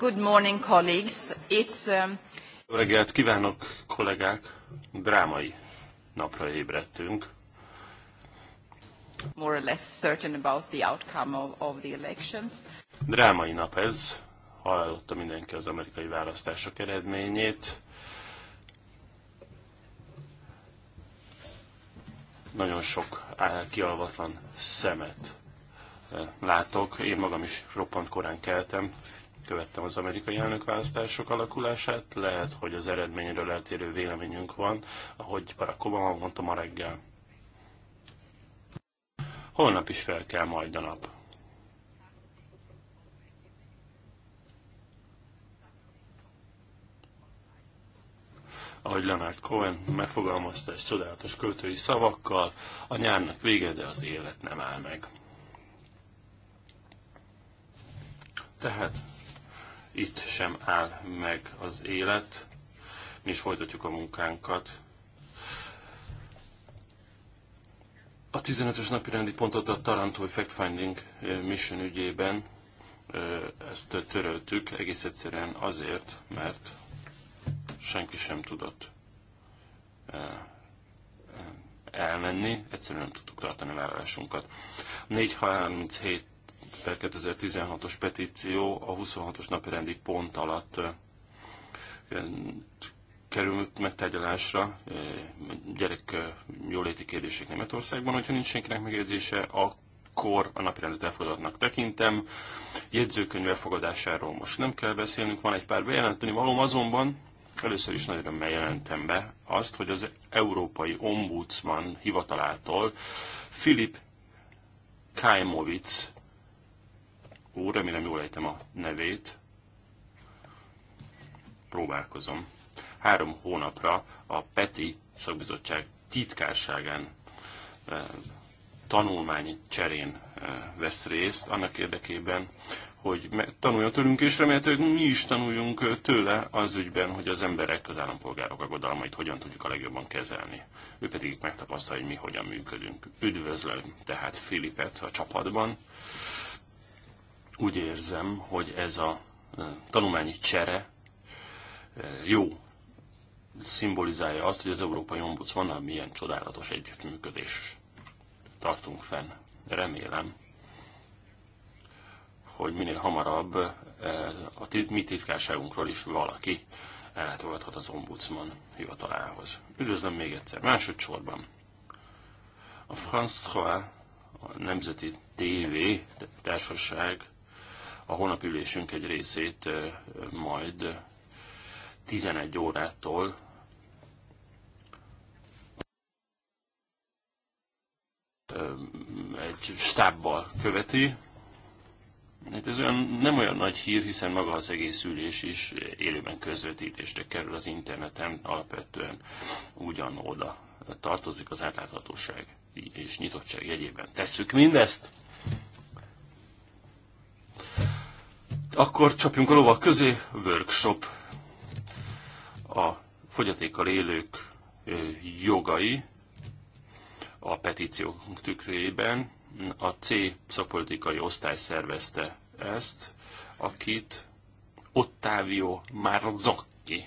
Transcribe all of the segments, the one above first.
Good morning, colleagues. It's, um... Jó reggelt kívánok, kollégák! Drámai napra ébredtünk. More or less certain about the outcome of, of the elections. Drámai nap ez. Hallotta mindenki az amerikai választások eredményét. Nagyon sok kialvatlan szemet eh, látok. Én magam is roppant korán keltem, követtem az amerikai elnökválasztások alakulását, lehet, hogy az eredményről eltérő véleményünk van, ahogy Barack Obama mondta ma reggel. Holnap is fel kell majd a nap. ahogy Leonard Cohen megfogalmazta ezt csodálatos költői szavakkal, a nyárnak vége, de az élet nem áll meg. Tehát itt sem áll meg az élet, mi is folytatjuk a munkánkat. A 15-ös napi rendi pontot a Tarantói Fact Finding eh, Mission ügyében eh, ezt töröltük, egész egyszerűen azért, mert senki sem tudott eh, elmenni, egyszerűen nem tudtuk tartani vállalásunkat. 437 per 2016-os petíció a 26-os napirendi pont alatt került megtárgyalásra gyerek jóléti kérdések Németországban. Hogyha nincs senkinek megjegyzése, akkor a napirendet elfogadatnak tekintem. Jegyzőkönyv elfogadásáról most nem kell beszélnünk, van egy pár bejelenteni valóm, azonban először is nagy örömmel jelentem be azt, hogy az Európai Ombudsman hivatalától Filip Kajmovic úr, remélem jól ejtem a nevét. Próbálkozom. Három hónapra a PETI szakbizottság titkárságán eh, tanulmányi cserén eh, vesz részt annak érdekében, hogy tanuljon tőlünk, és remélhetőleg mi is tanuljunk eh, tőle az ügyben, hogy az emberek, az állampolgárok aggodalmait hogyan tudjuk a legjobban kezelni. Ő pedig megtapasztalja, hogy mi hogyan működünk. Üdvözlöm tehát Filipet a csapatban. Úgy érzem, hogy ez a e, tanulmányi csere e, jó szimbolizálja azt, hogy az Európai Ombudsmannal milyen csodálatos együttműködés tartunk fenn. Remélem, hogy minél hamarabb e, a mi titkárságunkról is valaki ellátogathat az ombudsman hivatalához. Üdvözlöm még egyszer. Másodszorban a François a Nemzeti TV Társaság a holnapi ülésünk egy részét majd 11 órától egy stábbal követi. Hát ez olyan, nem olyan nagy hír, hiszen maga az egész ülés is élőben közvetítésre kerül az interneten, alapvetően ugyanoda tartozik az átláthatóság és nyitottság jegyében. Tesszük mindezt! Akkor csapjunk a lovak közé, workshop. A fogyatékkal élők jogai a petíciók tükrében. A C szakpolitikai osztály szervezte ezt, akit Ottávio Marzocchi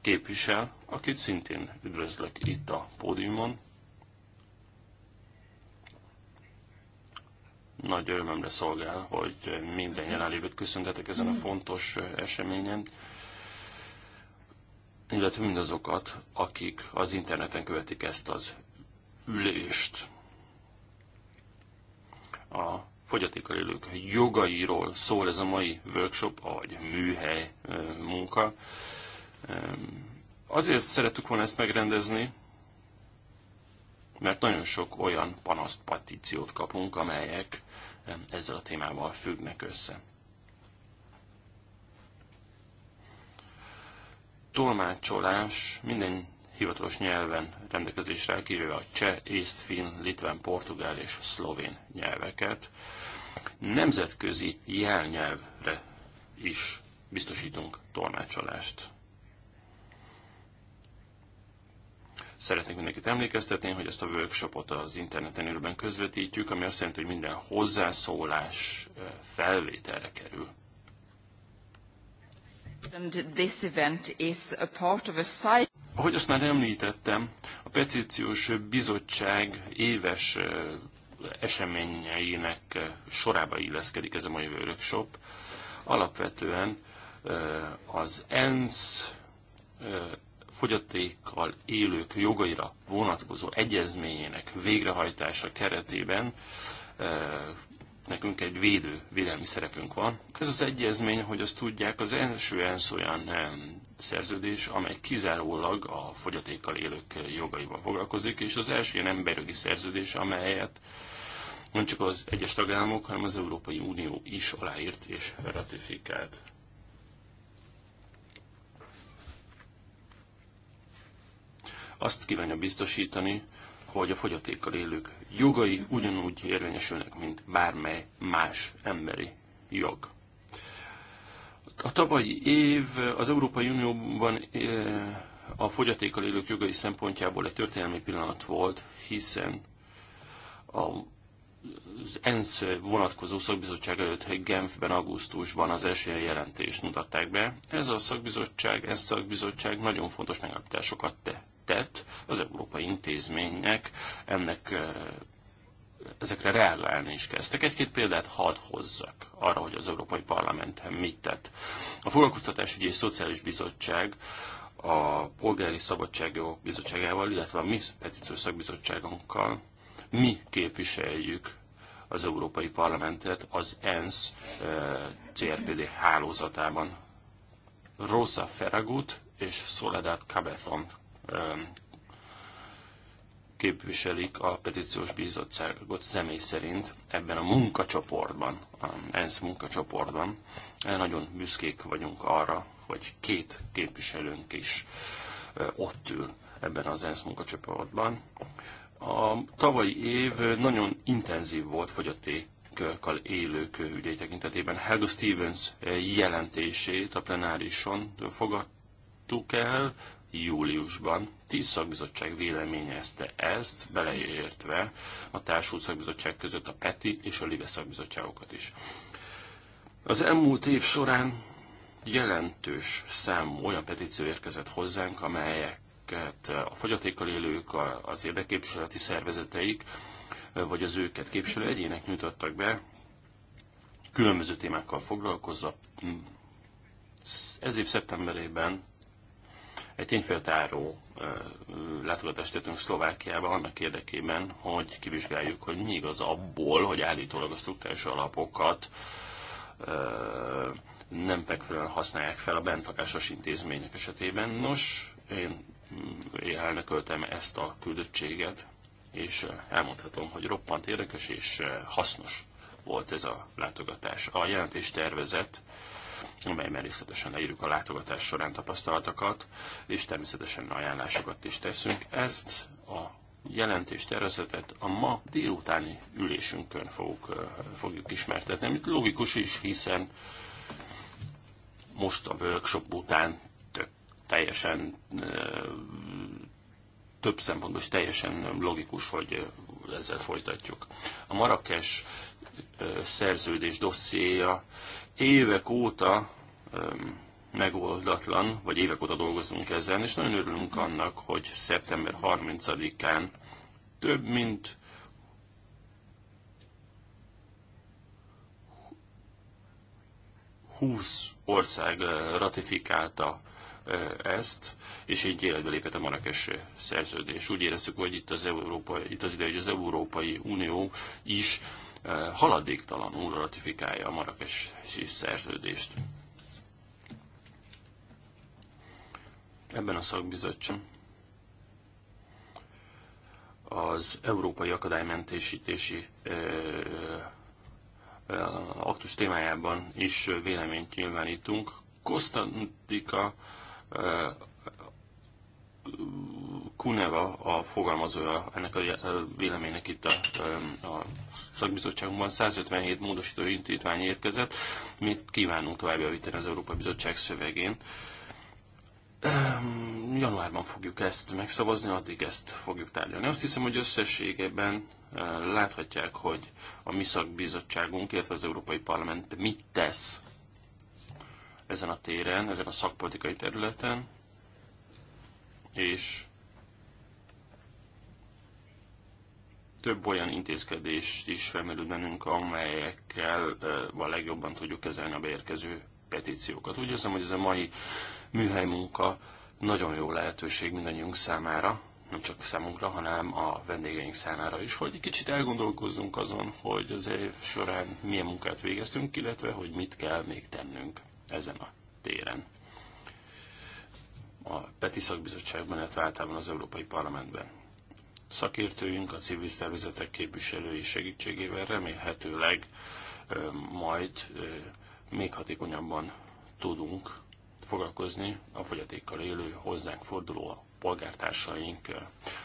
képvisel, akit szintén üdvözlök itt a pódiumon. Nagy örömömre szolgál, hogy minden jelenlévőt köszöntetek ezen a mm. fontos eseményen, illetve mindazokat, akik az interneten követik ezt az ülést. A fogyatékkal élők jogairól szól ez a mai workshop, vagy műhely munka. Azért szerettük volna ezt megrendezni, mert nagyon sok olyan panaszt, petíciót kapunk, amelyek eh, ezzel a témával függnek össze. Tolmácsolás minden hivatalos nyelven rendelkezésre kívül a cseh, észt, finn, litván, portugál és szlovén nyelveket. Nemzetközi jelnyelvre is biztosítunk tolmácsolást. Szeretnék mindenkit emlékeztetni, hogy ezt a workshopot az interneten élőben közvetítjük, ami azt jelenti, hogy minden hozzászólás felvételre kerül. A... Ahogy azt már említettem, a Petíciós Bizottság éves eseményeinek sorába illeszkedik ez a mai workshop. Alapvetően az ENSZ fogyatékkal élők jogaira vonatkozó egyezményének végrehajtása keretében eh, nekünk egy védő védelmi szerepünk van. Ez az egyezmény, hogy azt tudják, az első ENSZ olyan eh, szerződés, amely kizárólag a fogyatékkal élők jogaival foglalkozik, és az első ilyen emberjogi szerződés, amelyet nem csak az egyes tagállamok, hanem az Európai Unió is aláírt és ratifikált. azt kívánja biztosítani, hogy a fogyatékkal élők jogai ugyanúgy érvényesülnek, mint bármely más emberi jog. A tavalyi év az Európai Unióban e, a fogyatékkal élők jogai szempontjából egy történelmi pillanat volt, hiszen a az ENSZ vonatkozó szakbizottság előtt Genfben augusztusban az első jelentést mutatták be. Ez a szakbizottság, ez szakbizottság nagyon fontos megállapításokat tett tett az európai intézmények, ennek ezekre reagálni is kezdtek. Egy-két példát hadd hozzak arra, hogy az Európai Parlamenten mit tett. A Foglalkoztatásügyi és Szociális Bizottság a Polgári Szabadságjogok Bizottságával, illetve a mi petíciós szakbizottságunkkal mi képviseljük az Európai Parlamentet az ENSZ CRPD hálózatában. Rosa Feragut és Soledad Cabezon Um, képviselik a petíciós bizottságot személy szerint ebben a munkacsoportban, a um, ENSZ munkacsoportban. Eh, nagyon büszkék vagyunk arra, hogy két képviselőnk is eh, ott ül ebben az ENSZ munkacsoportban. A tavalyi év nagyon intenzív volt fogyaték fogyatékkal élők ügyei tekintetében. Helga Stevens eh, jelentését a plenárison fogadtuk el, júliusban. Tíz szakbizottság véleményezte ezt, beleértve a társult szakbizottság között a PETI és a LIVE szakbizottságokat is. Az elmúlt év során jelentős számú olyan petíció érkezett hozzánk, amelyeket a fogyatékkal élők, az érdekképviseleti szervezeteik, vagy az őket képviselő egyének nyújtottak be, különböző témákkal foglalkozva. Ez év szeptemberében egy tényfeltáró látogatást tettünk Szlovákiába annak érdekében, hogy kivizsgáljuk, hogy mi igaz abból, hogy állítólag a struktúrás alapokat nem megfelelően használják fel a bentlakásos intézmények esetében. Nos, én mm, elnököltem ezt a küldöttséget, és elmondhatom, hogy roppant érdekes és hasznos volt ez a látogatás. A jelentés tervezett amely részletesen leírjuk a látogatás során tapasztalatokat, és természetesen ajánlásokat is teszünk. Ezt a jelentést tervezetet a ma délutáni ülésünkön fogjuk, fogjuk ismertetni, amit logikus is, hiszen most a workshop után tök, teljesen több szempontból is teljesen logikus, hogy ezzel folytatjuk. A Marrakes szerződés dossziéja évek óta megoldatlan, vagy évek óta dolgozunk ezen, és nagyon örülünk annak, hogy szeptember 30-án több mint 20 ország ratifikálta ezt, és így életbe lépett a Marrakes szerződés. Úgy éreztük, hogy itt az, Európa, itt az ide, hogy az Európai Unió is haladéktalanul ratifikálja a marakesi szerződést. Ebben a szakbizottság az Európai Akadálymentésítési aktus témájában is véleményt nyilvánítunk. Kostantika Kuneva a fogalmazója ennek a véleménynek itt a, a szakbizottságunkban. 157 módosító intézmény érkezett, mit kívánunk tovább javítani az Európai Bizottság szövegén. Januárban fogjuk ezt megszavazni, addig ezt fogjuk tárgyalni. Azt hiszem, hogy összességében láthatják, hogy a mi szakbizottságunk, illetve az Európai Parlament mit tesz ezen a téren, ezen a szakpolitikai területen, és több olyan intézkedést is felmerül bennünk, amelyekkel a legjobban tudjuk kezelni a beérkező petíciókat. Úgy érzem, hogy ez a mai műhely munka nagyon jó lehetőség mindannyiunk számára, nem csak számunkra, hanem a vendégeink számára is, hogy kicsit elgondolkozzunk azon, hogy az év során milyen munkát végeztünk, illetve hogy mit kell még tennünk ezen a téren. A Peti Szakbizottságban, illetve általában az Európai Parlamentben szakértőink, a civil szervezetek képviselői segítségével remélhetőleg majd még hatékonyabban tudunk foglalkozni a fogyatékkal élő, hozzánk forduló polgártársaink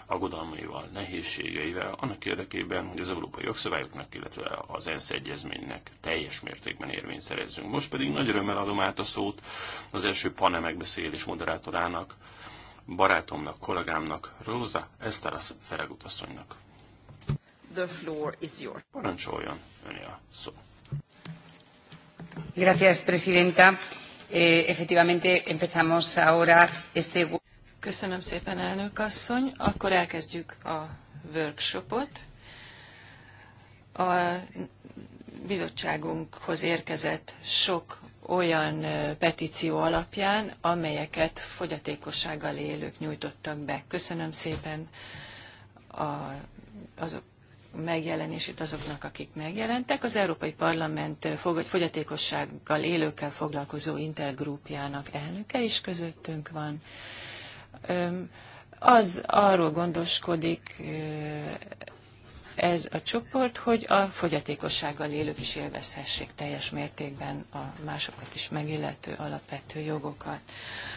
aggodalmaival, nehézségeivel, annak érdekében, hogy az európai jogszabályoknak, illetve az ENSZ egyezménynek teljes mértékben érvényt szerezzünk. Most pedig nagy örömmel adom át a szót az első PANE megbeszélés moderátorának, barátomnak, kollégámnak, Rosa Esteras Feregutasszonynak. The floor is yours. Parancsoljon, öné a szó. Gracias, presidenta. Eh, efectivamente, empezamos ahora este... Köszönöm szépen, elnök asszony. Akkor elkezdjük a workshopot. A bizottságunkhoz érkezett sok olyan petíció alapján, amelyeket fogyatékossággal élők nyújtottak be. Köszönöm szépen a, azok megjelenését azoknak, akik megjelentek. Az Európai Parlament fogyatékossággal élőkkel foglalkozó intergrupjának elnöke is közöttünk van. Az arról gondoskodik, ez a csoport, hogy a fogyatékossággal élők is élvezhessék teljes mértékben a másokat is megillető alapvető jogokat.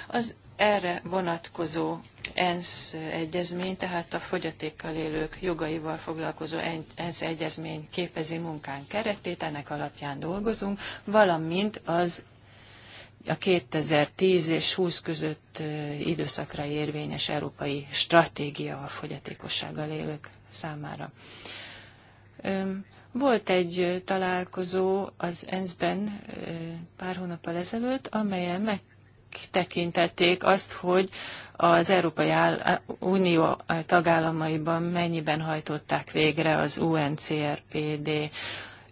Az erre vonatkozó ENSZ egyezmény, tehát a fogyatékkal élők jogaival foglalkozó ENSZ egyezmény képezi munkán keretét, ennek alapján dolgozunk, valamint az a 2010 és 20 között időszakra érvényes európai stratégia a fogyatékossággal élők számára. Volt egy találkozó az ENSZ-ben pár hónappal ezelőtt, amelyen megtekintették azt, hogy az Európai Unió tagállamaiban mennyiben hajtották végre az UNCRPD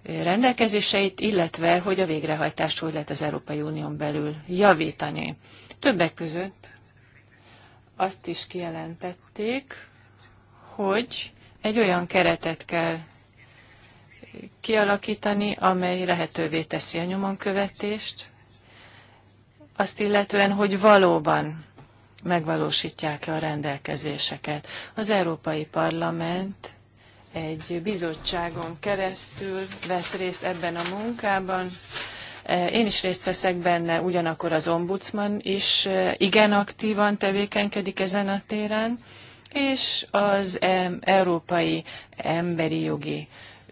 rendelkezéseit, illetve hogy a végrehajtást hogy lehet az Európai Unión belül javítani. Többek között azt is kijelentették, hogy egy olyan keretet kell kialakítani, amely lehetővé teszi a nyomonkövetést, azt illetően, hogy valóban megvalósítják-e a rendelkezéseket. Az Európai Parlament egy bizottságon keresztül vesz részt ebben a munkában. Én is részt veszek benne, ugyanakkor az ombudsman is eh, igen aktívan tevékenykedik ezen a téren és az Európai Emberi Jogi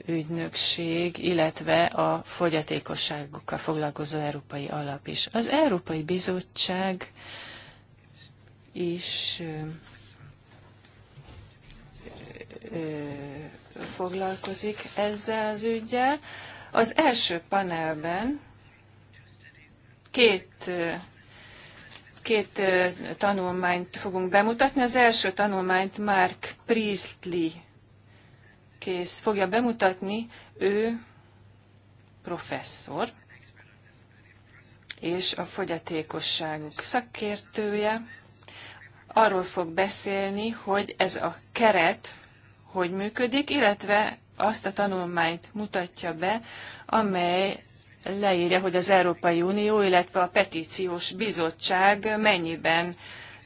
Ügynökség, illetve a fogyatékosságokkal foglalkozó Európai Alap is. Az Európai Bizottság is foglalkozik ezzel az ügyel. Az első panelben két két tanulmányt fogunk bemutatni. Az első tanulmányt Mark Priestley kész fogja bemutatni. Ő professzor és a fogyatékosságuk szakértője. Arról fog beszélni, hogy ez a keret hogy működik, illetve azt a tanulmányt mutatja be, amely leírja, hogy az Európai Unió, illetve a Petíciós Bizottság mennyiben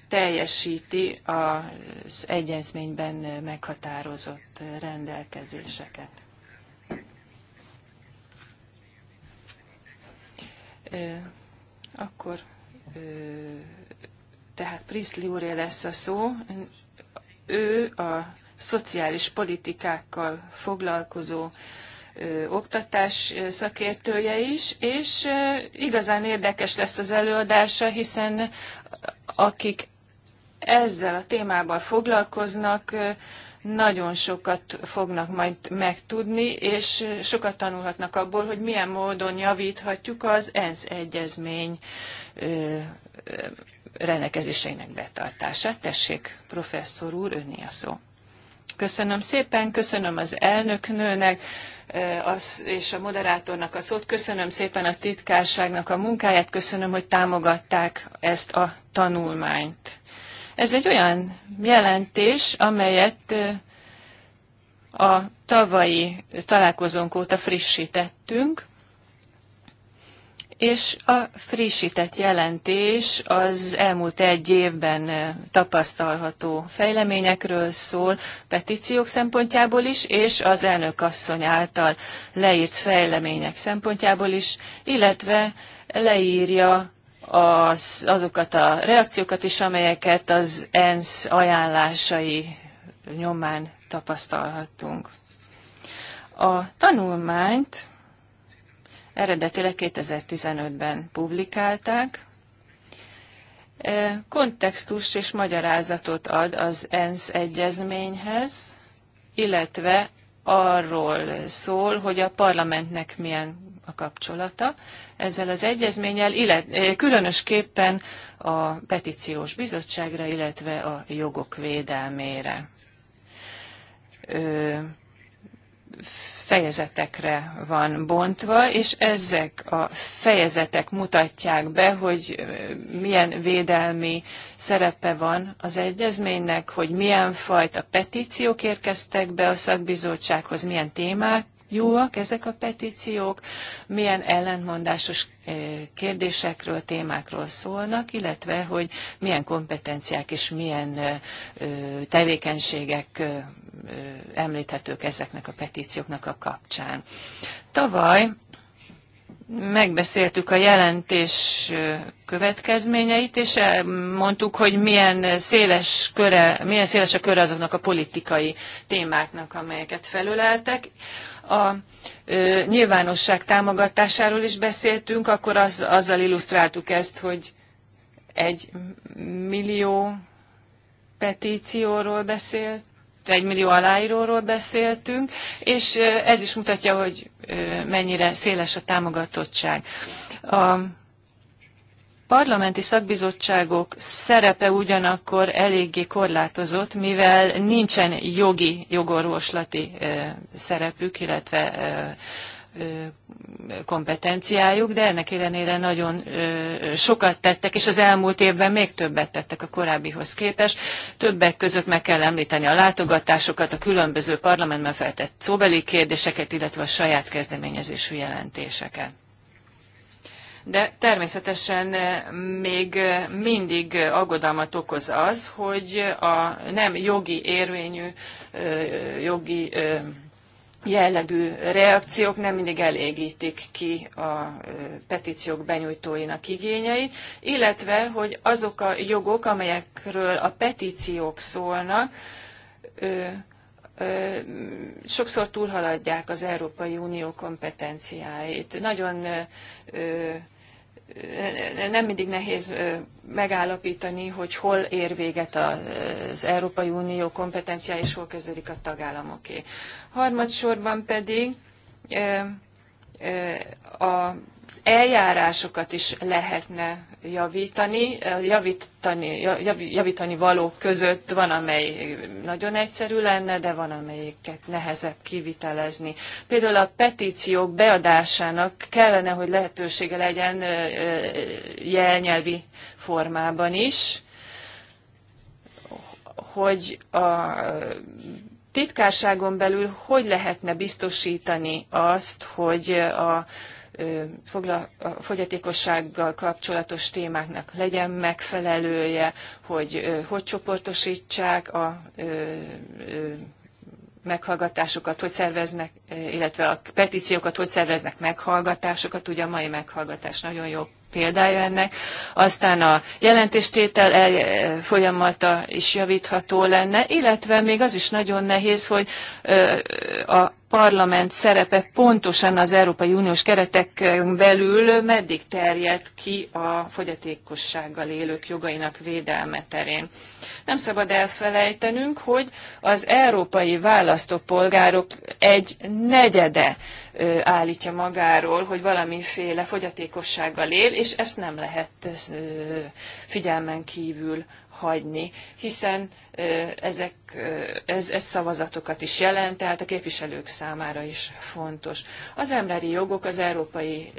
teljesíti az egyezményben meghatározott rendelkezéseket. Akkor tehát Priszli úré lesz a szó. Ő a szociális politikákkal foglalkozó oktatás szakértője is, és igazán érdekes lesz az előadása, hiszen akik ezzel a témával foglalkoznak, nagyon sokat fognak majd megtudni, és sokat tanulhatnak abból, hogy milyen módon javíthatjuk az ENSZ egyezmény rendelkezéseinek betartását. Tessék, professzor úr, öné a szó. Köszönöm szépen, köszönöm az elnöknőnek az, és a moderátornak a szót. Köszönöm szépen a titkárságnak a munkáját, köszönöm, hogy támogatták ezt a tanulmányt. Ez egy olyan jelentés, amelyet a tavalyi találkozónk óta frissítettünk, és a frissített jelentés az elmúlt egy évben tapasztalható fejleményekről szól, petíciók szempontjából is, és az elnök asszony által leírt fejlemények szempontjából is, illetve leírja az, azokat a reakciókat is, amelyeket az ENSZ ajánlásai nyomán tapasztalhattunk. A tanulmányt eredetileg 2015-ben publikálták. E, kontextust és magyarázatot ad az ENSZ egyezményhez, illetve arról szól, hogy a parlamentnek milyen a kapcsolata ezzel az egyezménnyel, illetve különösképpen a petíciós bizottságra, illetve a jogok védelmére fejezetekre van bontva, és ezek a fejezetek mutatják be, hogy milyen védelmi szerepe van az egyezménynek, hogy milyen fajta petíciók érkeztek be a szakbizottsághoz, milyen témák jóak ezek a petíciók, milyen ellentmondásos kérdésekről, témákról szólnak, illetve hogy milyen kompetenciák és milyen tevékenységek említhetők ezeknek a petícióknak a kapcsán. Tavaly megbeszéltük a jelentés következményeit, és elmondtuk, hogy milyen széles, köre, milyen széles a köre azoknak a politikai témáknak, amelyeket felöleltek. A ö, nyilvánosság támogatásáról is beszéltünk, akkor az, azzal illusztráltuk ezt, hogy egy millió petícióról beszélt, egy millió aláíróról beszéltünk, és ez is mutatja, hogy mennyire széles a támogatottság. A parlamenti szakbizottságok szerepe ugyanakkor eléggé korlátozott, mivel nincsen jogi, jogorvoslati szerepük, illetve kompetenciájuk, de ennek ellenére nagyon sokat tettek, és az elmúlt évben még többet tettek a korábbihoz képest. Többek között meg kell említeni a látogatásokat, a különböző parlamentben feltett szóbeli kérdéseket, illetve a saját kezdeményezésű jelentéseket. De természetesen még mindig aggodalmat okoz az, hogy a nem jogi érvényű jogi jellegű reakciók nem mindig elégítik ki a petíciók benyújtóinak igényeit, illetve hogy azok a jogok, amelyekről a petíciók szólnak, sokszor túlhaladják az Európai Unió kompetenciáit. Nagyon nem mindig nehéz megállapítani, hogy hol ér véget az Európai Unió kompetenciája, és hol kezdődik a tagállamoké. Harmadsorban pedig az eljárásokat is lehetne javítani, javítani, javítani való között van, amely nagyon egyszerű lenne, de van, amelyiket nehezebb kivitelezni. Például a petíciók beadásának kellene, hogy lehetősége legyen jelnyelvi formában is, hogy a titkárságon belül hogy lehetne biztosítani azt, hogy a a fogyatékossággal kapcsolatos témáknak legyen megfelelője, hogy hogy csoportosítsák a meghallgatásokat, hogy szerveznek, illetve a petíciókat, hogy szerveznek meghallgatásokat. Ugye a mai meghallgatás nagyon jó példája ennek. Aztán a jelentéstétel folyamata is javítható lenne, illetve még az is nagyon nehéz, hogy a parlament szerepe pontosan az Európai Uniós kereteken belül meddig terjed ki a fogyatékossággal élők jogainak védelme terén. Nem szabad elfelejtenünk, hogy az európai választópolgárok egy negyede állítja magáról, hogy valamiféle fogyatékossággal él, és ezt nem lehet figyelmen kívül hagyni, hiszen ezek, ez, ez szavazatokat is jelent, tehát a képviselők számára is fontos. Az emberi jogok az európai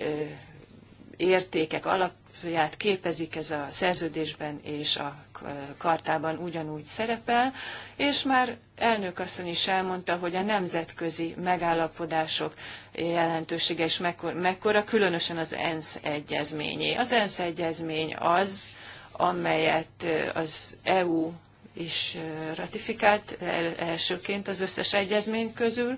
értékek alapját képezik, ez a szerződésben és a kartában ugyanúgy szerepel, és már elnök asszony is elmondta, hogy a nemzetközi megállapodások jelentősége is mekkora, mekkora különösen az ENSZ egyezményé. Az ENSZ egyezmény az, amelyet az EU is ratifikált elsőként az összes egyezmény közül,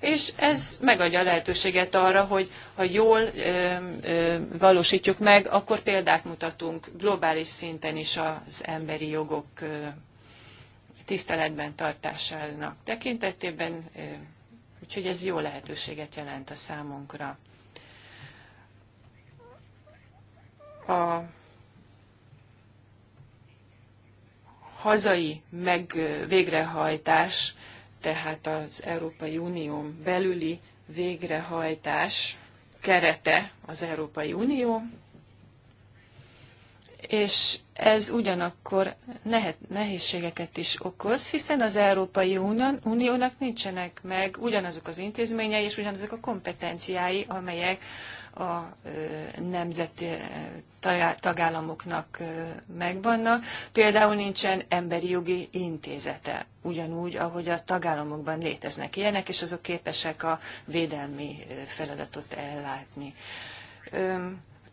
és ez megadja a lehetőséget arra, hogy ha jól ö, ö, valósítjuk meg, akkor példát mutatunk globális szinten is az emberi jogok ö, tiszteletben tartásának tekintetében, ö, úgyhogy ez jó lehetőséget jelent a számunkra. A hazai megvégrehajtás, tehát az Európai Unión belüli végrehajtás kerete az Európai Unió, és ez ugyanakkor nehézségeket is okoz, hiszen az Európai Uniónak nincsenek meg ugyanazok az intézményei és ugyanazok a kompetenciái, amelyek a nemzeti tagállamoknak megvannak. Például nincsen emberi jogi intézete, ugyanúgy, ahogy a tagállamokban léteznek ilyenek, és azok képesek a védelmi feladatot ellátni.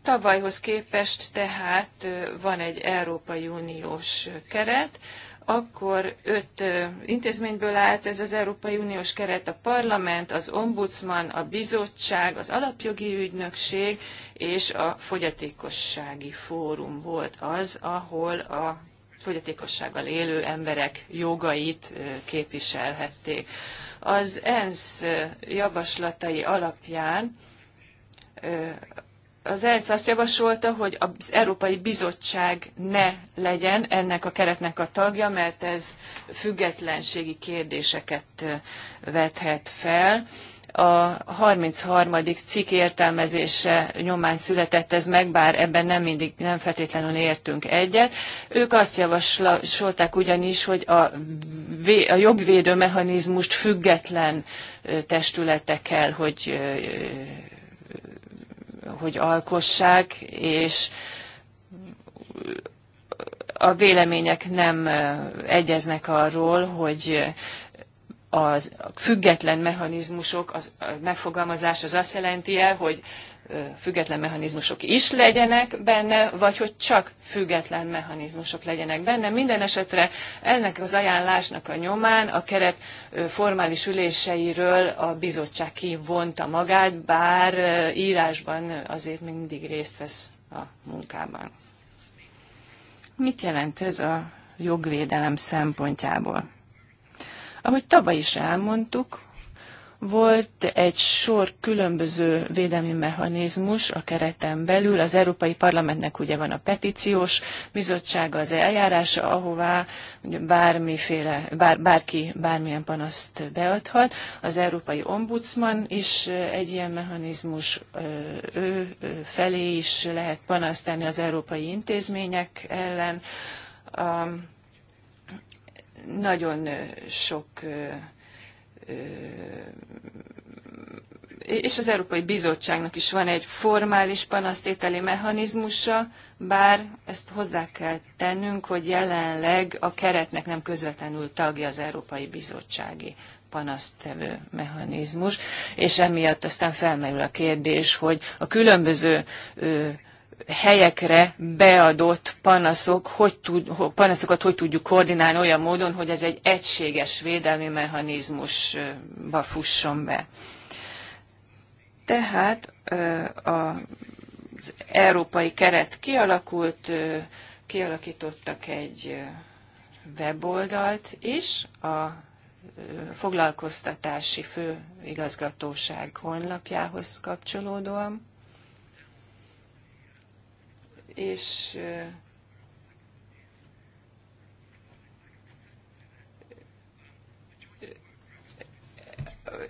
Tavalyhoz képest tehát van egy Európai Uniós keret, akkor öt intézményből állt ez az Európai Uniós keret, a parlament, az ombudsman, a bizottság, az alapjogi ügynökség és a fogyatékossági fórum volt az, ahol a fogyatékossággal élő emberek jogait képviselhették. Az ENSZ javaslatai alapján az ENSZ azt javasolta, hogy az Európai Bizottság ne legyen ennek a keretnek a tagja, mert ez függetlenségi kérdéseket vethet fel. A 33. cikk értelmezése nyomán született ez meg, bár ebben nem mindig nem feltétlenül értünk egyet. Ők azt javasolták ugyanis, hogy a, a jogvédő mechanizmust független testülete kell, hogy hogy alkossák, és a vélemények nem egyeznek arról, hogy az független mechanizmusok, az megfogalmazás az azt jelenti el, hogy független mechanizmusok is legyenek benne, vagy hogy csak független mechanizmusok legyenek benne. Minden esetre ennek az ajánlásnak a nyomán a keret formális üléseiről a bizottság kivonta magát, bár írásban azért mindig részt vesz a munkában. Mit jelent ez a jogvédelem szempontjából? Ahogy tavaly is elmondtuk, volt egy sor különböző védelmi mechanizmus a kereten belül. Az Európai Parlamentnek ugye van a petíciós bizottsága, az eljárása, ahová bármiféle, bár, bárki bármilyen panaszt beadhat. Az Európai Ombudsman is egy ilyen mechanizmus, ő felé is lehet panaszt tenni az európai intézmények ellen. Nagyon sok és az Európai Bizottságnak is van egy formális panasztételi mechanizmusa, bár ezt hozzá kell tennünk, hogy jelenleg a keretnek nem közvetlenül tagja az Európai Bizottsági panasztevő mechanizmus, és emiatt aztán felmerül a kérdés, hogy a különböző helyekre beadott panaszok, hogy tud, panaszokat hogy tudjuk koordinálni olyan módon, hogy ez egy egységes védelmi mechanizmusba fusson be. Tehát az európai keret kialakult, kialakítottak egy weboldalt is, a foglalkoztatási főigazgatóság honlapjához kapcsolódóan és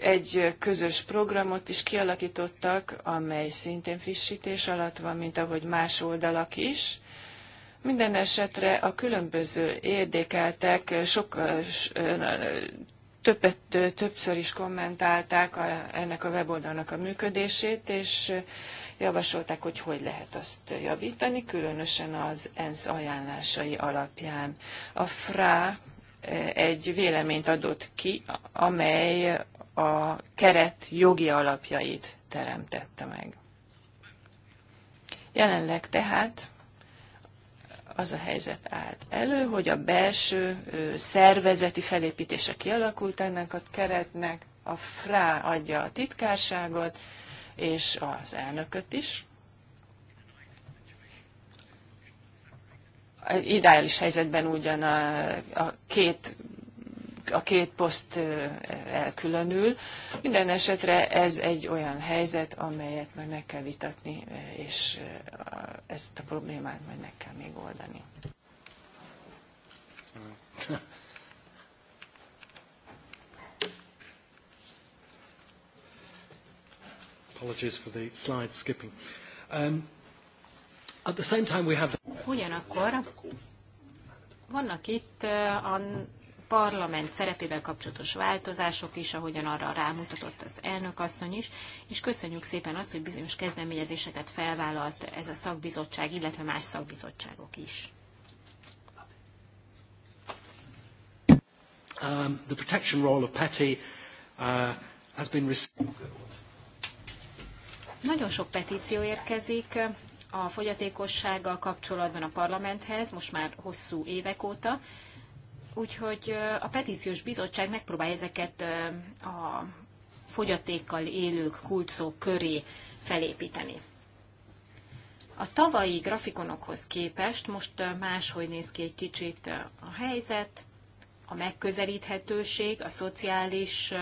egy közös programot is kialakítottak, amely szintén frissítés alatt van, mint ahogy más oldalak is. Minden esetre a különböző érdekeltek sokkal többet, többször is kommentálták a, ennek a weboldalnak a működését, és javasolták, hogy hogy lehet azt javítani, különösen az ENSZ ajánlásai alapján. A FRA eh, egy véleményt adott ki, amely a keret jogi alapjait teremtette meg. Jelenleg tehát az a helyzet állt elő, hogy a belső szervezeti felépítése kialakult ennek a keretnek, a FRA adja a titkárságot, és az elnököt is. Ideális helyzetben ugyan a, a két a két poszt elkülönül. Minden esetre ez egy olyan helyzet, amelyet majd meg kell vitatni, és ezt a problémát majd meg kell még oldani. Apologies for the slide skipping. Um, at the same time we have... Ugyanakkor vannak itt uh, a parlament szerepével kapcsolatos változások is, ahogyan arra rámutatott az elnökasszony is, és köszönjük szépen azt, hogy bizonyos kezdeményezéseket felvállalt ez a szakbizottság, illetve más szakbizottságok is. Um, the protection role of PETI uh, has been nagyon sok petíció érkezik a fogyatékossággal kapcsolatban a parlamenthez, most már hosszú évek óta, úgyhogy a petíciós bizottság megpróbál ezeket a fogyatékkal élők kulcsok köré felépíteni. A tavalyi grafikonokhoz képest most máshogy néz ki egy kicsit a helyzet, a megközelíthetőség, a szociális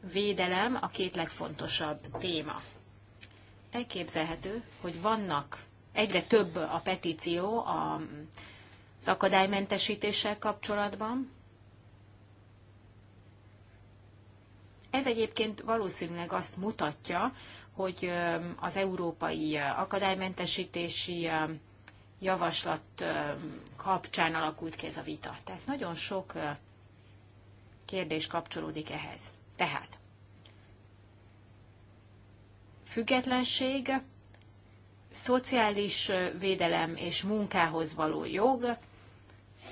védelem a két legfontosabb téma. Elképzelhető, hogy vannak egyre több a petíció a szakadálymentesítéssel kapcsolatban. Ez egyébként valószínűleg azt mutatja, hogy az európai akadálymentesítési javaslat kapcsán alakult ki ez a vita. Tehát nagyon sok kérdés kapcsolódik ehhez. Tehát függetlenség, szociális védelem és munkához való jog,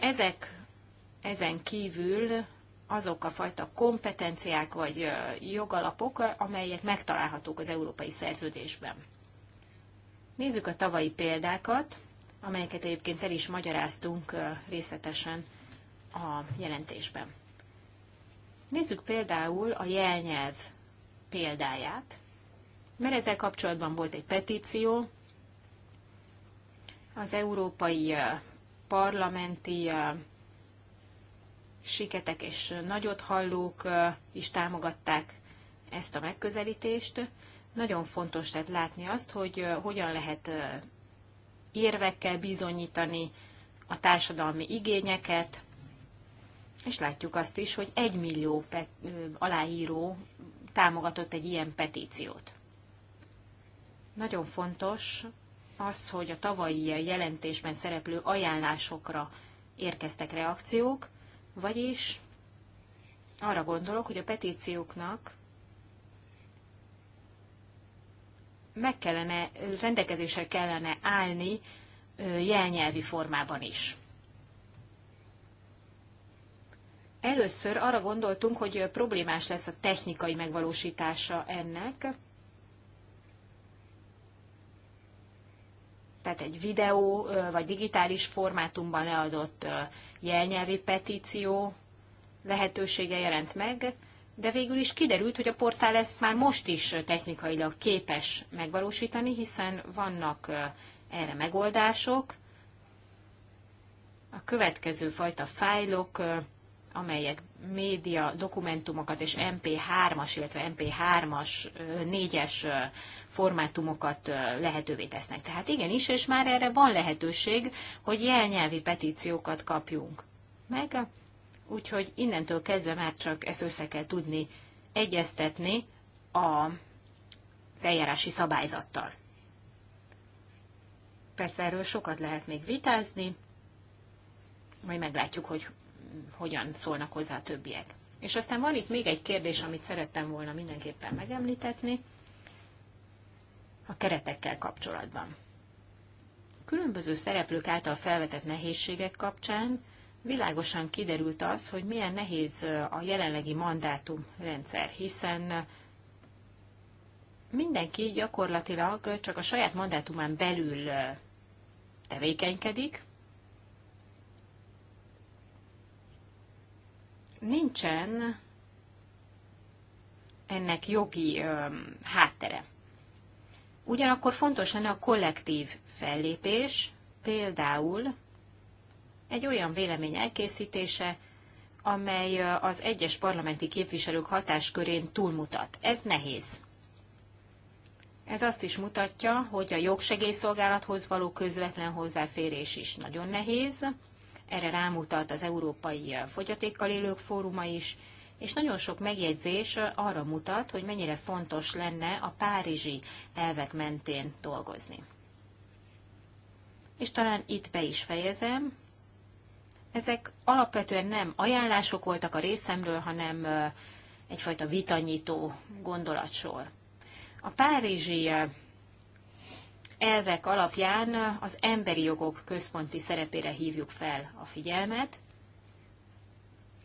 ezek ezen kívül azok a fajta kompetenciák vagy jogalapok, amelyek megtalálhatók az európai szerződésben. Nézzük a tavalyi példákat, amelyeket egyébként el is magyaráztunk részletesen a jelentésben. Nézzük például a jelnyelv példáját, mert ezzel kapcsolatban volt egy petíció, az európai parlamenti siketek és nagyot hallók is támogatták ezt a megközelítést. Nagyon fontos tehát látni azt, hogy hogyan lehet érvekkel bizonyítani a társadalmi igényeket, és látjuk azt is, hogy egy millió pet, aláíró támogatott egy ilyen petíciót. Nagyon fontos az, hogy a tavalyi jelentésben szereplő ajánlásokra érkeztek reakciók, vagyis arra gondolok, hogy a petícióknak meg kellene, rendelkezésre kellene állni jelnyelvi formában is. Először arra gondoltunk, hogy problémás lesz a technikai megvalósítása ennek, tehát egy videó vagy digitális formátumban leadott jelnyelvi petíció lehetősége jelent meg, de végül is kiderült, hogy a portál ezt már most is technikailag képes megvalósítani, hiszen vannak erre megoldások. A következő fajta fájlok -ok amelyek média dokumentumokat és MP3-as, illetve MP3-as, 4-es formátumokat lehetővé tesznek. Tehát igenis, és már erre van lehetőség, hogy jelnyelvi petíciókat kapjunk. Meg, úgyhogy innentől kezdve már csak ezt össze kell tudni egyeztetni a, az eljárási szabályzattal. Persze erről sokat lehet még vitázni, majd meglátjuk, hogy hogyan szólnak hozzá a többiek. És aztán van itt még egy kérdés, amit szerettem volna mindenképpen megemlítetni, a keretekkel kapcsolatban. Különböző szereplők által felvetett nehézségek kapcsán világosan kiderült az, hogy milyen nehéz a jelenlegi mandátumrendszer, hiszen mindenki gyakorlatilag csak a saját mandátumán belül tevékenykedik, nincsen ennek jogi háttere. Ugyanakkor fontos lenne a kollektív fellépés, például egy olyan vélemény elkészítése, amely az egyes parlamenti képviselők hatáskörén túlmutat. Ez nehéz. Ez azt is mutatja, hogy a jogsegélyszolgálathoz való közvetlen hozzáférés is nagyon nehéz, erre rámutat az Európai Fogyatékkal Élők Fóruma is, és nagyon sok megjegyzés arra mutat, hogy mennyire fontos lenne a párizsi elvek mentén dolgozni. És talán itt be is fejezem. Ezek alapvetően nem ajánlások voltak a részemről, hanem egyfajta vitanyító gondolatsor. A párizsi elvek alapján az emberi jogok központi szerepére hívjuk fel a figyelmet.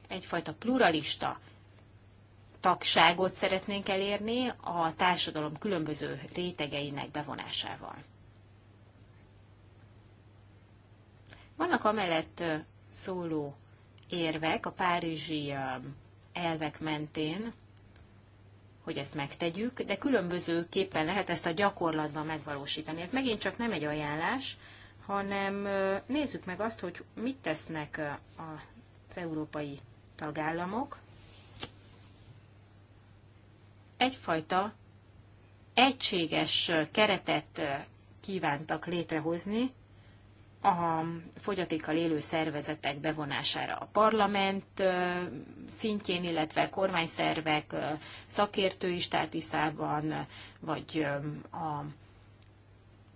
Egyfajta pluralista tagságot szeretnénk elérni a társadalom különböző rétegeinek bevonásával. Vannak amellett szóló érvek a párizsi elvek mentén, hogy ezt megtegyük, de különbözőképpen lehet ezt a gyakorlatban megvalósítani. Ez megint csak nem egy ajánlás, hanem nézzük meg azt, hogy mit tesznek az európai tagállamok. Egyfajta egységes keretet kívántak létrehozni a fogyatékkal élő szervezetek bevonására a parlament szintjén, illetve kormányszervek szakértői státiszában, vagy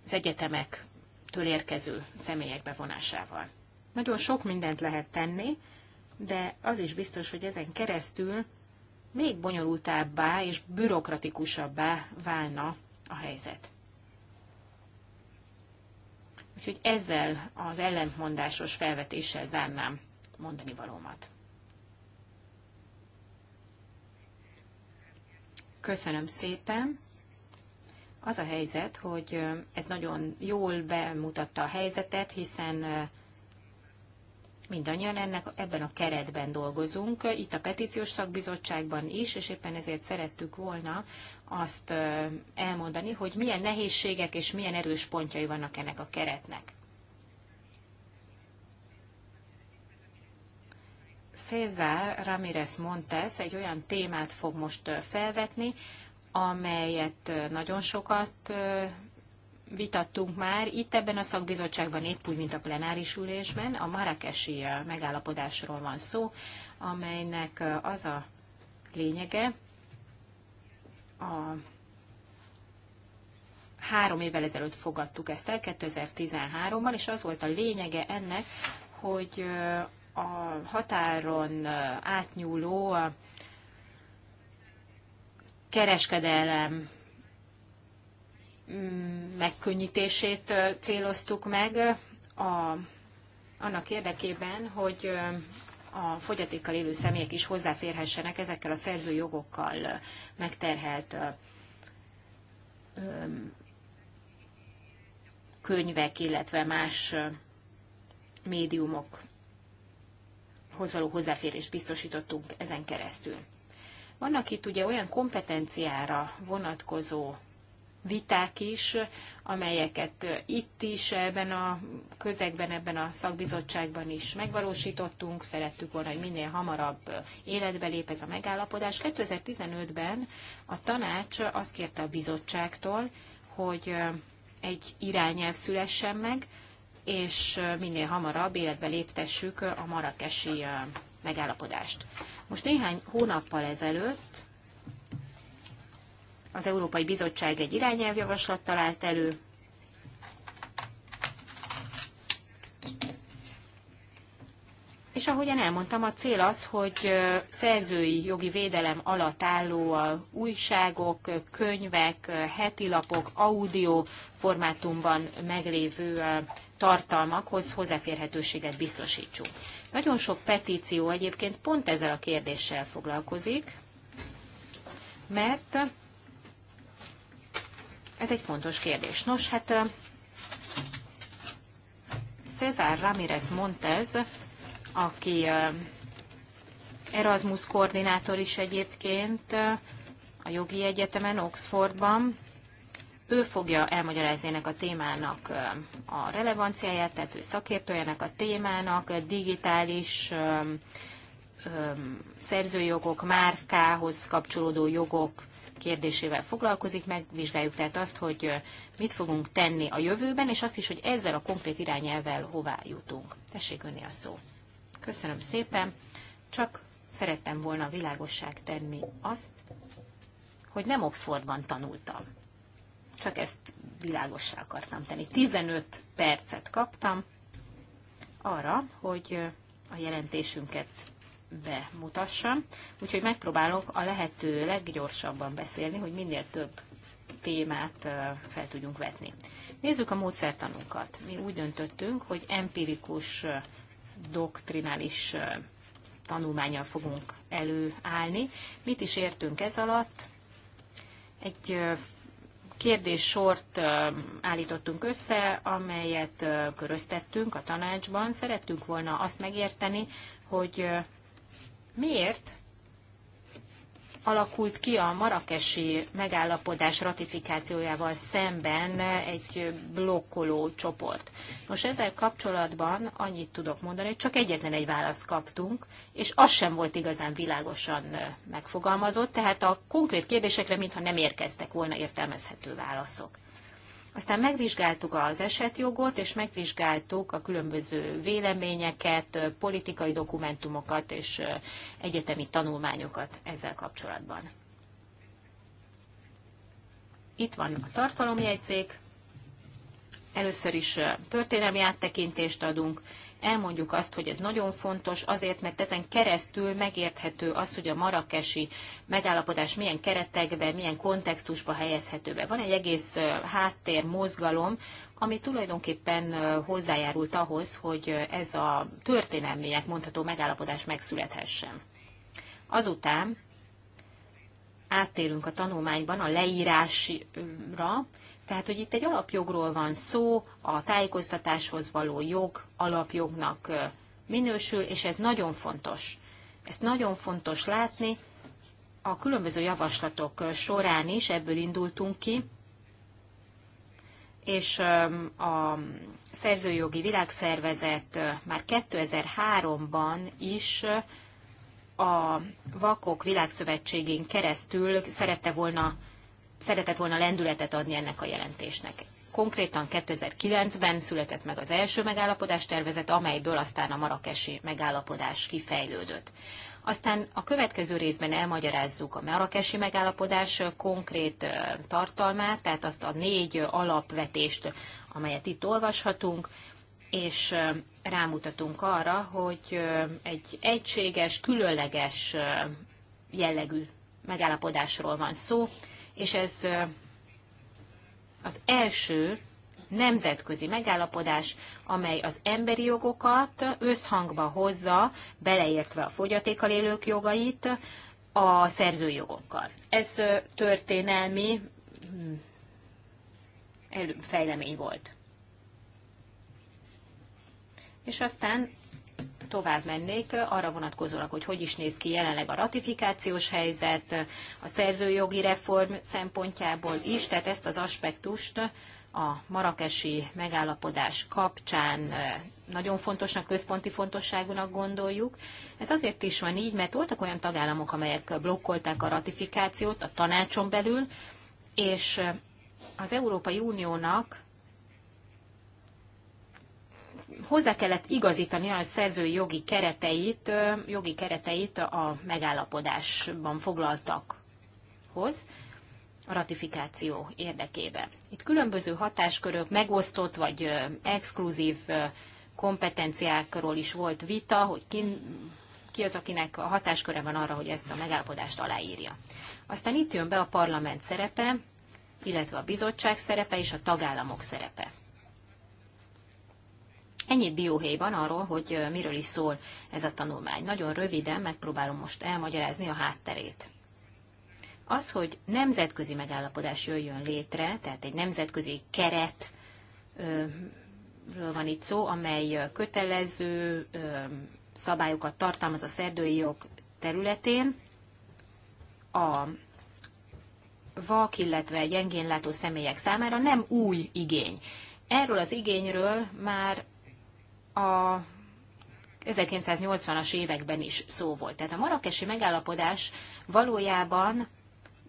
az egyetemektől érkező személyek bevonásával. Nagyon sok mindent lehet tenni, de az is biztos, hogy ezen keresztül még bonyolultábbá és bürokratikusabbá válna a helyzet. Úgyhogy ezzel az ellentmondásos felvetéssel zárnám mondani valómat. Köszönöm szépen. Az a helyzet, hogy ez nagyon jól bemutatta a helyzetet, hiszen mindannyian ennek, ebben a keretben dolgozunk, itt a petíciós szakbizottságban is, és éppen ezért szerettük volna azt elmondani, hogy milyen nehézségek és milyen erős pontjai vannak ennek a keretnek. César Ramirez Montes egy olyan témát fog most felvetni, amelyet nagyon sokat vitattunk már itt ebben a szakbizottságban, épp úgy, mint a plenáris ülésben. A marakesi megállapodásról van szó, amelynek az a lényege, a három évvel ezelőtt fogadtuk ezt el, 2013-ban, és az volt a lényege ennek, hogy a határon átnyúló kereskedelem megkönnyítését céloztuk meg a, annak érdekében, hogy a fogyatékkal élő személyek is hozzáférhessenek ezekkel a szerzőjogokkal megterhelt könyvek, illetve más médiumokhoz való hozzáférést biztosítottunk ezen keresztül. Vannak itt ugye olyan kompetenciára vonatkozó viták is, amelyeket itt is, ebben a közegben, ebben a szakbizottságban is megvalósítottunk. Szerettük volna, hogy minél hamarabb életbe lép ez a megállapodás. 2015-ben a tanács azt kérte a bizottságtól, hogy egy irányelv szülessen meg, és minél hamarabb életbe léptessük a marakesi megállapodást. Most néhány hónappal ezelőtt az Európai Bizottság egy irányelvjavaslat talált elő, És ahogyan elmondtam, a cél az, hogy szerzői jogi védelem alatt álló újságok, könyvek, lapok, audio formátumban meglévő tartalmakhoz hozzáférhetőséget biztosítsuk. Nagyon sok petíció egyébként pont ezzel a kérdéssel foglalkozik, mert ez egy fontos kérdés. Nos, hát César Ramirez Montez, aki Erasmus koordinátor is egyébként a jogi egyetemen Oxfordban, ő fogja elmagyarázni ennek a témának a relevanciáját, tehát ő szakértőjenek a témának, digitális szerzőjogok, márkához kapcsolódó jogok kérdésével foglalkozik, megvizsgáljuk tehát azt, hogy mit fogunk tenni a jövőben, és azt is, hogy ezzel a konkrét irányelvel hová jutunk. Tessék önni a szó. Köszönöm szépen, csak szerettem volna világosság tenni azt, hogy nem Oxfordban tanultam. Csak ezt világossá akartam tenni. 15 percet kaptam arra, hogy a jelentésünket bemutassam. Úgyhogy megpróbálok a lehető leggyorsabban beszélni, hogy minél több témát fel tudjunk vetni. Nézzük a módszertanunkat. Mi úgy döntöttünk, hogy empirikus, doktrinális tanulmányal fogunk előállni. Mit is értünk ez alatt? Egy kérdéssort állítottunk össze, amelyet köröztettünk a tanácsban. Szerettünk volna azt megérteni, hogy Miért alakult ki a marakesi megállapodás ratifikációjával szemben egy blokkoló csoport. Most ezzel kapcsolatban annyit tudok mondani, hogy csak egyetlen egy választ kaptunk, és az sem volt igazán világosan megfogalmazott, tehát a konkrét kérdésekre mintha nem érkeztek volna értelmezhető válaszok. Aztán megvizsgáltuk az esetjogot, és megvizsgáltuk a különböző véleményeket, politikai dokumentumokat és egyetemi tanulmányokat ezzel kapcsolatban. Itt van a tartalomjegyzék. Először is történelmi áttekintést adunk, elmondjuk azt, hogy ez nagyon fontos, azért, mert ezen keresztül megérthető az, hogy a marakesi megállapodás milyen keretekbe, milyen kontextusba helyezhető be. Van egy egész háttér, mozgalom, ami tulajdonképpen hozzájárult ahhoz, hogy ez a történelminek mondható megállapodás megszülethessen. Azután áttérünk a tanulmányban a leírásra, tehát, hogy itt egy alapjogról van szó, a tájékoztatáshoz való jog alapjognak minősül, és ez nagyon fontos. Ezt nagyon fontos látni. A különböző javaslatok során is ebből indultunk ki, és a szerzőjogi világszervezet már 2003-ban is a Vakok Világszövetségén keresztül szerette volna szeretett volna lendületet adni ennek a jelentésnek. Konkrétan 2009-ben született meg az első megállapodás tervezet, amelyből aztán a marakesi megállapodás kifejlődött. Aztán a következő részben elmagyarázzuk a marakesi megállapodás konkrét tartalmát, tehát azt a négy alapvetést, amelyet itt olvashatunk, és rámutatunk arra, hogy egy egységes, különleges jellegű megállapodásról van szó, és ez az első nemzetközi megállapodás, amely az emberi jogokat összhangba hozza, beleértve a fogyatékkal élők jogait, a szerzői jogokkal. Ez történelmi hmm, fejlemény volt. És aztán tovább mennék arra vonatkozólag, hogy hogy is néz ki jelenleg a ratifikációs helyzet, a szerzőjogi reform szempontjából is, tehát ezt az aspektust a marakesi megállapodás kapcsán eh, nagyon fontosnak, központi fontosságúnak gondoljuk. Ez azért is van így, mert voltak olyan tagállamok, amelyek blokkolták a ratifikációt a tanácson belül, és eh, az Európai Uniónak hozzá kellett igazítani a szerzői jogi kereteit, jogi kereteit a megállapodásban foglaltakhoz a ratifikáció érdekében. Itt különböző hatáskörök, megosztott vagy exkluzív kompetenciákról is volt vita, hogy ki, ki az, akinek a hatásköre van arra, hogy ezt a megállapodást aláírja. Aztán itt jön be a parlament szerepe, illetve a bizottság szerepe és a tagállamok szerepe. Ennyit dióhéjban arról, hogy miről is szól ez a tanulmány. Nagyon röviden megpróbálom most elmagyarázni a hátterét. Az, hogy nemzetközi megállapodás jöjjön létre, tehát egy nemzetközi keret, van itt szó, amely kötelező szabályokat tartalmaz a szerdői jog területén. A vak, illetve gyengén látó személyek számára nem új igény. Erről az igényről már a 1980-as években is szó volt. Tehát a marakesi megállapodás valójában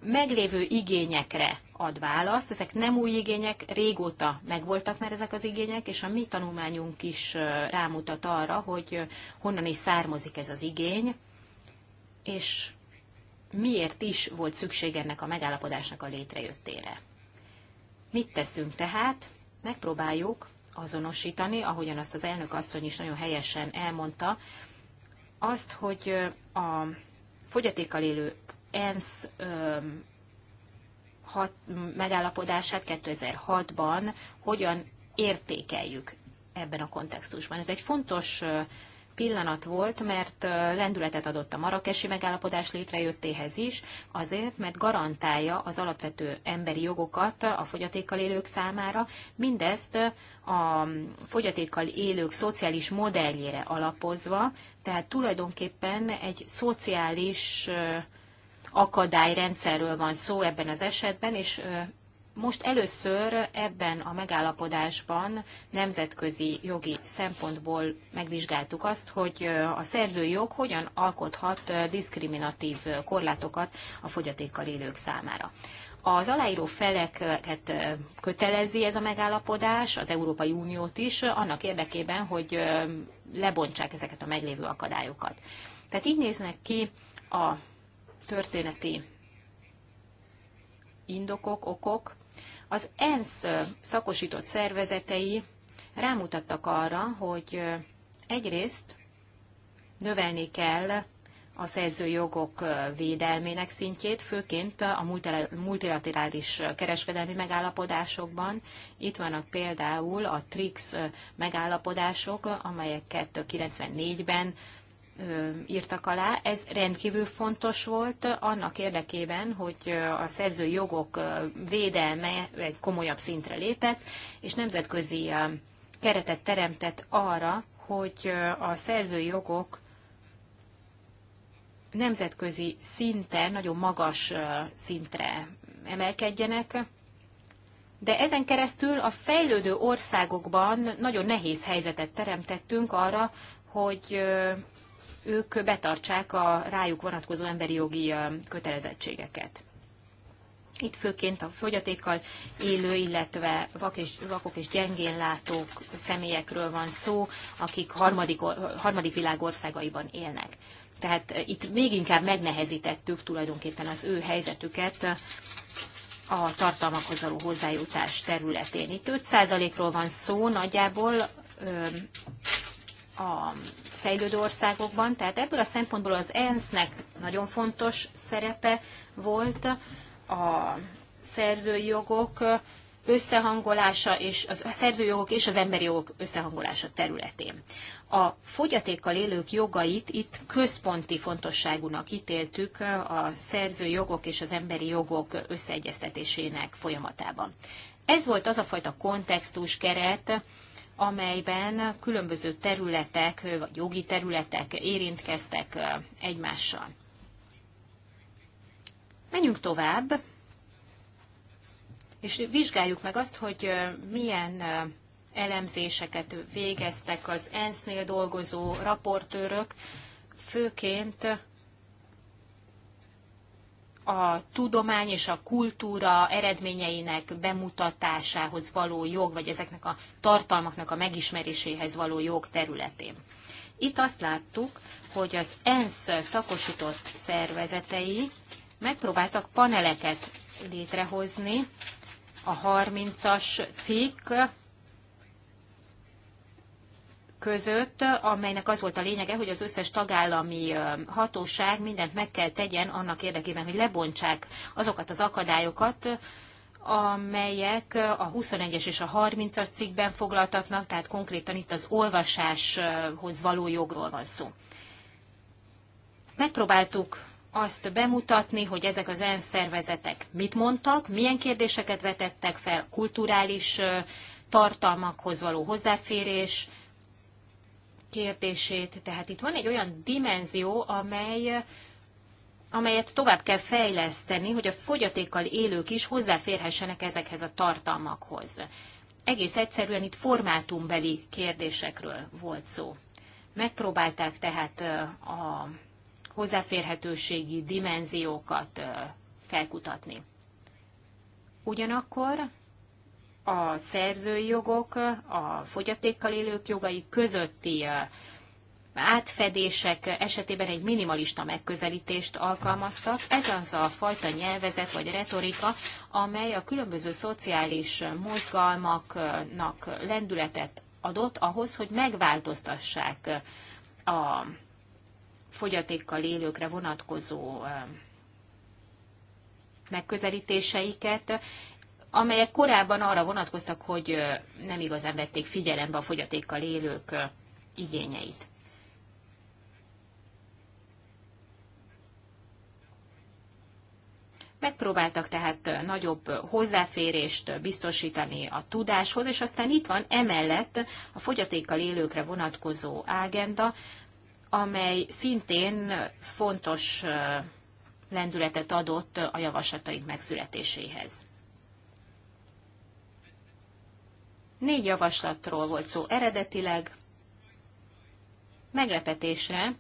meglévő igényekre ad választ. Ezek nem új igények, régóta megvoltak már ezek az igények, és a mi tanulmányunk is rámutat arra, hogy honnan is származik ez az igény, és miért is volt szükség ennek a megállapodásnak a létrejöttére. Mit teszünk tehát? Megpróbáljuk azonosítani, ahogyan azt az elnök asszony is nagyon helyesen elmondta, azt, hogy a fogyatékkal élők ENSZ hat, megállapodását 2006-ban hogyan értékeljük ebben a kontextusban. Ez egy fontos pillanat volt, mert lendületet adott a marakesi megállapodás létrejöttéhez is, azért, mert garantálja az alapvető emberi jogokat a fogyatékkal élők számára, mindezt a fogyatékkal élők szociális modelljére alapozva, tehát tulajdonképpen egy szociális akadályrendszerről van szó ebben az esetben, és most először ebben a megállapodásban nemzetközi jogi szempontból megvizsgáltuk azt, hogy a szerzői jog hogyan alkothat diszkriminatív korlátokat a fogyatékkal élők számára. Az aláíró feleket kötelezi ez a megállapodás, az Európai Uniót is, annak érdekében, hogy lebontsák ezeket a meglévő akadályokat. Tehát így néznek ki a történeti indokok, okok, az ENSZ szakosított szervezetei rámutattak arra, hogy egyrészt növelni kell a szerzőjogok védelmének szintjét, főként a multilaterális kereskedelmi megállapodásokban. Itt vannak például a TRIX megállapodások, amelyeket 94-ben írtak alá. Ez rendkívül fontos volt annak érdekében, hogy a szerző jogok védelme egy komolyabb szintre lépett, és nemzetközi keretet teremtett arra, hogy a szerzői jogok nemzetközi szinten, nagyon magas szintre emelkedjenek, de ezen keresztül a fejlődő országokban nagyon nehéz helyzetet teremtettünk arra, hogy ők betartsák a rájuk vonatkozó emberi jogi kötelezettségeket. Itt főként a fogyatékkal élő, illetve vak és, vakok és gyengén látók személyekről van szó, akik harmadik, harmadik világ országaiban élnek. Tehát itt még inkább megnehezítettük tulajdonképpen az ő helyzetüket a tartalmakhoz való hozzájutás területén. Itt 5%-ról van szó nagyjából a fejlődő országokban, tehát ebből a szempontból az ENSZ-nek nagyon fontos szerepe volt a szerzői jogok összehangolása és az, a jogok és az emberi jogok összehangolása területén. A fogyatékkal élők jogait itt központi fontosságúnak ítéltük a szerzői jogok és az emberi jogok összeegyeztetésének folyamatában. Ez volt az a fajta kontextus keret, amelyben különböző területek, vagy jogi területek érintkeztek egymással. Menjünk tovább, és vizsgáljuk meg azt, hogy milyen elemzéseket végeztek az ENSZ-nél dolgozó raportőrök, főként a tudomány és a kultúra eredményeinek bemutatásához való jog, vagy ezeknek a tartalmaknak a megismeréséhez való jog területén. Itt azt láttuk, hogy az ENSZ szakosított szervezetei megpróbáltak paneleket létrehozni, a 30-as cikk között, amelynek az volt a lényege, hogy az összes tagállami hatóság mindent meg kell tegyen annak érdekében, hogy lebontsák azokat az akadályokat, amelyek a 21-es és a 30-as cikkben foglaltatnak, tehát konkrétan itt az olvasáshoz való jogról van szó. Megpróbáltuk azt bemutatni, hogy ezek az ENSZ szervezetek mit mondtak, milyen kérdéseket vetettek fel, kulturális tartalmakhoz való hozzáférés, kérdését. Tehát itt van egy olyan dimenzió, amely amelyet tovább kell fejleszteni, hogy a fogyatékkal élők is hozzáférhessenek ezekhez a tartalmakhoz. Egész egyszerűen itt formátumbeli kérdésekről volt szó. Megpróbálták tehát a hozzáférhetőségi dimenziókat felkutatni. Ugyanakkor a szerzői jogok, a fogyatékkal élők jogai közötti átfedések esetében egy minimalista megközelítést alkalmaztak. Ez az a fajta nyelvezet vagy retorika, amely a különböző szociális mozgalmaknak lendületet adott ahhoz, hogy megváltoztassák a fogyatékkal élőkre vonatkozó megközelítéseiket, amelyek korábban arra vonatkoztak, hogy nem igazán vették figyelembe a fogyatékkal élők igényeit. Megpróbáltak tehát nagyobb hozzáférést biztosítani a tudáshoz, és aztán itt van emellett a fogyatékkal élőkre vonatkozó ágenda, amely szintén fontos lendületet adott a javaslataink megszületéséhez. Négy javaslatról volt szó eredetileg. Meglepetésre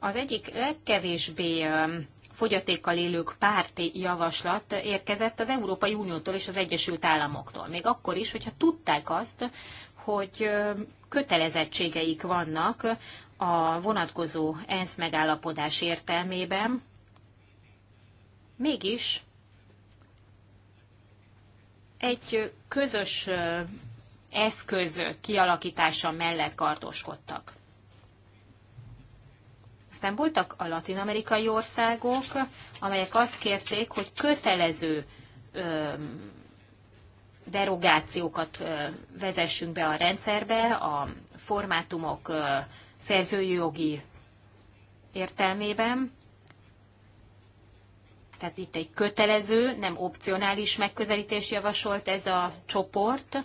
az egyik legkevésbé fogyatékkal élők párti javaslat érkezett az Európai Uniótól és az Egyesült Államoktól. Még akkor is, hogyha tudták azt, hogy kötelezettségeik vannak a vonatkozó ENSZ megállapodás értelmében, Mégis egy közös eszköz kialakítása mellett kardoskodtak. Aztán voltak a latinamerikai országok, amelyek azt kérték, hogy kötelező derogációkat vezessünk be a rendszerbe, a formátumok szerzői jogi értelmében, tehát itt egy kötelező, nem opcionális megközelítés javasolt ez a csoport.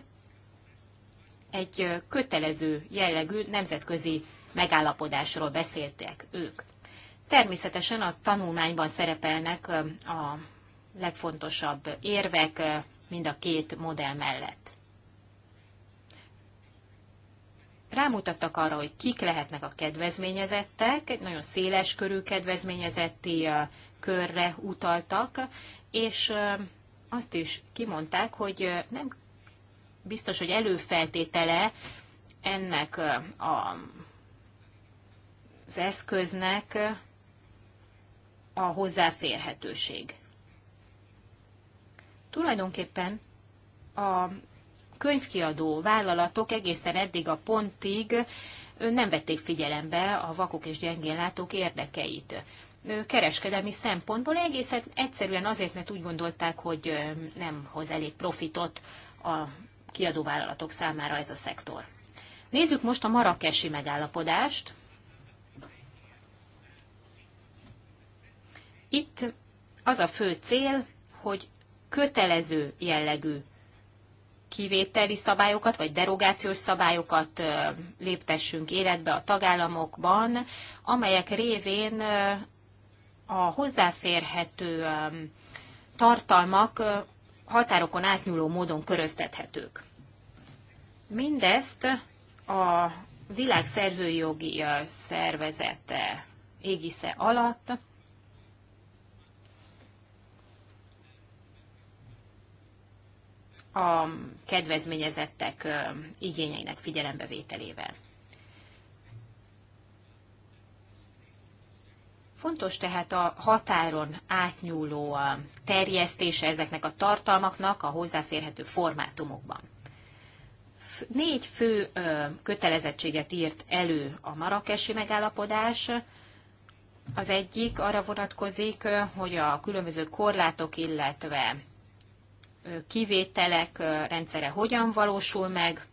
Egy kötelező jellegű nemzetközi megállapodásról beszéltek ők. Természetesen a tanulmányban szerepelnek a legfontosabb érvek mind a két modell mellett. Rámutattak arra, hogy kik lehetnek a kedvezményezettek, egy nagyon széles körű kedvezményezetti körre utaltak, és azt is kimondták, hogy nem biztos, hogy előfeltétele ennek a, az eszköznek a hozzáférhetőség. Tulajdonképpen a könyvkiadó vállalatok egészen eddig a pontig nem vették figyelembe a vakok és gyengénlátók érdekeit kereskedelmi szempontból, egészen egyszerűen azért, mert úgy gondolták, hogy nem hoz elég profitot a kiadóvállalatok számára ez a szektor. Nézzük most a marakesi megállapodást. Itt az a fő cél, hogy kötelező jellegű kivételi szabályokat, vagy derogációs szabályokat léptessünk életbe a tagállamokban, amelyek révén a hozzáférhető um, tartalmak uh, határokon átnyúló módon köröztethetők. Mindezt a világ szerzői jogi uh, szervezete égisze alatt a kedvezményezettek uh, igényeinek figyelembevételével. Fontos tehát a határon átnyúló terjesztése ezeknek a tartalmaknak a hozzáférhető formátumokban. Négy fő kötelezettséget írt elő a marakesi megállapodás. Az egyik arra vonatkozik, hogy a különböző korlátok, illetve kivételek rendszere hogyan valósul meg,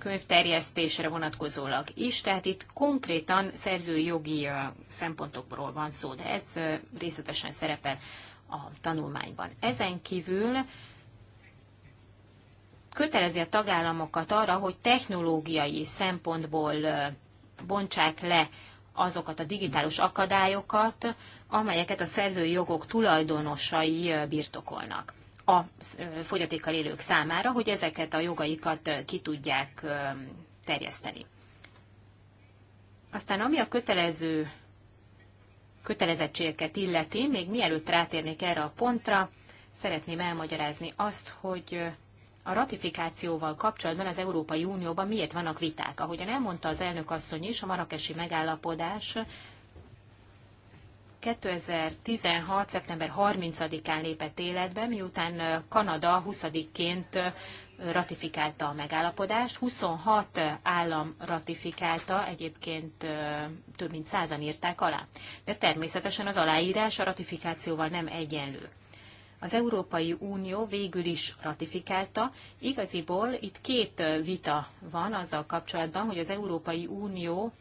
könyvterjesztésre vonatkozólag is, tehát itt konkrétan szerzői jogi szempontokról van szó, de ez részletesen szerepel a tanulmányban. Ezen kívül kötelezi a tagállamokat arra, hogy technológiai szempontból bontsák le azokat a digitális akadályokat, amelyeket a szerzői jogok tulajdonosai birtokolnak a fogyatékkal élők számára, hogy ezeket a jogaikat ki tudják terjeszteni. Aztán ami a kötelező kötelezettségeket illeti, még mielőtt rátérnék erre a pontra, szeretném elmagyarázni azt, hogy a ratifikációval kapcsolatban az Európai Unióban miért vannak viták. Ahogyan elmondta az elnök asszony is, a marakesi megállapodás 2016. szeptember 30-án lépett életbe, miután Kanada 20-ként ratifikálta a megállapodást. 26 állam ratifikálta, egyébként több mint százan írták alá. De természetesen az aláírás a ratifikációval nem egyenlő. Az Európai Unió végül is ratifikálta. Igaziból itt két vita van azzal kapcsolatban, hogy az Európai Unió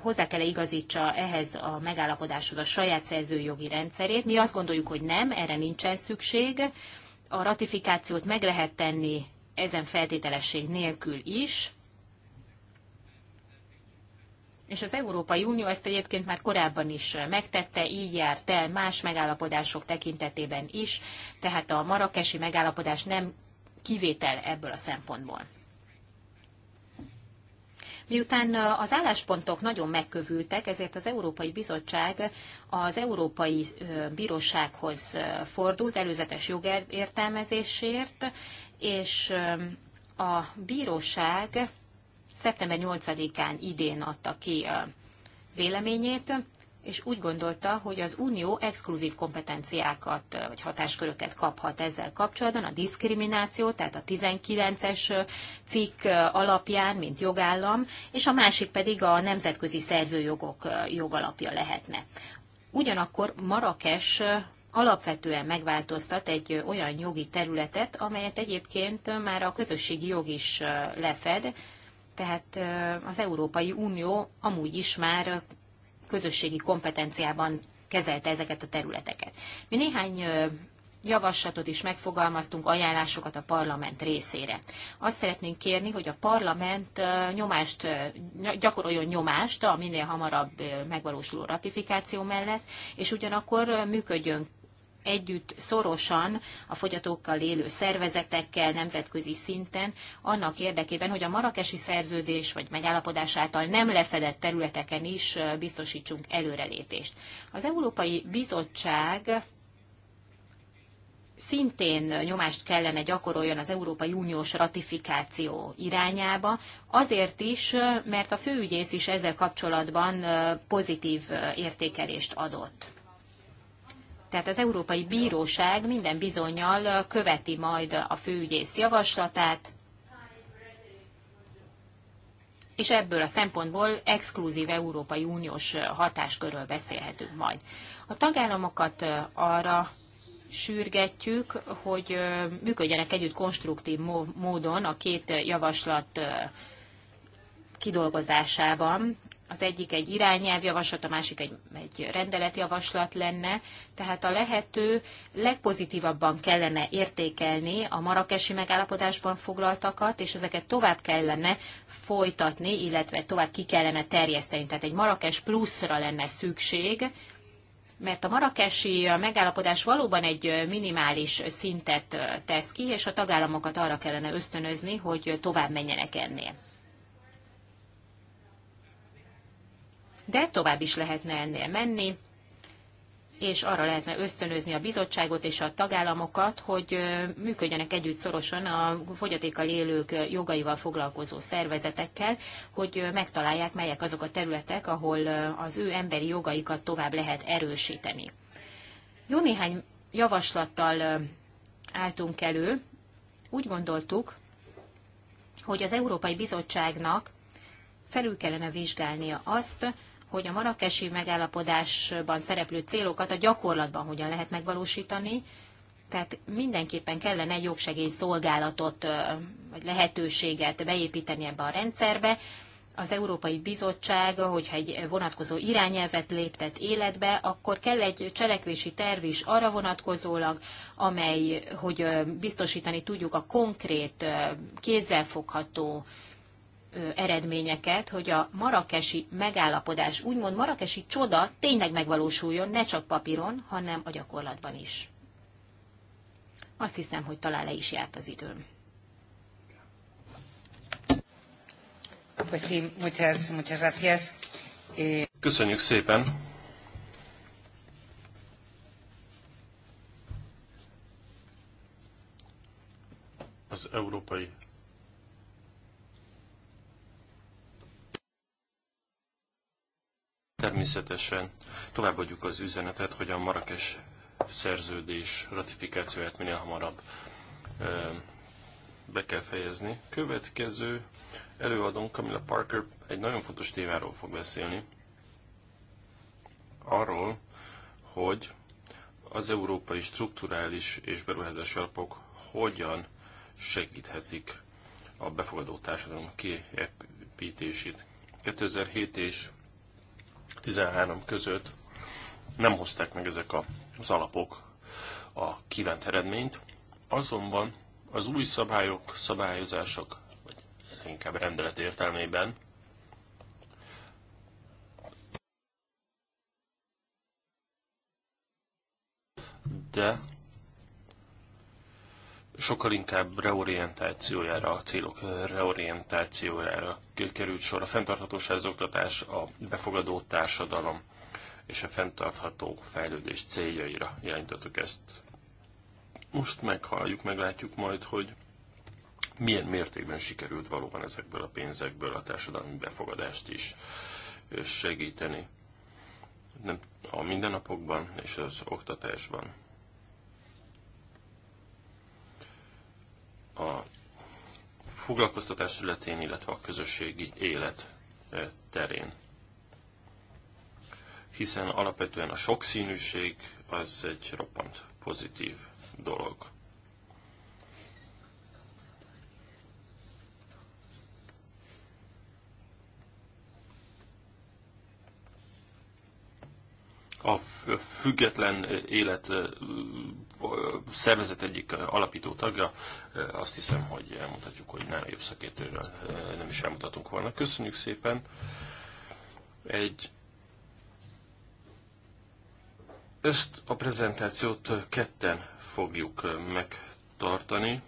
hozzá kell -e igazítsa ehhez a megállapodáshoz a saját szerzőjogi rendszerét. Mi azt gondoljuk, hogy nem, erre nincsen szükség. A ratifikációt meg lehet tenni ezen feltételesség nélkül is, és az Európai Unió ezt egyébként már korábban is megtette, így járt el más megállapodások tekintetében is, tehát a marakesi megállapodás nem kivétel ebből a szempontból. Miután az álláspontok nagyon megkövültek, ezért az Európai Bizottság az Európai Bírósághoz fordult előzetes jogértelmezésért, és a bíróság szeptember 8-án idén adta ki véleményét, és úgy gondolta, hogy az Unió exkluzív kompetenciákat vagy hatásköröket kaphat ezzel kapcsolatban, a diszkrimináció, tehát a 19-es cikk alapján, mint jogállam, és a másik pedig a nemzetközi szerzőjogok jogalapja lehetne. Ugyanakkor Marrakes alapvetően megváltoztat egy olyan jogi területet, amelyet egyébként már a közösségi jog is lefed, tehát az Európai Unió amúgy is már közösségi kompetenciában kezelte ezeket a területeket. Mi néhány javaslatot is megfogalmaztunk, ajánlásokat a parlament részére. Azt szeretnénk kérni, hogy a parlament nyomást, gyakoroljon nyomást a minél hamarabb megvalósuló ratifikáció mellett, és ugyanakkor működjön együtt szorosan a fogyatókkal élő szervezetekkel nemzetközi szinten, annak érdekében, hogy a marakesi szerződés vagy megállapodás által nem lefedett területeken is biztosítsunk előrelépést. Az Európai Bizottság szintén nyomást kellene gyakoroljon az Európai Uniós ratifikáció irányába, azért is, mert a főügyész is ezzel kapcsolatban pozitív értékelést adott. Tehát az Európai Bíróság minden bizonyal követi majd a főügyész javaslatát, és ebből a szempontból exkluzív Európai Uniós hatáskörről beszélhetünk majd. A tagállamokat arra sürgetjük, hogy működjenek együtt konstruktív módon a két javaslat kidolgozásában, az egyik egy irányelvjavaslat, a másik egy, egy rendeletjavaslat lenne, tehát a lehető legpozitívabban kellene értékelni a marakesi megállapodásban foglaltakat, és ezeket tovább kellene folytatni, illetve tovább ki kellene terjeszteni. Tehát egy marakes pluszra lenne szükség, mert a marakesi megállapodás valóban egy minimális szintet tesz ki, és a tagállamokat arra kellene ösztönözni, hogy tovább menjenek ennél. de tovább is lehetne ennél menni, és arra lehetne ösztönözni a bizottságot és a tagállamokat, hogy működjenek együtt szorosan a fogyatékkal élők jogaival foglalkozó szervezetekkel, hogy megtalálják, melyek azok a területek, ahol az ő emberi jogaikat tovább lehet erősíteni. Jó néhány javaslattal álltunk elő. Úgy gondoltuk, hogy az Európai Bizottságnak felül kellene vizsgálnia azt, hogy a marakesi megállapodásban szereplő célokat a gyakorlatban hogyan lehet megvalósítani, tehát mindenképpen kellene egy jogsegély szolgálatot vagy lehetőséget beépíteni ebbe a rendszerbe. Az Európai Bizottság, hogyha egy vonatkozó irányelvet léptet életbe, akkor kell egy cselekvési terv is arra vonatkozólag, amely, hogy biztosítani tudjuk a konkrét, kézzelfogható eredményeket, hogy a marakesi megállapodás, úgymond marakesi csoda tényleg megvalósuljon, ne csak papíron, hanem a gyakorlatban is. Azt hiszem, hogy talán le is járt az időm. Eh, Köszönjük szépen! Az Európai Természetesen továbbadjuk az üzenetet, hogy a Marrakes szerződés ratifikációját minél hamarabb be kell fejezni. Következő előadónk Camilla Parker egy nagyon fontos témáról fog beszélni. Arról, hogy az európai strukturális és beruházási alapok hogyan segíthetik a befogadó társadalom kiepítését. 2007 és 13 között nem hozták meg ezek a, az alapok a kívánt eredményt, azonban az új szabályok, szabályozások, vagy inkább rendelet értelmében de sokkal inkább reorientációjára, a célok reorientációjára került sor. A fenntarthatóság az oktatás, a befogadó társadalom és a fenntartható fejlődés céljaira irányítottuk ezt. Most meghalljuk, meglátjuk majd, hogy milyen mértékben sikerült valóban ezekből a pénzekből a társadalmi befogadást is segíteni. Nem a mindennapokban és az oktatásban. a foglalkoztatás területén, illetve a közösségi élet terén. Hiszen alapvetően a sokszínűség az egy roppant pozitív dolog. a független élet szervezet egyik alapító tagja. Azt hiszem, hogy elmutatjuk, hogy nem jobb szakértőről nem is elmutatunk volna. Köszönjük szépen. Egy ezt a prezentációt ketten fogjuk megtartani.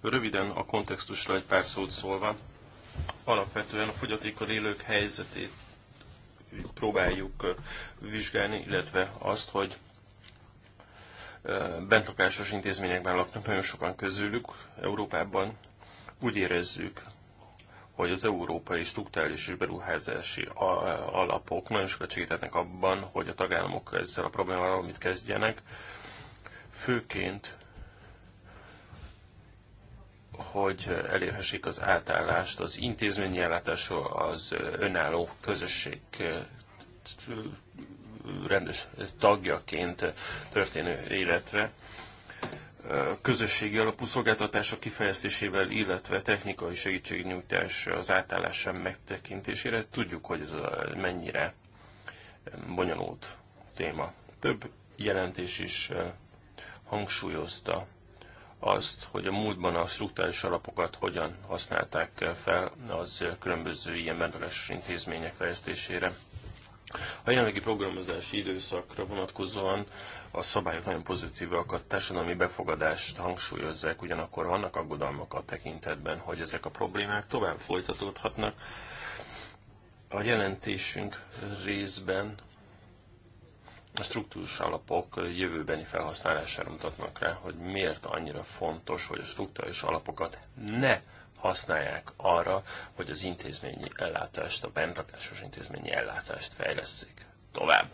Röviden a kontextusra egy pár szót szólva alapvetően a fogyatékkal élők helyzetét próbáljuk vizsgálni, illetve azt, hogy bentlakásos intézményekben laknak nagyon sokan közülük Európában. Úgy érezzük, hogy az európai struktúrális és beruházási alapok nagyon sokat segítenek abban, hogy a tagállamok ezzel a problémával mit kezdjenek. Főként hogy elérhessék az átállást az intézményi ellátásról az önálló közösség rendes tagjaként történő életre közösségi alapú szolgáltatások kifejeztésével, illetve technikai segítségnyújtás az átállás sem megtekintésére. Tudjuk, hogy ez a mennyire bonyolult téma. Több jelentés is hangsúlyozta azt, hogy a múltban a struktúrális alapokat hogyan használták fel az különböző ilyen menetes intézmények fejlesztésére. A jelenlegi programozási időszakra vonatkozóan a szabályok nagyon pozitívak, a társadalmi befogadást hangsúlyozzák, ugyanakkor vannak aggodalmak a tekintetben, hogy ezek a problémák tovább folytatódhatnak. A jelentésünk részben a struktúrus alapok jövőbeni felhasználására mutatnak rá, hogy miért annyira fontos, hogy a struktúrális alapokat ne használják arra, hogy az intézményi ellátást, a bentlakásos intézményi ellátást fejleszik tovább.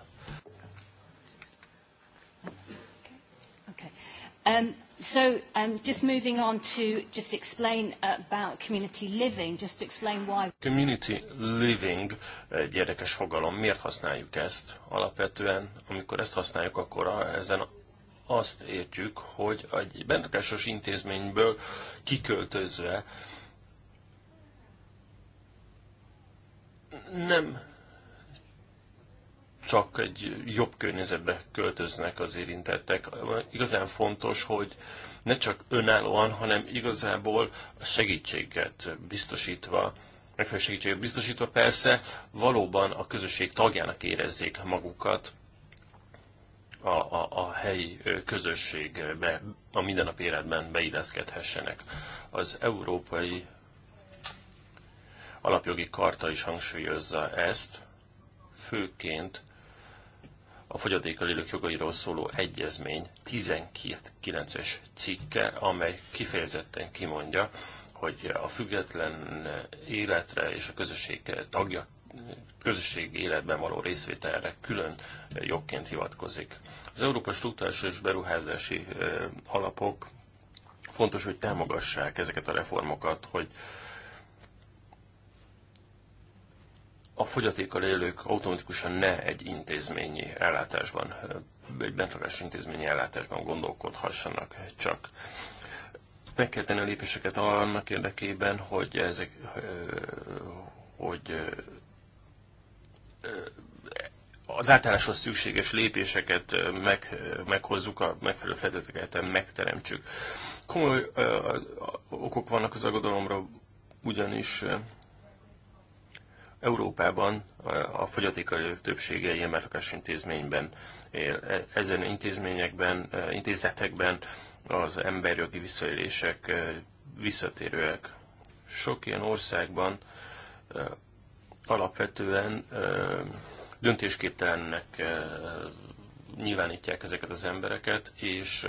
Okay. Okay. Um, So um, just moving on to just explain about community living, just to explain why. Community living eh, egy érdekes fogalom. Miért használjuk ezt? Alapvetően, amikor ezt használjuk, akkor a, ezen azt értjük, hogy egy bentlakásos intézményből kiköltözve nem csak egy jobb környezetbe költöznek az érintettek. Igazán fontos, hogy ne csak önállóan, hanem igazából segítséget biztosítva, megfelelő segítséget biztosítva persze, valóban a közösség tagjának érezzék magukat a, a, a helyi közösségbe, a mindennap életben beilleszkedhessenek. Az európai alapjogi karta is hangsúlyozza ezt, főként a fogyatékkal élők jogairól szóló egyezmény 12.9-es cikke, amely kifejezetten kimondja, hogy a független életre és a közösség tagja közösség életben való részvételre külön jogként hivatkozik. Az Európai Struktúrás és Beruházási Alapok fontos, hogy támogassák ezeket a reformokat, hogy a fogyatékkal élők automatikusan ne egy intézményi ellátásban, egy bentlakás intézményi ellátásban gondolkodhassanak csak. Meg kell tenni a lépéseket annak érdekében, hogy ezek, hogy az általáshoz szükséges lépéseket meg, meghozzuk, a megfelelő feltételeket megteremtsük. Komoly okok vannak az aggodalomra, ugyanis Európában a fogyatékkal élők többsége ilyen bérlakás intézményben él. E, ezen intézményekben, e, intézetekben az emberjogi visszaélések e, visszatérőek. Sok ilyen országban alapvetően döntésképtelennek nyilvánítják ezeket az embereket, és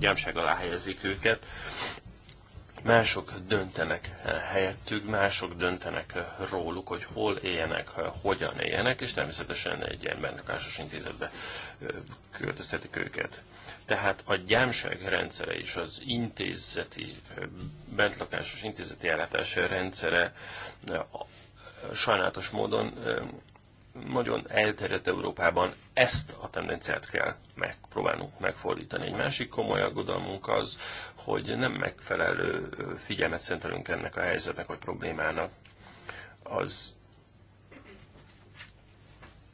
gyámság alá helyezik őket. Mások döntenek eh, helyettük, mások döntenek eh, róluk, hogy hol éljenek, eh, hogyan éljenek, és természetesen egy ilyen bennlakásos intézetbe költöztetik őket. Tehát a gyámság rendszere és az intézeti, bentlakásos intézeti ellátás rendszere sajnálatos módon nagyon elterjedt Európában ezt a tendenciát kell megpróbálnunk megfordítani. Egy másik komoly aggodalmunk az, hogy nem megfelelő figyelmet szentelünk ennek a helyzetnek vagy problémának. Az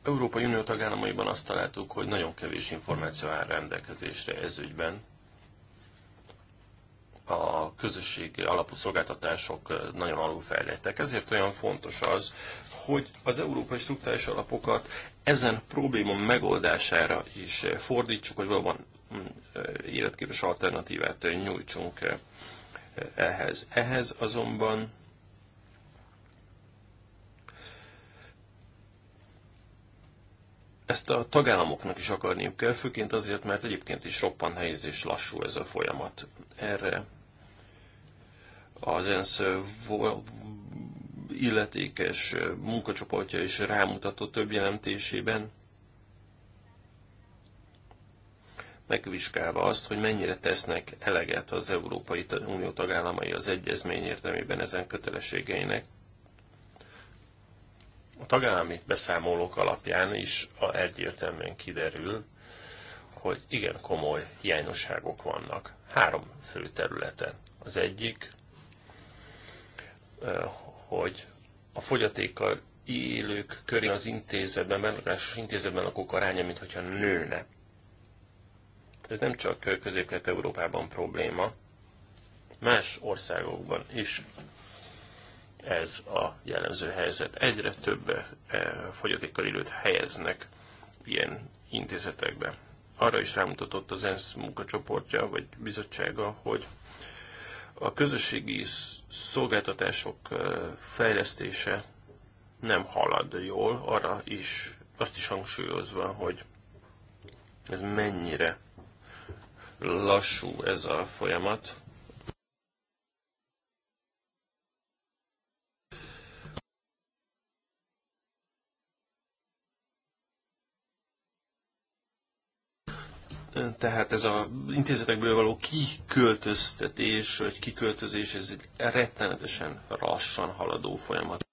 Európai Unió tagállamaiban azt találtuk, hogy nagyon kevés információ áll rendelkezésre ez ügyben. A közösségi alapú szolgáltatások nagyon alulfejlettek, ezért olyan fontos az, hogy az európai struktúrális alapokat ezen probléma megoldására is fordítsuk, hogy valóban mm, eh, életképes alternatívát nyújtsunk eh, ehhez. Ehhez azonban ezt a tagállamoknak is akarniuk kell, főként azért, mert egyébként is roppan helyez és lassú ez a folyamat. Erre az ENSZ illetékes munkacsoportja is rámutatott több jelentésében, megvizsgálva azt, hogy mennyire tesznek eleget az Európai Unió tagállamai az egyezmény értelmében ezen kötelességeinek. A tagállami beszámolók alapján is a egyértelműen kiderül, hogy igen komoly hiányosságok vannak. Három fő területen. Az egyik eh, hogy a fogyatékkal élők köré az intézetben, bentlakásos intézetben lakók aránya, mint hogyha nőne. Ez nem csak közép európában probléma, más országokban is ez a jellemző helyzet. Egyre több eh, fogyatékkal élőt helyeznek ilyen intézetekbe. Arra is rámutatott az ENSZ munkacsoportja, vagy bizottsága, hogy a közösségi szolgáltatások fejlesztése nem halad jól, arra is, azt is hangsúlyozva, hogy ez mennyire lassú ez a folyamat. tehát ez a intézetekből való kiköltöztetés, vagy kiköltözés, ez egy rettenetesen lassan haladó folyamat.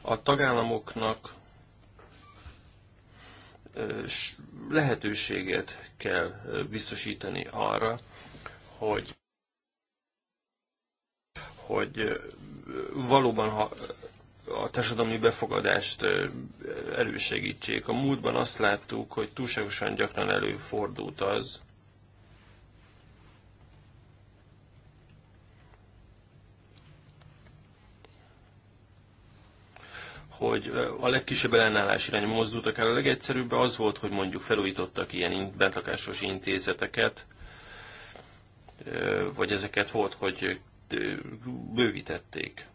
A tagállamoknak lehetőséget kell biztosítani arra, hogy hogy valóban ha a társadalmi befogadást elősegítsék. A múltban azt láttuk, hogy túlságosan gyakran előfordult az, hogy a legkisebb ellenállás irány mozdultak el. A legegyszerűbb az volt, hogy mondjuk felújítottak ilyen bentlakásos intézeteket, vagy ezeket volt, hogy bővítették.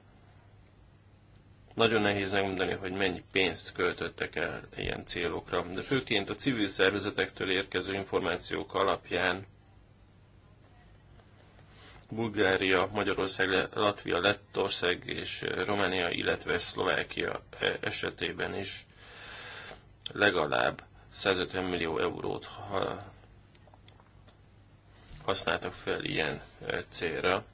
Nagyon nehéz megmondani, hogy mennyi pénzt költöttek el ilyen célokra, de főként a civil szervezetektől érkező információk alapján Bulgária, Magyarország, Latvia, Lettország és Románia, illetve Szlovákia e, esetében is legalább 150 millió eurót használtak fel ilyen e, célra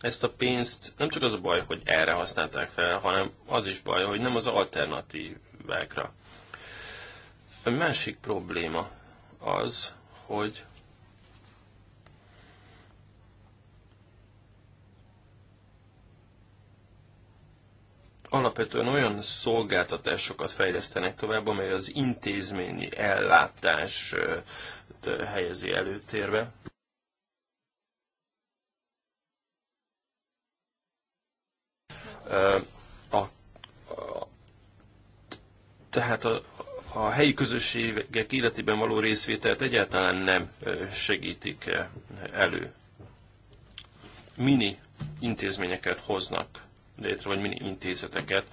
ezt a pénzt nem csak az a baj, hogy erre használták fel, hanem az is baj, hogy nem az alternatívákra. A másik probléma az, hogy alapvetően olyan szolgáltatásokat fejlesztenek tovább, amely az intézményi ellátás eh, helyezi előtérbe. A, a, tehát a, a helyi közösségek életében való részvételt egyáltalán nem segítik elő. Mini intézményeket hoznak létre, vagy mini intézeteket,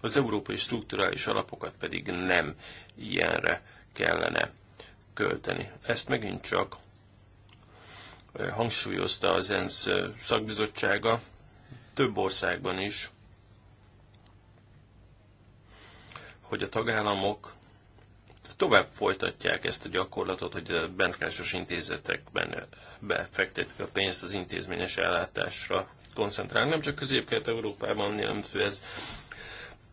az európai strukturális alapokat pedig nem ilyenre kellene költeni. Ezt megint csak hangsúlyozta az ENSZ szakbizottsága több országban is, hogy a tagállamok tovább folytatják ezt a gyakorlatot, hogy a bentkásos intézetekben befektetik a pénzt az intézményes ellátásra koncentrál. Nem csak Közép-Kelet-Európában, hanem ez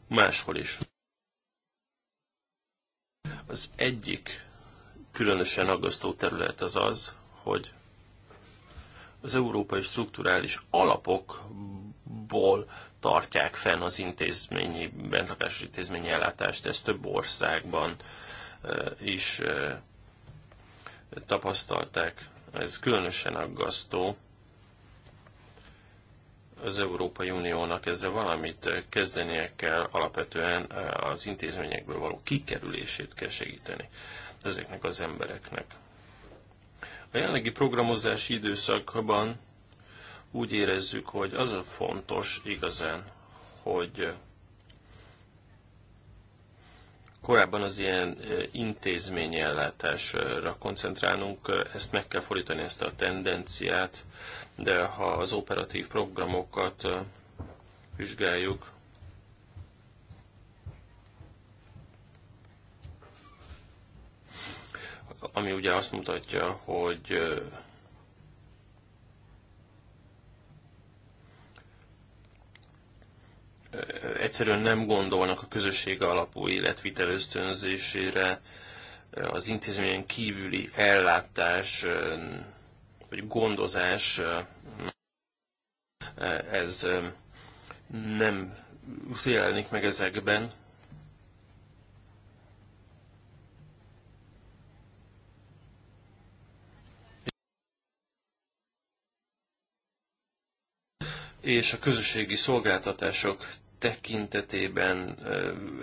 máshol is. Az egyik különösen aggasztó terület az az, hogy az európai strukturális alapokból tartják fenn az intézményi, bentlakásos intézményi ellátást. Ez több országban is tapasztalták. Ez különösen aggasztó. Az Európai Uniónak ezzel valamit kezdenie kell, alapvetően az intézményekből való kikerülését kell segíteni ezeknek az embereknek. A jelenlegi programozási időszakban úgy érezzük, hogy az a fontos igazán, hogy korábban az ilyen intézményi ellátásra koncentrálnunk, ezt meg kell fordítani, ezt a tendenciát, de ha az operatív programokat vizsgáljuk, ami ugye azt mutatja, hogy egyszerűen nem gondolnak a közösség alapú életvitel ösztönzésére, az intézményen kívüli ellátás vagy gondozás, ez nem jelenik meg ezekben. És a közösségi szolgáltatások tekintetében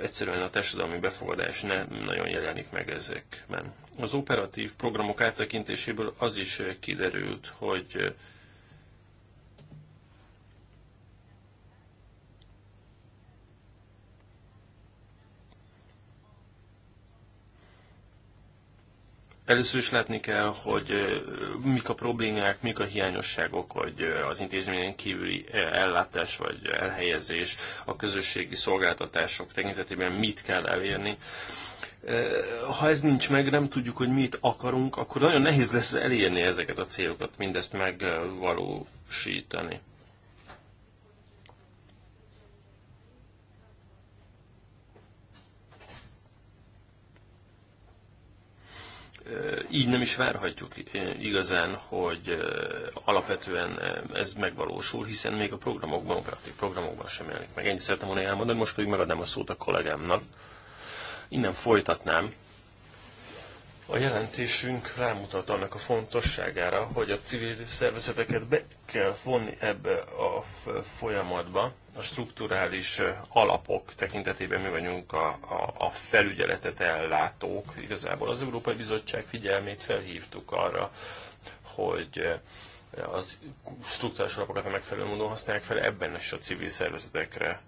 egyszerűen a társadalmi befogadás nem nagyon jelenik meg ezekben. Az operatív programok áttekintéséből az is kiderült, hogy Először is látni kell, hogy mik a problémák, mik a hiányosságok, hogy az intézményen kívüli ellátás vagy elhelyezés, a közösségi szolgáltatások tekintetében mit kell elérni. Ha ez nincs meg, nem tudjuk, hogy mit akarunk, akkor nagyon nehéz lesz elérni ezeket a célokat, mindezt megvalósítani. így nem is várhatjuk igazán, hogy alapvetően ez megvalósul, hiszen még a programokban, operatív programokban sem jelenik meg. Ennyit szeretem volna elmondani, most pedig megadnám a szót a kollégámnak. Innen folytatnám. A jelentésünk rámutat annak a fontosságára, hogy a civil szervezeteket be kell vonni ebbe a folyamatba, a strukturális alapok tekintetében mi vagyunk a, a, a felügyeletet ellátók. Igazából az Európai Bizottság figyelmét felhívtuk arra, hogy az struktúrás alapokat a megfelelő módon használják fel, ebben is a civil szervezetekre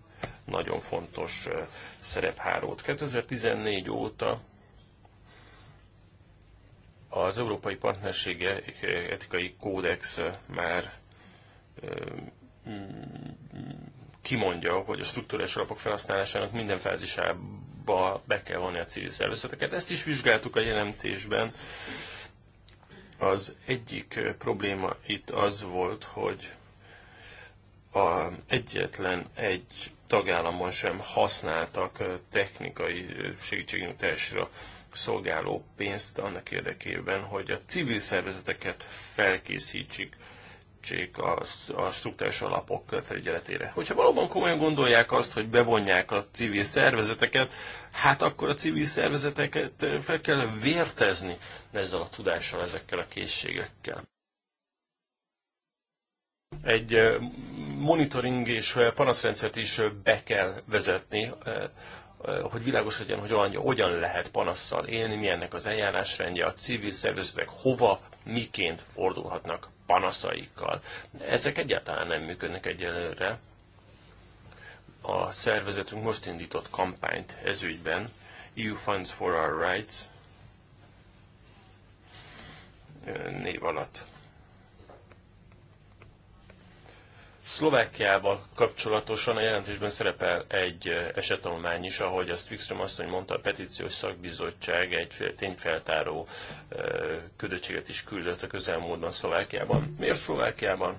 nagyon fontos szerephárót. 2014 óta az Európai Partnersége Etikai Kódex már kimondja, hogy a struktúrás alapok felhasználásának minden fázisába be kell vonni a civil szervezeteket. Ezt is vizsgáltuk a jelentésben. Az egyik probléma itt az volt, hogy a egyetlen egy tagállamon sem használtak technikai segítségnyújtásra szolgáló pénzt annak érdekében, hogy a civil szervezeteket felkészítsük költsék a, a struktúrás alapok felügyeletére. Hogyha valóban komolyan gondolják azt, hogy bevonják a civil szervezeteket, hát akkor a civil szervezeteket fel kell vértezni ezzel a tudással, ezekkel a készségekkel. Egy monitoring és panaszrendszert is be kell vezetni, hogy világos legyen, hogy olyan, hogyan lehet panasszal élni, milyennek az eljárásrendje, a civil szervezetek hova, miként fordulhatnak panaszaikkal. Ezek egyáltalán nem működnek egyelőre. A szervezetünk most indított kampányt ezügyben, EU Funds for Our Rights név alatt Szlovákiával kapcsolatosan a jelentésben szerepel egy esettanulmány is, ahogy azt Wikström asszony mondta, a petíciós szakbizottság egy tényfeltáró ködöttséget is küldött a közelmúltban Szlovákiában. Miért Szlovákiában?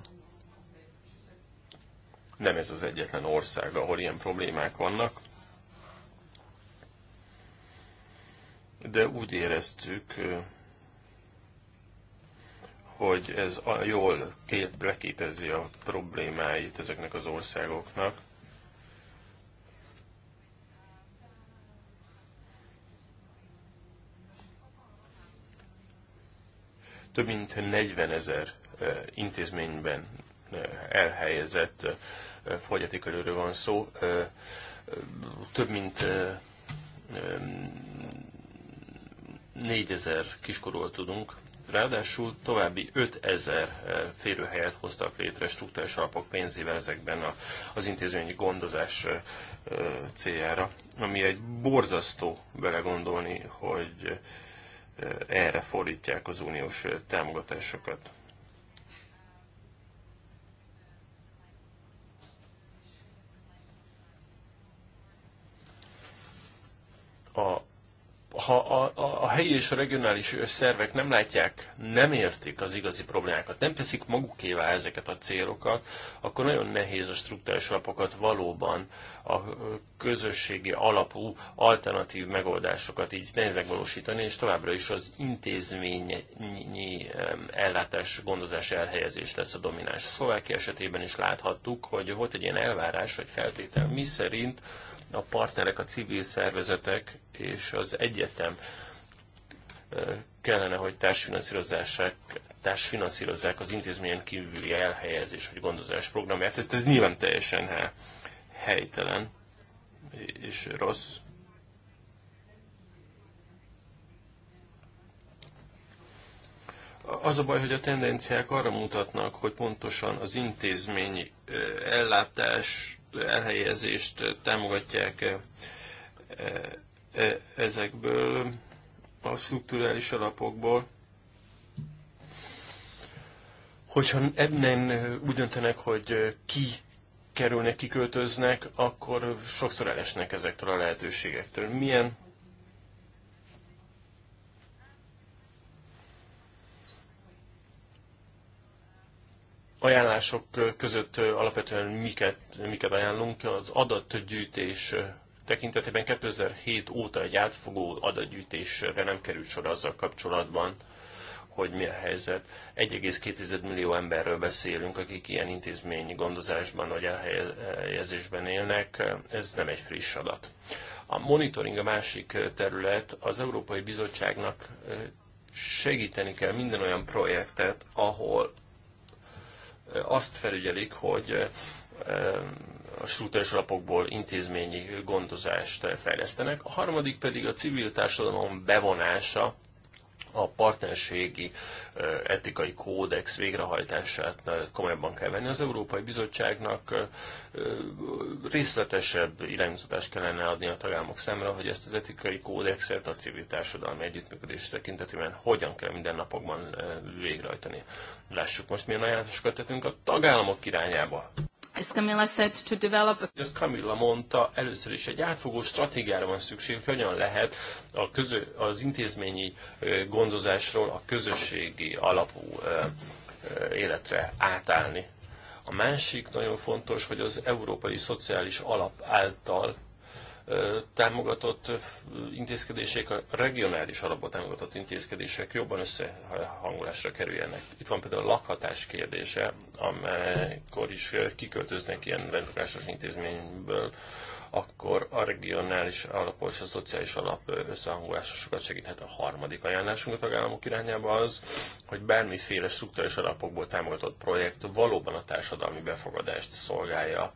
Nem ez az egyetlen ország, ahol ilyen problémák vannak. De úgy éreztük, hogy ez jól kép, leképezi a problémáit ezeknek az országoknak. Több mint 40 ezer eh, intézményben eh, elhelyezett eh, fogyatékelőről van szó. Több mint 4000 kiskorúról tudunk, Ráadásul további 5000 eh, férőhelyet hoztak létre struktúrás alapok pénzével ezekben a, az intézményi gondozás eh, eh, céljára, ami egy borzasztó belegondolni, hogy erre fordítják az uniós támogatásokat. A ha a, a, a helyi és a regionális szervek nem látják, nem értik az igazi problémákat, nem teszik magukévá ezeket a célokat, akkor nagyon nehéz a struktúrás alapokat valóban a közösségi alapú alternatív megoldásokat így nehéz megvalósítani, és továbbra is az intézményi ellátás, gondozás elhelyezés lesz a domináns. Szlovákia esetében is láthattuk, hogy volt egy ilyen elvárás vagy feltétel, mi szerint a partnerek, a civil szervezetek és az egyetem kellene, hogy társfinanszírozzák, társfinanszírozzák az intézményen kívüli elhelyezés vagy gondozás programját. Ezt ez nyilván teljesen helytelen és rossz. Az a baj, hogy a tendenciák arra mutatnak, hogy pontosan az intézmény ellátás elhelyezést támogatják e, e, e, ezekből a strukturális alapokból. Hogyha ebben úgy döntenek, hogy ki kerülnek, kiköltöznek, akkor sokszor elesnek ezektől a lehetőségektől. Milyen ajánlások között alapvetően miket, miket ajánlunk. Az adatgyűjtés tekintetében 2007 óta egy átfogó adatgyűjtésre nem került sor azzal kapcsolatban, hogy mi a helyzet. 1,2 millió emberről beszélünk, akik ilyen intézményi gondozásban vagy elhelyezésben élnek. Ez nem egy friss adat. A monitoring a másik terület. Az Európai Bizottságnak segíteni kell minden olyan projektet, ahol azt felügyelik, hogy a struktúrás alapokból intézményi gondozást fejlesztenek. A harmadik pedig a civil társadalom bevonása a partnerségi etikai kódex végrehajtását komolyabban kell venni. Az Európai Bizottságnak részletesebb iránymutatást kellene adni a tagállamok számára, hogy ezt az etikai kódexet a civil társadalmi együttműködés tekintetében hogyan kell mindennapokban végrehajtani. Lássuk most milyen ajánlásokat tettünk a tagállamok irányába. As Camilla said, to develop... Ezt Camilla mondta, először is egy átfogó stratégiára van szükség, hogy hogyan lehet a közö, az intézményi gondozásról a közösségi alapú életre átállni. A másik nagyon fontos, hogy az európai szociális alap által támogatott intézkedések, a regionális alapban támogatott intézkedések jobban összehangolásra kerüljenek. Itt van például a lakhatás kérdése, amikor is kiköltöznek ilyen rendlakásos intézményből, akkor a regionális alapos és a szociális alap összehangolása sokat segíthet. A harmadik ajánlásunk a tagállamok irányába az, hogy bármiféle struktúrális alapokból támogatott projekt valóban a társadalmi befogadást szolgálja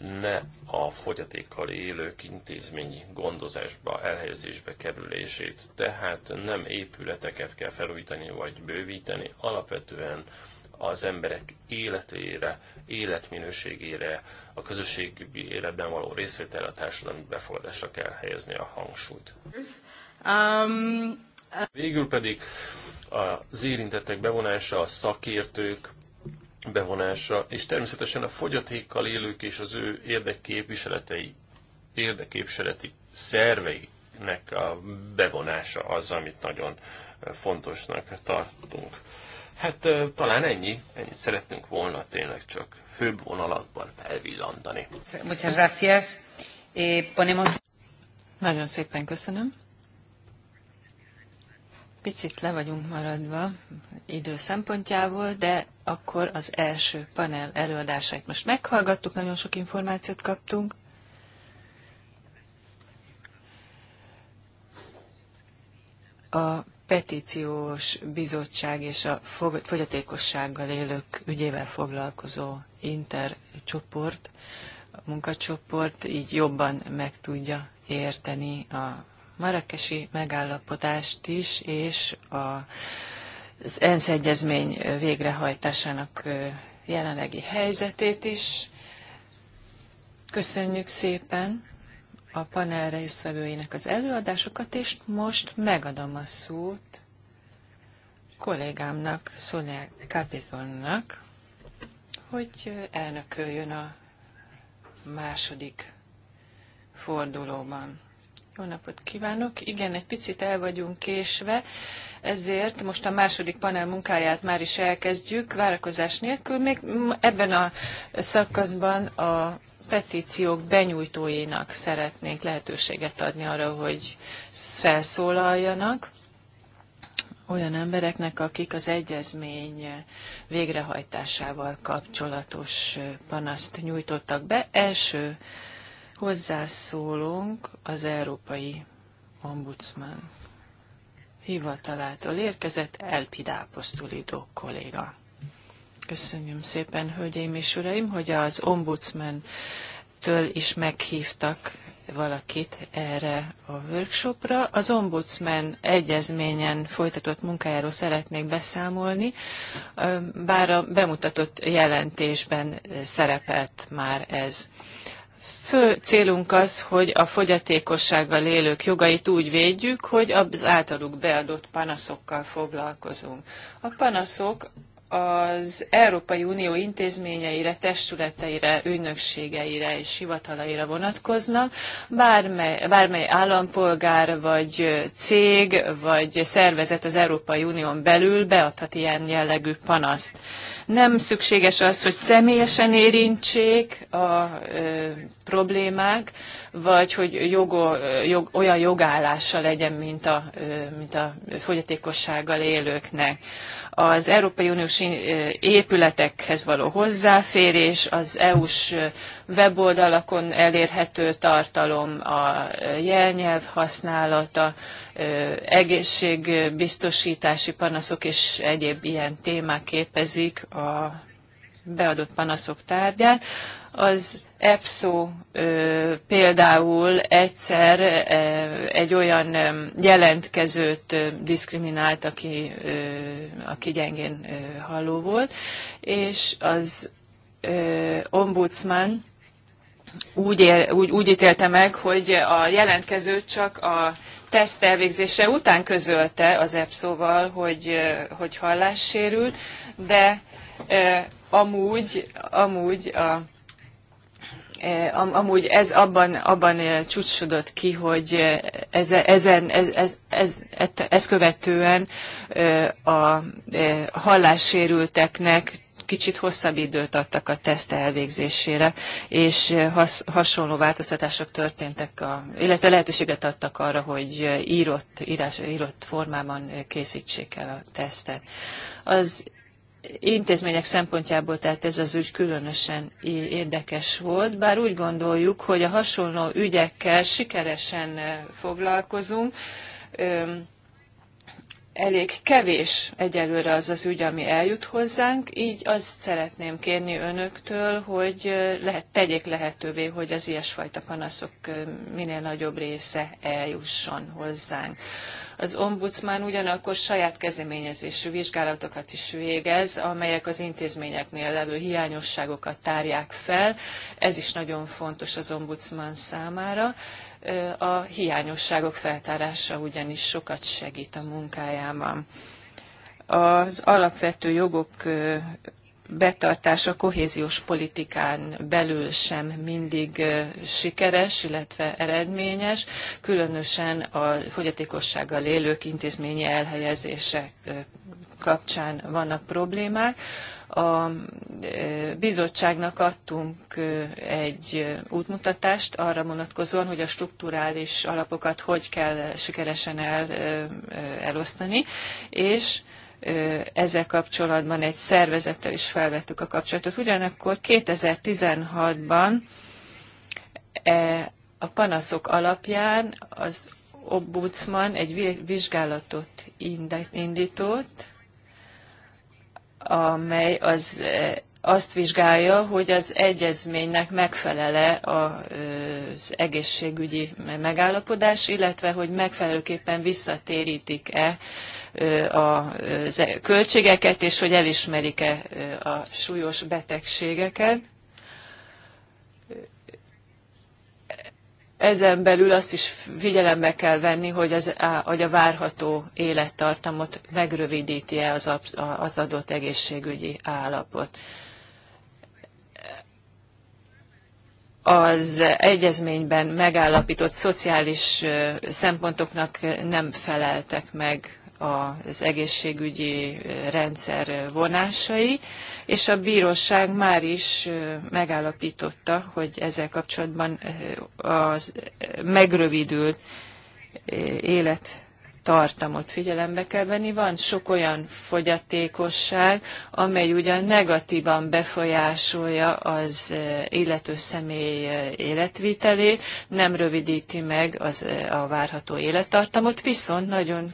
ne a fogyatékkal élők intézményi gondozásba, elhelyezésbe kerülését. Tehát nem épületeket kell felújítani vagy bővíteni, alapvetően az emberek életére, életminőségére, a közösségi életben való részvétel a társadalmi befogadásra kell helyezni a hangsúlyt. Um, Végül pedig az érintettek bevonása, a szakértők, bevonása, és természetesen a fogyatékkal élők és az ő érdekképviseletei, érdekképviseleti szerveinek a bevonása az, amit nagyon eh, fontosnak tartunk. Hát eh, talán ennyi, ennyit szeretnünk volna tényleg csak főbb vonalakban elvillantani. Muchas gracias. Eh, ponemos... Nagyon szépen köszönöm picit le vagyunk maradva idő szempontjából, de akkor az első panel előadásait most meghallgattuk, nagyon sok információt kaptunk. A petíciós bizottság és a fogyatékossággal élők ügyével foglalkozó intercsoport, a munkacsoport így jobban meg tudja érteni a marakesi megállapodást is, és a, az ENSZ egyezmény végrehajtásának jelenlegi helyzetét is. Köszönjük szépen a panel résztvevőinek az előadásokat, és most megadom a szót kollégámnak, Szonia Kapitonnak, hogy elnököljön a második fordulóban. Jó napot kívánok! Igen, egy picit el vagyunk késve, ezért most a második panel munkáját már is elkezdjük, várakozás nélkül. Még ebben a szakaszban a petíciók benyújtóinak szeretnénk lehetőséget adni arra, hogy felszólaljanak olyan embereknek, akik az egyezmény végrehajtásával kapcsolatos panaszt nyújtottak be. Első hozzászólunk az Európai Ombudsman hivatalától érkezett elpidáposztulító kolléga. Köszönjük szépen, hölgyeim és uraim, hogy az ombudsman től is meghívtak valakit erre a workshopra. Az ombudsman egyezményen folytatott munkájáról szeretnék beszámolni, bár a bemutatott jelentésben szerepelt már ez. Fő célunk az, hogy a fogyatékossággal élők jogait úgy védjük, hogy az általuk beadott panaszokkal foglalkozunk. A panaszok az Európai Unió intézményeire, testületeire, ügynökségeire és hivatalaira vonatkoznak. Bármely, bármely állampolgár, vagy cég, vagy szervezet az Európai Unión belül beadhat ilyen jellegű panaszt. Nem szükséges az, hogy személyesen érintsék a problémák, vagy hogy jogo, jog, olyan jogállása legyen, mint a, mint a fogyatékossággal élőknek. Az Európai Uniós épületekhez való hozzáférés, az EU-s weboldalakon elérhető tartalom, a jelnyelv használata, egészségbiztosítási panaszok és egyéb ilyen témák képezik a beadott panaszok tárgyát. Az EPSO például egyszer egy olyan jelentkezőt diszkriminált, aki, aki gyengén halló volt, és az ombudsman úgy, ér, úgy, úgy ítélte meg, hogy a jelentkező csak a teszt elvégzése után közölte az epso val hogy, hogy hallássérült, de amúgy, amúgy a e, amúgy ez abban, abban e, csúcsodott ki, hogy e, ez, ezen, ez, ez, ez, ez követően a hallássérülteknek kicsit hosszabb időt adtak a teszt elvégzésére, és has, hasonló változtatások történtek, a, illetve lehetőséget adtak arra, hogy írott, írás, írott formában készítsék el a tesztet. Az intézmények szempontjából tehát ez az ügy különösen érdekes volt, bár úgy gondoljuk, hogy a hasonló ügyekkel sikeresen foglalkozunk. Elég kevés egyelőre az az ügy, ami eljut hozzánk, így azt szeretném kérni önöktől, hogy lehet, tegyék lehetővé, hogy az ilyesfajta panaszok minél nagyobb része eljusson hozzánk. Az ombudsman ugyanakkor saját kezdeményezésű vizsgálatokat is végez, amelyek az intézményeknél levő hiányosságokat tárják fel. Ez is nagyon fontos az ombudsman számára. A hiányosságok feltárása ugyanis sokat segít a munkájában az alapvető jogok betartása kohéziós politikán belül sem mindig sikeres, illetve eredményes, különösen a fogyatékossággal élők intézményi elhelyezése kapcsán vannak problémák. A bizottságnak adtunk egy útmutatást arra vonatkozóan, hogy a strukturális alapokat hogy kell sikeresen el, elosztani, és ezzel kapcsolatban egy szervezettel is felvettük a kapcsolatot. Ugyanakkor 2016-ban e, a panaszok alapján az ombudsman egy vizsgálatot indított, amely az, e, azt vizsgálja, hogy az egyezménynek megfelele e, az egészségügyi megállapodás, illetve hogy megfelelőképpen visszatérítik-e a költségeket, és hogy elismerik-e a súlyos betegségeket. Ezen belül azt is figyelembe kell venni, hogy, az, hogy a várható élettartamot megrövidíti-e az, az adott egészségügyi állapot. az egyezményben megállapított szociális szempontoknak nem feleltek meg az egészségügyi rendszer vonásai, és a bíróság már is megállapította, hogy ezzel kapcsolatban az megrövidült élet tartamot figyelembe kell venni. Van sok olyan fogyatékosság, amely ugyan negatívan befolyásolja az eh, illető személy eh, életvitelét, nem rövidíti meg az, eh, a várható élettartamot, viszont nagyon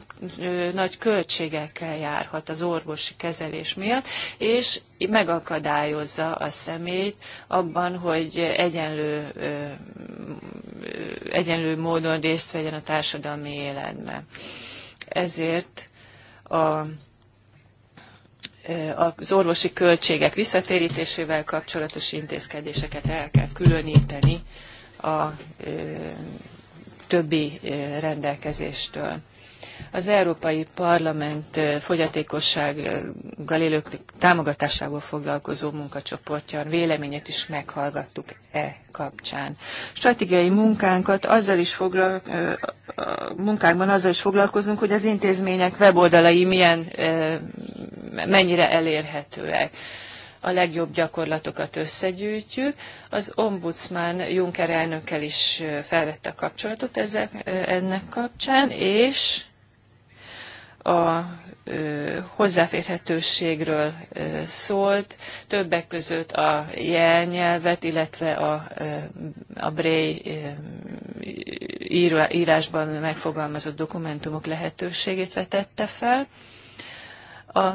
nagy költségekkel járhat az orvosi kezelés miatt, és megakadályozza a személyt abban, hogy egyenlő, egyenlő módon részt vegyen a társadalmi életben. Ezért a az orvosi költségek visszatérítésével kapcsolatos intézkedéseket el kell különíteni a többi rendelkezéstől. Az Európai Parlament fogyatékossággal élők támogatásával foglalkozó munkacsoportja véleményet is meghallgattuk e kapcsán. Stratégiai munkánkat azzal is munkánkban azzal is foglalkozunk, hogy az intézmények weboldalai milyen, mennyire elérhetőek a legjobb gyakorlatokat összegyűjtjük. Az ombudsman Juncker elnökkel is felvette a kapcsolatot ezek, ennek kapcsán, és a hozzáférhetőségről szólt, többek között a jelnyelvet, illetve a, a Braille írásban megfogalmazott dokumentumok lehetőségét vetette fel. A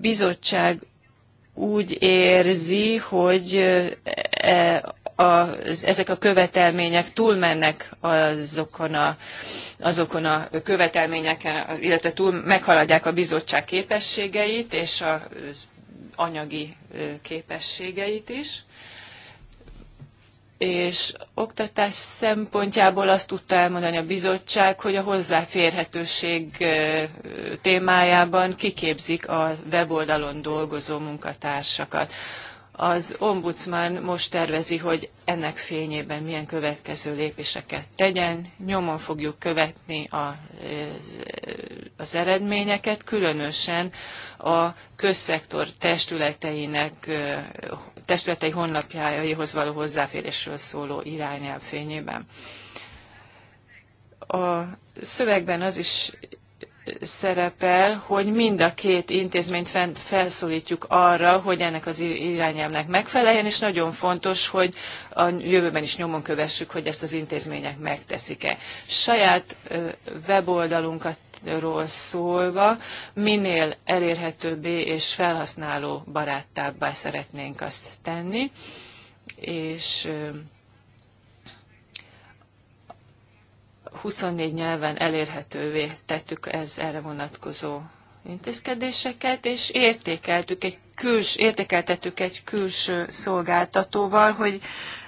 bizottság úgy érzi, hogy e a, ezek a követelmények túlmennek azokon a, azokon a követelményeken, illetve túl meghaladják a bizottság képességeit és az anyagi képességeit is és oktatás szempontjából azt tudta elmondani a bizottság, hogy a hozzáférhetőség témájában kiképzik a weboldalon dolgozó munkatársakat. Az ombudsman most tervezi, hogy ennek fényében milyen következő lépéseket tegyen. Nyomon fogjuk követni a, az eredményeket, különösen a közszektor testületeinek testületei honlapjaihoz való hozzáférésről szóló irányelv fényében. A szövegben az is szerepel, hogy mind a két intézményt felszólítjuk arra, hogy ennek az irányelvnek megfeleljen, és nagyon fontos, hogy a jövőben is nyomon kövessük, hogy ezt az intézmények megteszik-e. Saját weboldalunkat ról szólva, minél elérhetőbbé és felhasználó baráttábbá szeretnénk azt tenni, és 24 nyelven elérhetővé tettük ez erre vonatkozó intézkedéseket, és értékeltük egy küls, értékeltettük egy külső szolgáltatóval, hogy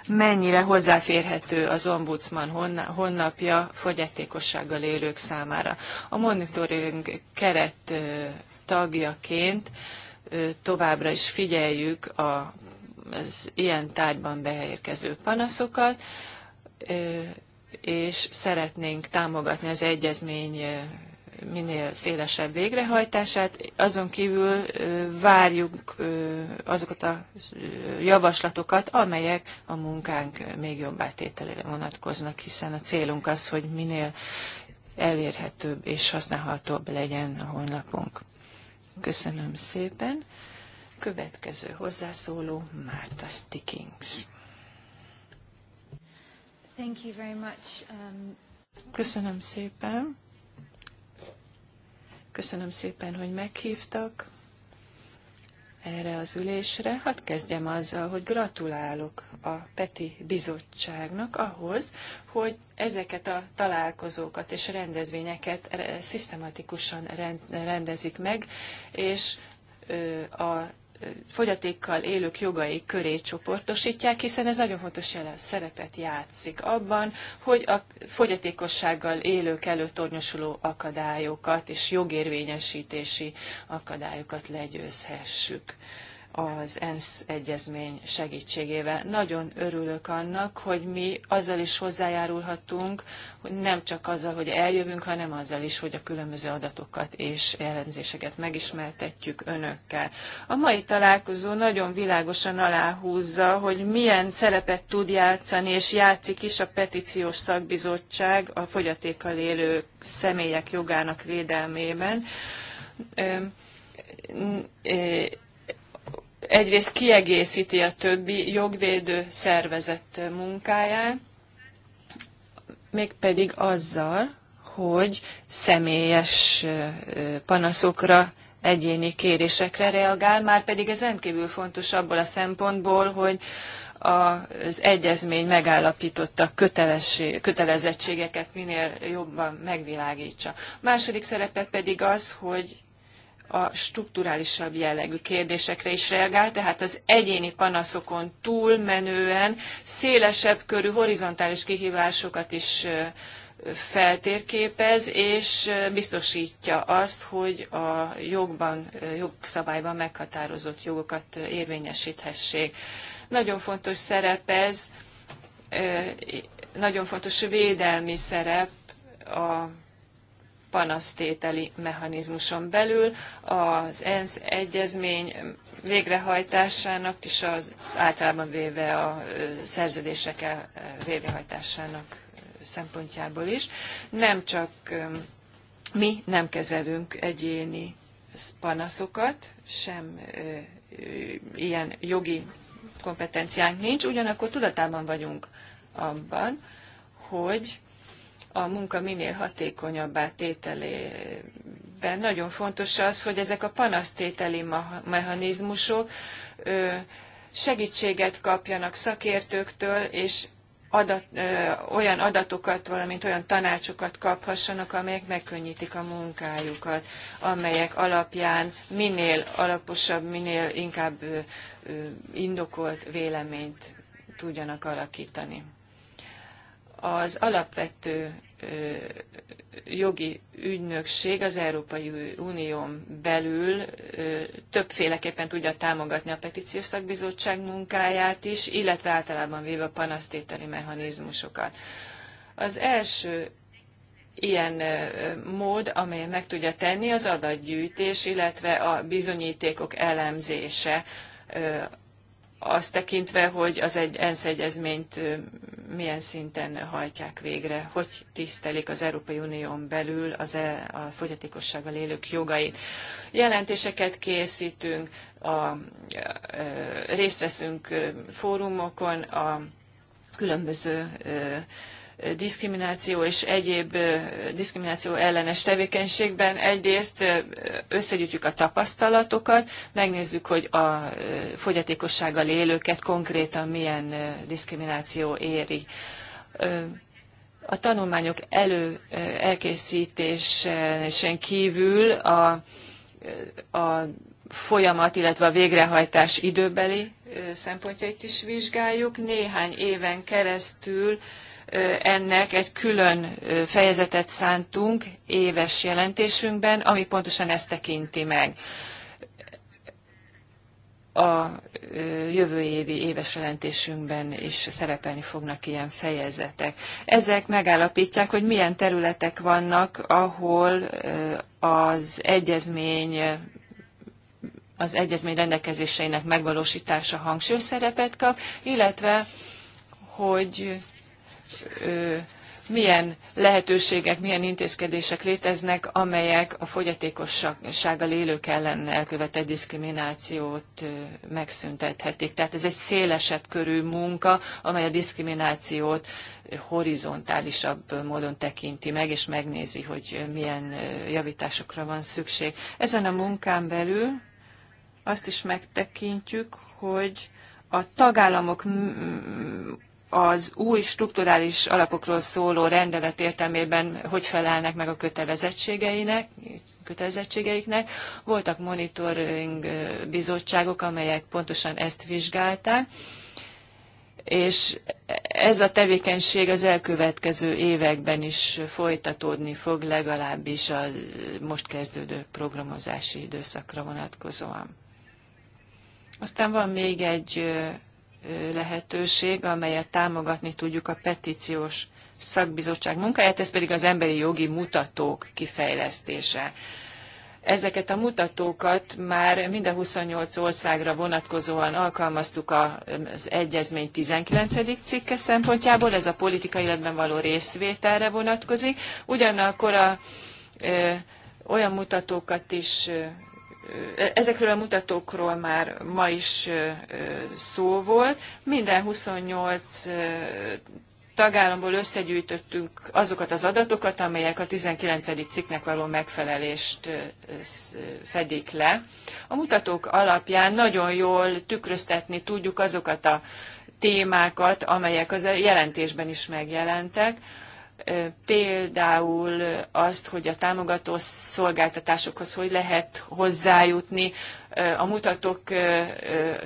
mennyire hozzáférhető az ombudsman honlapja fogyatékossággal élők számára. A monitoring keret tagjaként továbbra is figyeljük a, az ilyen tárgyban beérkező panaszokat, és szeretnénk támogatni az egyezmény minél szélesebb végrehajtását. Azon kívül várjuk azokat a javaslatokat, amelyek a munkánk még jobb átételére vonatkoznak, hiszen a célunk az, hogy minél elérhetőbb és használhatóbb legyen a honlapunk. Köszönöm szépen. Következő hozzászóló Márta Stickings. Thank you very much. Um... Köszönöm szépen. Köszönöm szépen, hogy meghívtak erre az ülésre. Hadd kezdjem azzal, hogy gratulálok a Peti Bizottságnak ahhoz, hogy ezeket a találkozókat és rendezvényeket szisztematikusan rendezik meg, és a fogyatékkal élők jogai köré csoportosítják, hiszen ez nagyon fontos jelen szerepet játszik abban, hogy a fogyatékossággal élők előtornyosuló akadályokat és jogérvényesítési akadályokat legyőzhessük az ENSZ egyezmény segítségével. Nagyon örülök annak, hogy mi azzal is hozzájárulhatunk, hogy nem csak azzal, hogy eljövünk, hanem azzal is, hogy a különböző adatokat és jellemzéseket megismertetjük önökkel. A mai találkozó nagyon világosan aláhúzza, hogy milyen szerepet tud játszani, és játszik is a petíciós szakbizottság a fogyatékkal élő személyek jogának védelmében egyrészt kiegészíti a többi jogvédő szervezet munkáját, mégpedig azzal, hogy személyes panaszokra, egyéni kérésekre reagál, már pedig ez rendkívül fontos abból a szempontból, hogy az egyezmény megállapította kötelezettségeket minél jobban megvilágítsa. második szerepe pedig az, hogy a strukturálisabb jellegű kérdésekre is reagál, tehát az egyéni panaszokon túlmenően szélesebb körű horizontális kihívásokat is feltérképez, és biztosítja azt, hogy a jogban, jogszabályban meghatározott jogokat érvényesíthessék. Nagyon fontos szerep ez, nagyon fontos védelmi szerep a panasztételi mechanizmuson belül. Az ENSZ egyezmény végrehajtásának és az általában véve a szerződések végrehajtásának szempontjából is. Nem csak mi nem kezelünk egyéni panaszokat, sem ilyen jogi kompetenciánk nincs, ugyanakkor tudatában vagyunk abban, hogy a munka minél hatékonyabbá tételében. Nagyon fontos az, hogy ezek a panasztételi mechanizmusok segítséget kapjanak szakértőktől, és adat, ö, olyan adatokat, valamint olyan tanácsokat kaphassanak, amelyek megkönnyítik a munkájukat, amelyek alapján minél alaposabb, minél inkább ö, ö, indokolt véleményt tudjanak alakítani. Az alapvető jogi ügynökség az Európai Unión belül többféleképpen tudja támogatni a petíciós szakbizottság munkáját is, illetve általában véve a panasztételi mechanizmusokat. Az első ilyen mód, amely meg tudja tenni, az adatgyűjtés, illetve a bizonyítékok elemzése azt tekintve, hogy az egy ENSZ egyezményt milyen szinten hajtják végre, hogy tisztelik az Európai Unión belül az e, a fogyatékossággal élők jogait. Jelentéseket készítünk, a, a, a, részt veszünk fórumokon, a különböző a, diszkrimináció és egyéb diszkrimináció ellenes tevékenységben egyrészt összegyűjtjük a tapasztalatokat, megnézzük, hogy a fogyatékossággal élőket konkrétan milyen diszkrimináció éri. A tanulmányok elő elkészítésen kívül a, a folyamat, illetve a végrehajtás időbeli szempontjait is vizsgáljuk. Néhány éven keresztül ennek egy külön fejezetet szántunk éves jelentésünkben, ami pontosan ezt tekinti meg a jövő évi éves jelentésünkben is szerepelni fognak ilyen fejezetek. Ezek megállapítják, hogy milyen területek vannak, ahol az egyezmény az egyezmény rendelkezéseinek megvalósítása hangsúlyos szerepet kap, illetve hogy milyen lehetőségek, milyen intézkedések léteznek, amelyek a fogyatékossággal élők ellen elkövetett diszkriminációt megszüntethetik. Tehát ez egy szélesebb körű munka, amely a diszkriminációt horizontálisabb módon tekinti meg, és megnézi, hogy milyen javításokra van szükség. Ezen a munkán belül azt is megtekintjük, hogy a tagállamok az új strukturális alapokról szóló rendelet értelmében hogy felelnek meg a kötelezettségeinek, kötelezettségeiknek. Voltak monitoring bizottságok, amelyek pontosan ezt vizsgálták, és ez a tevékenység az elkövetkező években is folytatódni fog, legalábbis a most kezdődő programozási időszakra vonatkozóan. Aztán van még egy lehetőség, amelyet támogatni tudjuk a petíciós szakbizottság munkáját, ez pedig az emberi jogi mutatók kifejlesztése. Ezeket a mutatókat már mind a 28 országra vonatkozóan alkalmaztuk az egyezmény 19. cikke szempontjából, ez a politikai életben való részvételre vonatkozik. Ugyanakkor a, ö, olyan mutatókat is ezekről a mutatókról már ma is szó volt. Minden 28 tagállamból összegyűjtöttünk azokat az adatokat, amelyek a 19. cikknek való megfelelést fedik le. A mutatók alapján nagyon jól tükröztetni tudjuk azokat a témákat, amelyek az jelentésben is megjelentek például azt, hogy a támogató szolgáltatásokhoz hogy lehet hozzájutni. A mutatók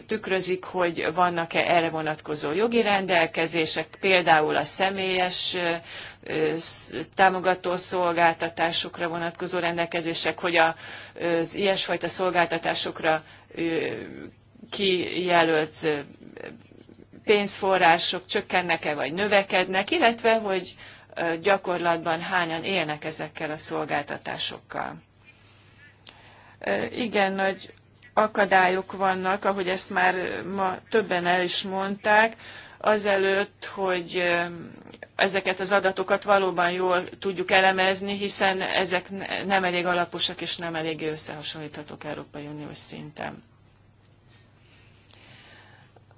tükrözik, hogy vannak-e erre vonatkozó jogi rendelkezések, például a személyes támogató szolgáltatásokra vonatkozó rendelkezések, hogy az ilyesfajta szolgáltatásokra kijelölt pénzforrások csökkennek-e vagy növekednek, illetve hogy gyakorlatban hányan élnek ezekkel a szolgáltatásokkal. Igen, nagy akadályok vannak, ahogy ezt már ma többen el is mondták, azelőtt, hogy ezeket az adatokat valóban jól tudjuk elemezni, hiszen ezek nem elég alaposak és nem elég összehasonlíthatók Európai Uniós szinten.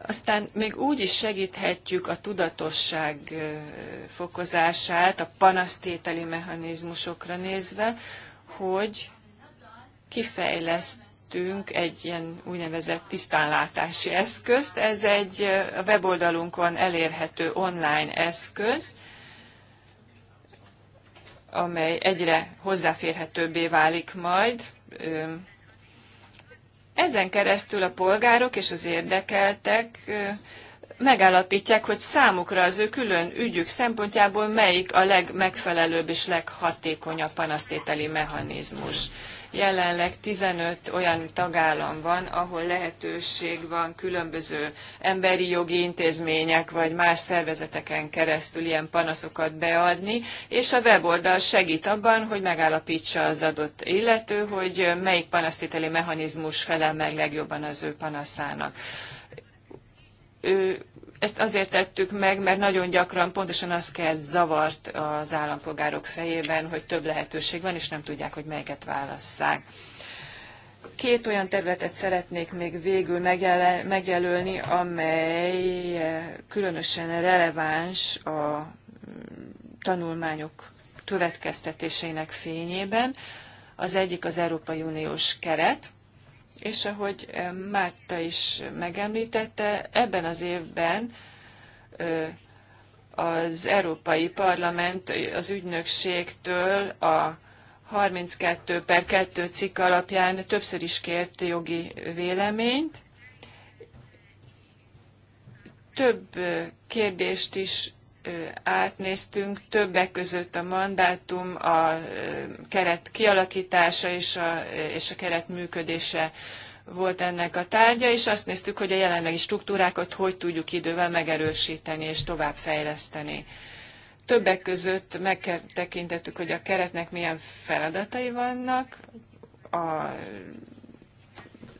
Aztán még úgy is segíthetjük a tudatosság fokozását a panasztételi mechanizmusokra nézve, hogy kifejlesztünk egy ilyen úgynevezett tisztánlátási eszközt. Ez egy a weboldalunkon elérhető online eszköz, amely egyre hozzáférhetőbbé válik majd ezen keresztül a polgárok és az érdekeltek megállapítják, hogy számukra az ő külön ügyük szempontjából melyik a legmegfelelőbb és leghatékonyabb panasztételi mechanizmus. Jelenleg 15 olyan tagállam van, ahol lehetőség van különböző emberi jogi intézmények vagy más szervezeteken keresztül ilyen panaszokat beadni, és a weboldal segít abban, hogy megállapítsa az adott illető, hogy melyik panasztételi mechanizmus felel meg legjobban az ő panaszának ezt azért tettük meg, mert nagyon gyakran pontosan az kell zavart az állampolgárok fejében, hogy több lehetőség van, és nem tudják, hogy melyiket válasszák. Két olyan területet szeretnék még végül megjelölni, amely eh, különösen releváns a mm, tanulmányok következtetéseinek fényében. Az egyik az Európai Uniós keret, és ahogy eh, Márta is megemlítette, ebben az évben az Európai Parlament az ügynökségtől a 32 per 2 cikk alapján többször is kért jogi véleményt. Több kérdést is átnéztünk, többek között a mandátum, a keret kialakítása és a, és a keret működése volt ennek a tárgya, és azt néztük, hogy a jelenlegi struktúrákat hogy tudjuk idővel megerősíteni és továbbfejleszteni. Többek között megtekintettük, hogy a keretnek milyen feladatai vannak, a,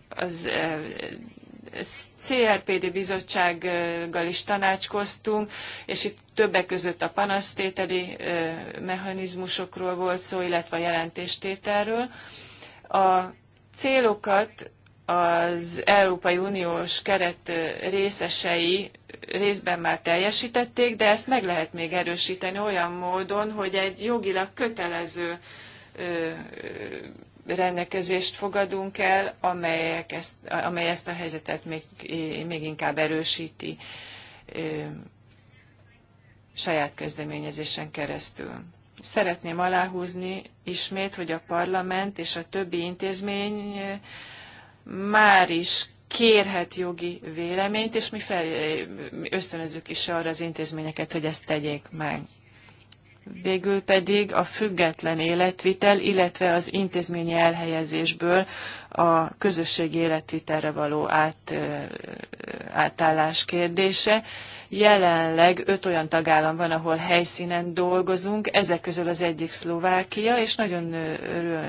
az CRPD bizottsággal is tanácskoztunk, és itt Többek között a panasztételi mechanizmusokról volt szó, illetve a jelentéstételről. A célokat az Európai Uniós keret részesei részben már teljesítették, de ezt meg lehet még erősíteni olyan módon, hogy egy jogilag kötelező rendelkezést fogadunk el, amelyek ezt, amely ezt a helyzetet még, még inkább erősíti saját kezdeményezésen keresztül. Szeretném aláhúzni ismét, hogy a parlament és a többi intézmény eh, már is kérhet jogi véleményt, és mi fel, eh, ösztönözzük is arra az intézményeket, hogy ezt tegyék meg végül pedig a független életvitel, illetve az intézményi elhelyezésből a közösségi életvitelre való át, átállás kérdése. Jelenleg öt olyan tagállam van, ahol helyszínen dolgozunk, ezek közül az egyik Szlovákia, és nagyon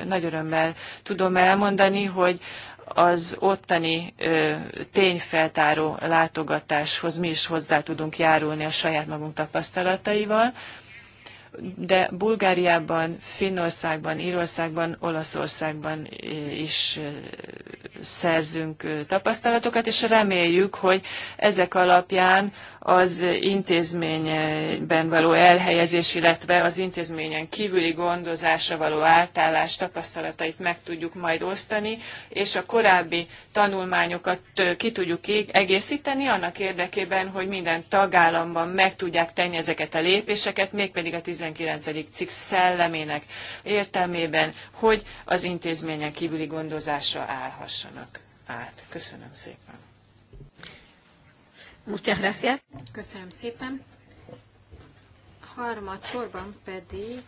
nagy örömmel tudom elmondani, hogy az ottani ö, tényfeltáró látogatáshoz mi is hozzá tudunk járulni a saját magunk tapasztalataival de Bulgáriában, Finnországban, Írországban, Olaszországban e, is e, szerzünk e, tapasztalatokat, és reméljük, hogy ezek alapján az intézményben való elhelyezés, illetve az intézményen kívüli gondozásra való átállás tapasztalatait meg tudjuk majd osztani, és a korábbi tanulmányokat ki tudjuk egészíteni annak érdekében, hogy minden tagállamban meg tudják tenni ezeket a lépéseket, mégpedig a 10 19. cikk szellemének értelmében, hogy az intézmények kívüli gondozásra állhassanak át. Köszönöm szépen. Muchas gracias. Köszönöm szépen. Harmad sorban pedig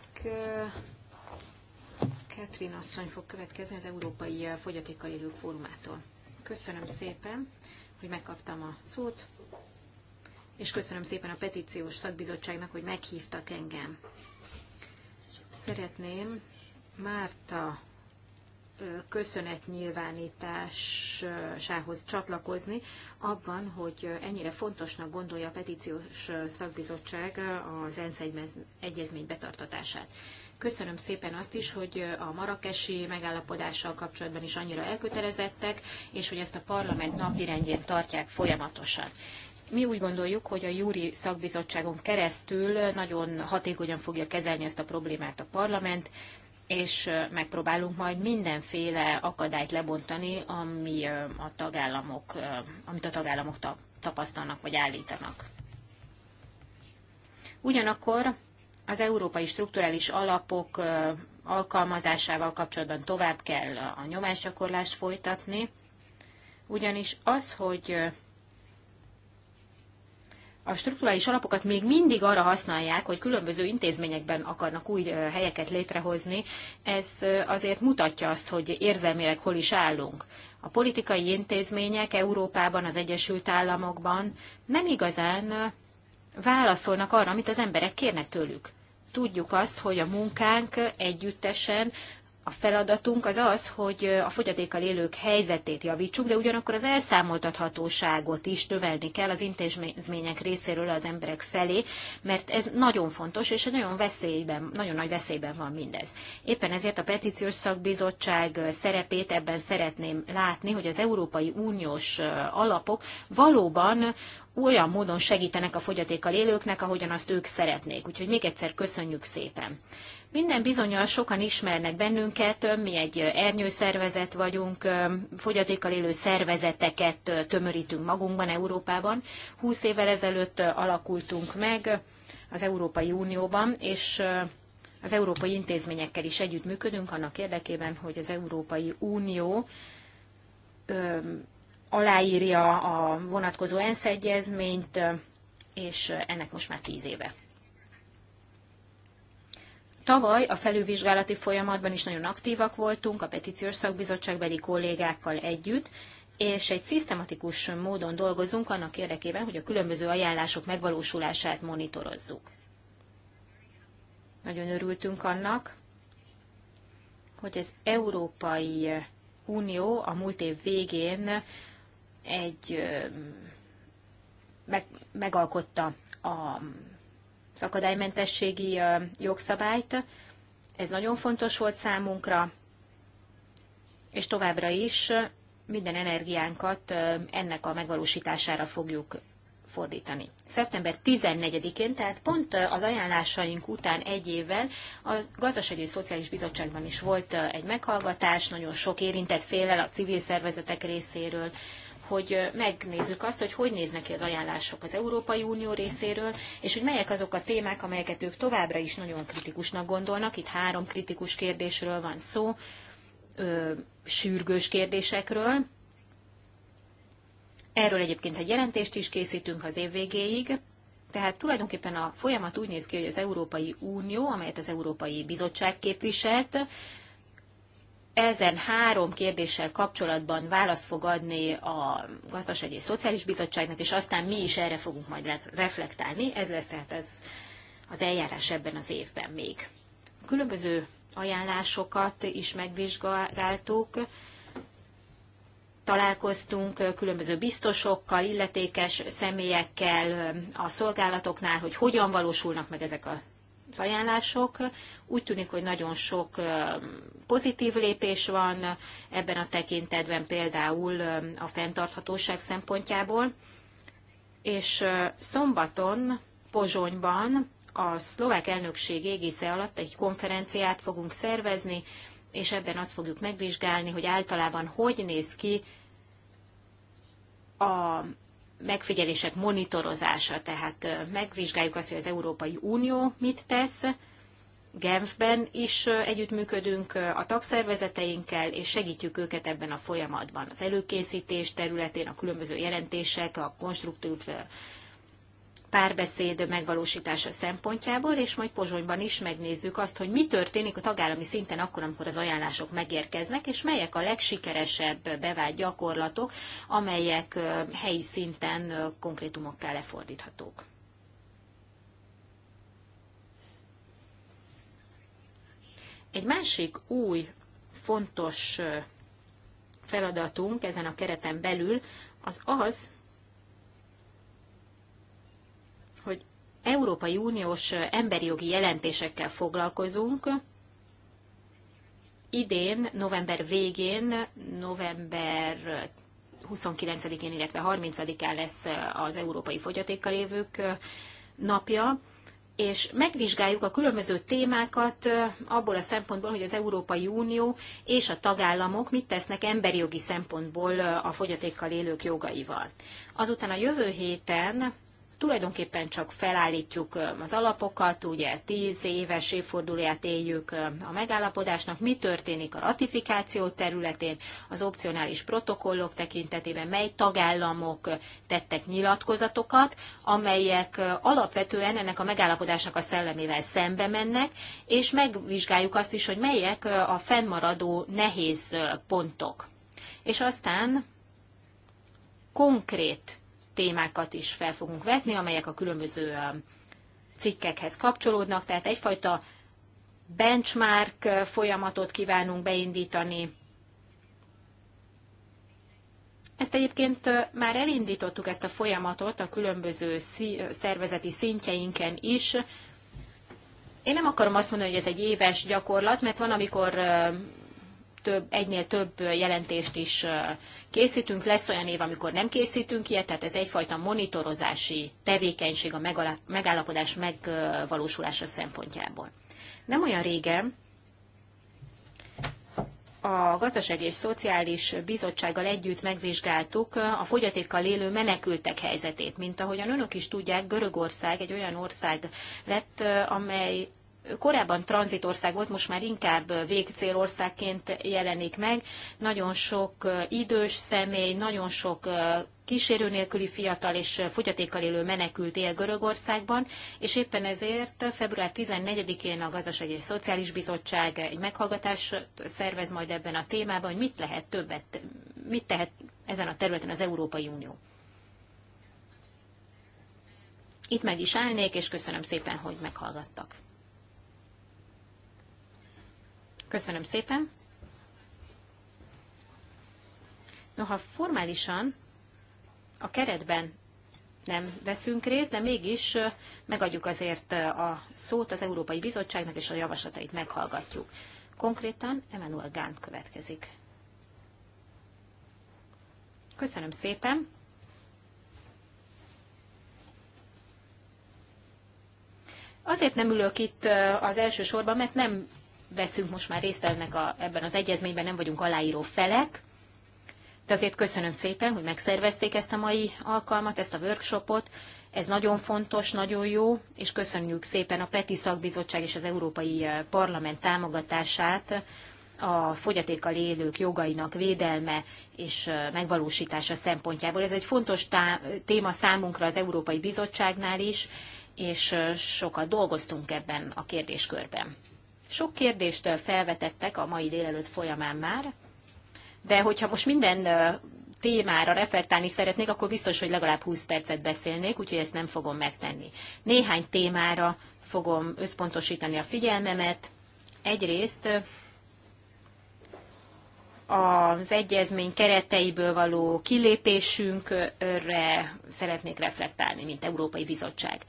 Katrin asszony fog következni az Európai Fogyatékkal Élők Fórumától. Köszönöm szépen, hogy megkaptam a szót és köszönöm szépen a petíciós szakbizottságnak, hogy meghívtak engem. Szeretném Márta köszönetnyilvánításához csatlakozni abban, hogy ennyire fontosnak gondolja a petíciós szakbizottság az ENSZ egyezmény betartatását. Köszönöm szépen azt is, hogy a marakesi megállapodással kapcsolatban is annyira elkötelezettek, és hogy ezt a parlament napirendjén tartják folyamatosan. Mi úgy gondoljuk, hogy a júri szakbizottságon keresztül nagyon hatékonyan fogja kezelni ezt a problémát a parlament, és megpróbálunk majd mindenféle akadályt lebontani, ami a tagállamok, amit a tagállamok tapasztalnak vagy állítanak. Ugyanakkor az európai strukturális alapok alkalmazásával kapcsolatban tovább kell a nyomásgyakorlást folytatni, ugyanis az, hogy a strukturális alapokat még mindig arra használják, hogy különböző intézményekben akarnak új helyeket létrehozni, ez azért mutatja azt, hogy érzelmileg hol is állunk. A politikai intézmények Európában, az Egyesült Államokban nem igazán válaszolnak arra, amit az emberek kérnek tőlük. Tudjuk azt, hogy a munkánk együttesen a feladatunk az az, hogy a fogyatékkal élők helyzetét javítsuk, de ugyanakkor az elszámoltathatóságot is növelni kell az intézmények részéről az emberek felé, mert ez nagyon fontos, és nagyon veszélyben, nagyon nagy veszélyben van mindez. Éppen ezért a petíciós szakbizottság szerepét ebben szeretném látni, hogy az Európai Uniós alapok valóban olyan módon segítenek a fogyatékkal élőknek, ahogyan azt ők szeretnék. Úgyhogy még egyszer köszönjük szépen. Minden bizonyal sokan ismernek bennünket, mi egy ernyőszervezet vagyunk, fogyatékkal élő szervezeteket tömörítünk magunkban Európában. Húsz évvel ezelőtt alakultunk meg az Európai Unióban, és az európai intézményekkel is együttműködünk annak érdekében, hogy az Európai Unió aláírja a vonatkozó ENSZ egyezményt, és ennek most már tíz éve Tavaly a felülvizsgálati folyamatban is nagyon aktívak voltunk, a petíciós szakbizottságbeli kollégákkal együtt, és egy szisztematikus módon dolgozunk annak érdekében, hogy a különböző ajánlások megvalósulását monitorozzuk. Nagyon örültünk annak, hogy az Európai Unió a múlt év végén egy meg, megalkotta a az akadálymentességi jogszabályt. Ez nagyon fontos volt számunkra, és továbbra is minden energiánkat ennek a megvalósítására fogjuk fordítani. Szeptember 14-én, tehát pont az ajánlásaink után egy évvel a Gazdasági és Szociális Bizottságban is volt egy meghallgatás, nagyon sok érintett félel a civil szervezetek részéről, hogy megnézzük azt, hogy hogy néznek ki az ajánlások az Európai Unió részéről, és hogy melyek azok a témák, amelyeket ők továbbra is nagyon kritikusnak gondolnak. Itt három kritikus kérdésről van szó, ö, sürgős kérdésekről. Erről egyébként egy jelentést is készítünk az év végéig. Tehát tulajdonképpen a folyamat úgy néz ki, hogy az Európai Unió, amelyet az Európai Bizottság képviselt, ezen három kérdéssel kapcsolatban választ fog adni a Gazdasági és Szociális Bizottságnak, és aztán mi is erre fogunk majd reflektálni. Ez lesz tehát ez az eljárás ebben az évben még. különböző ajánlásokat is megvizsgáltuk, találkoztunk különböző biztosokkal, illetékes személyekkel a szolgálatoknál, hogy hogyan valósulnak meg ezek a az ajánlások. Úgy tűnik, hogy nagyon sok pozitív lépés van ebben a tekintetben, például a fenntarthatóság szempontjából. És szombaton Pozsonyban a szlovák elnökség égisze alatt egy konferenciát fogunk szervezni, és ebben azt fogjuk megvizsgálni, hogy általában hogy néz ki a megfigyelések monitorozása, tehát megvizsgáljuk azt, hogy az Európai Unió mit tesz, Genfben is együttműködünk a tagszervezeteinkkel, és segítjük őket ebben a folyamatban. Az előkészítés területén a különböző jelentések, a konstruktív párbeszéd megvalósítása szempontjából, és majd Pozsonyban is megnézzük azt, hogy mi történik a tagállami szinten akkor, amikor az ajánlások megérkeznek, és melyek a legsikeresebb bevált gyakorlatok, amelyek helyi szinten konkrétumokká lefordíthatók. Egy másik új fontos feladatunk ezen a kereten belül az az, Európai Uniós emberi jogi jelentésekkel foglalkozunk. Idén, november végén, november 29-én, illetve 30-án lesz az Európai Fogyatékkal Évők napja, és megvizsgáljuk a különböző témákat abból a szempontból, hogy az Európai Unió és a tagállamok mit tesznek emberi jogi szempontból a fogyatékkal élők jogaival. Azután a jövő héten tulajdonképpen csak felállítjuk az alapokat, ugye tíz éves évfordulját éljük a megállapodásnak, mi történik a ratifikáció területén, az opcionális protokollok tekintetében, mely tagállamok tettek nyilatkozatokat, amelyek alapvetően ennek a megállapodásnak a szellemével szembe mennek, és megvizsgáljuk azt is, hogy melyek a fennmaradó nehéz pontok. És aztán konkrét témákat is fel fogunk vetni, amelyek a különböző cikkekhez kapcsolódnak, tehát egyfajta benchmark folyamatot kívánunk beindítani. Ezt egyébként már elindítottuk ezt a folyamatot a különböző szervezeti szintjeinken is. Én nem akarom azt mondani, hogy ez egy éves gyakorlat, mert van, amikor több, egynél több jelentést is készítünk. Lesz olyan év, amikor nem készítünk ilyet, tehát ez egyfajta monitorozási tevékenység a megállapodás megvalósulása szempontjából. Nem olyan régen a Gazdasági és Szociális Bizottsággal együtt megvizsgáltuk a fogyatékkal élő menekültek helyzetét. Mint ahogyan önök is tudják, Görögország egy olyan ország lett, amely korábban tranzitország volt, most már inkább végcélországként jelenik meg. Nagyon sok idős személy, nagyon sok kísérő nélküli fiatal és fogyatékkal élő menekült él Görögországban, és éppen ezért február 14-én a Gazdasági és Szociális Bizottság egy meghallgatást szervez majd ebben a témában, hogy mit lehet többet, mit tehet ezen a területen az Európai Unió. Itt meg is állnék, és köszönöm szépen, hogy meghallgattak. Köszönöm szépen. Noha formálisan a keretben nem veszünk részt, de mégis megadjuk azért a szót az Európai Bizottságnak, és a javaslatait meghallgatjuk. Konkrétan Emmanuel Gant következik. Köszönöm szépen! Azért nem ülök itt az első sorban, mert nem veszünk most már részt ennek a, ebben az egyezményben, nem vagyunk aláíró felek, de azért köszönöm szépen, hogy megszervezték ezt a mai alkalmat, ezt a workshopot. Ez nagyon fontos, nagyon jó, és köszönjük szépen a PETI szakbizottság és az Európai eh, Parlament támogatását a fogyatékkal élők jogainak védelme és eh, megvalósítása szempontjából. Ez egy fontos téma számunkra az Európai Bizottságnál is, és eh, sokat dolgoztunk ebben a kérdéskörben. Sok kérdést felvetettek a mai délelőtt folyamán már, de hogyha most minden témára reflektálni szeretnék, akkor biztos, hogy legalább 20 percet beszélnék, úgyhogy ezt nem fogom megtenni. Néhány témára fogom összpontosítani a figyelmemet. Egyrészt az egyezmény kereteiből való kilépésünkre szeretnék reflektálni, mint Európai Bizottság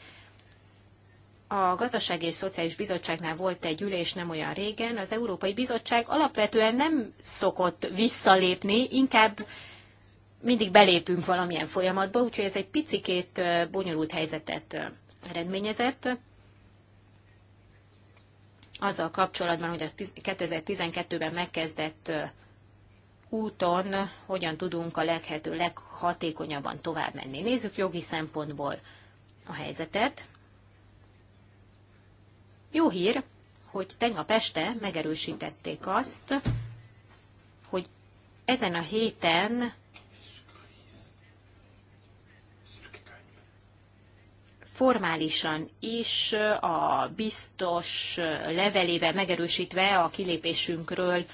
a Gazdasági és Szociális Bizottságnál volt egy ülés nem olyan régen, az Európai Bizottság alapvetően nem szokott visszalépni, inkább mindig belépünk valamilyen folyamatba, úgyhogy ez egy picikét bonyolult helyzetet eredményezett. Azzal kapcsolatban, hogy a 2012-ben megkezdett úton hogyan tudunk a leghető leghatékonyabban tovább menni. Nézzük jogi szempontból a helyzetet. Jó hír, hogy tegnap este megerősítették azt, hogy ezen a héten formálisan is a biztos levelével megerősítve a kilépésünkről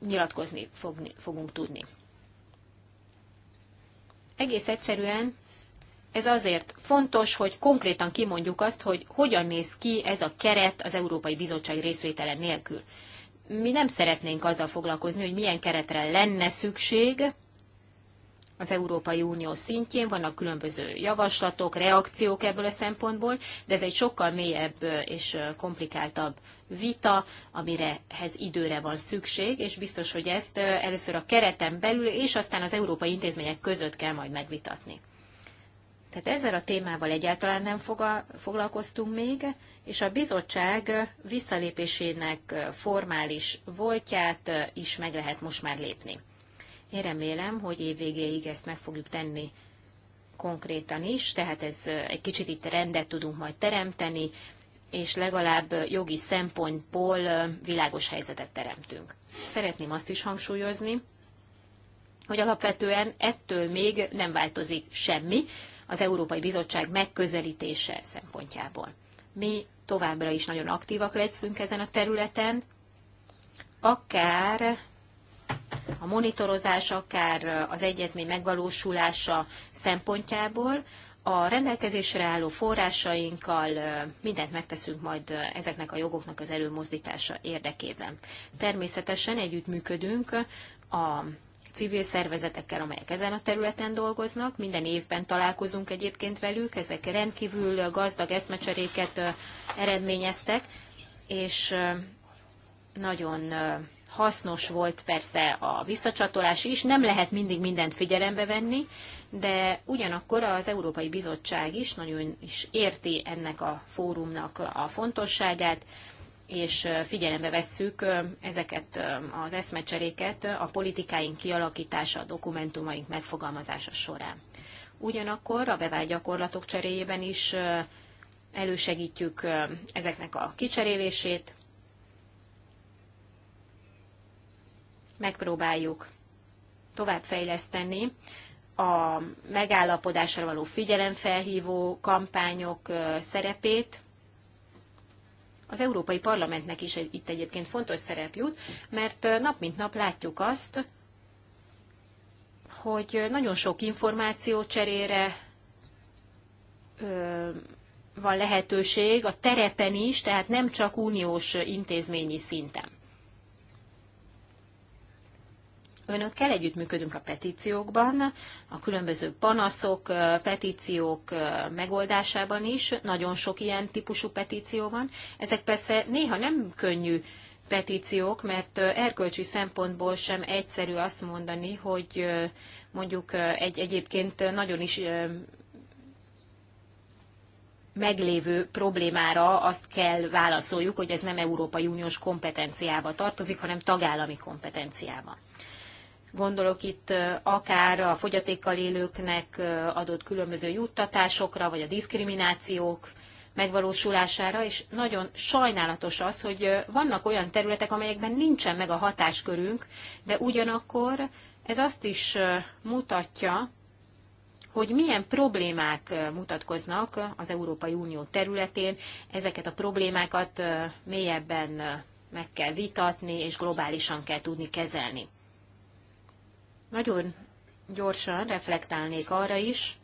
nyilatkozni fogunk tudni. Egész egyszerűen ez azért fontos, hogy konkrétan kimondjuk azt, hogy hogyan néz ki ez a keret az Európai Bizottság részvétele nélkül. Mi nem szeretnénk azzal foglalkozni, hogy milyen keretre lenne szükség az Európai Unió szintjén. Vannak különböző javaslatok, reakciók ebből a szempontból, de ez egy sokkal mélyebb és komplikáltabb vita, amirehez időre van szükség, és biztos, hogy ezt először a kereten belül, és aztán az európai intézmények között kell majd megvitatni. Tehát ezzel a témával egyáltalán nem foglalkoztunk még, és a bizottság visszalépésének formális voltját is meg lehet most már lépni. Én remélem, hogy évvégéig ezt meg fogjuk tenni konkrétan is, tehát ez egy kicsit itt rendet tudunk majd teremteni, és legalább jogi szempontból világos helyzetet teremtünk. Szeretném azt is hangsúlyozni, hogy alapvetően ettől még nem változik semmi, az Európai Bizottság megközelítése szempontjából. Mi továbbra is nagyon aktívak leszünk ezen a területen, akár a monitorozás, akár az egyezmény megvalósulása szempontjából, a rendelkezésre álló forrásainkkal mindent megteszünk majd ezeknek a jogoknak az előmozdítása érdekében. Természetesen együttműködünk a civil szervezetekkel, amelyek ezen a területen dolgoznak. Minden évben találkozunk egyébként velük, ezek rendkívül gazdag eszmecseréket eredményeztek, és nagyon hasznos volt persze a visszacsatolás is, nem lehet mindig mindent figyelembe venni, de ugyanakkor az Európai Bizottság is nagyon is érti ennek a fórumnak a fontosságát, és figyelembe vesszük ezeket az eszmecseréket a politikáink kialakítása, a dokumentumaink megfogalmazása során. Ugyanakkor a bevált gyakorlatok cseréjében is elősegítjük ezeknek a kicserélését, megpróbáljuk továbbfejleszteni a megállapodásra való figyelemfelhívó kampányok szerepét, az Európai Parlamentnek is egy, itt egyébként fontos szerep jut, mert nap mint nap látjuk azt, hogy nagyon sok információ cserére van lehetőség a terepen is, tehát nem csak uniós intézményi szinten önökkel együttműködünk a petíciókban, a különböző panaszok, petíciók megoldásában is. Nagyon sok ilyen típusú petíció van. Ezek persze néha nem könnyű petíciók, mert erkölcsi szempontból sem egyszerű azt mondani, hogy mondjuk egy egyébként nagyon is meglévő problémára azt kell válaszoljuk, hogy ez nem Európai Uniós kompetenciába tartozik, hanem tagállami kompetenciába. Gondolok itt akár a fogyatékkal élőknek adott különböző juttatásokra, vagy a diszkriminációk megvalósulására, és nagyon sajnálatos az, hogy vannak olyan területek, amelyekben nincsen meg a hatáskörünk, de ugyanakkor ez azt is mutatja, hogy milyen problémák mutatkoznak az Európai Unió területén, ezeket a problémákat mélyebben meg kell vitatni, és globálisan kell tudni kezelni. Nagyon gyorsan reflektálnék arra is,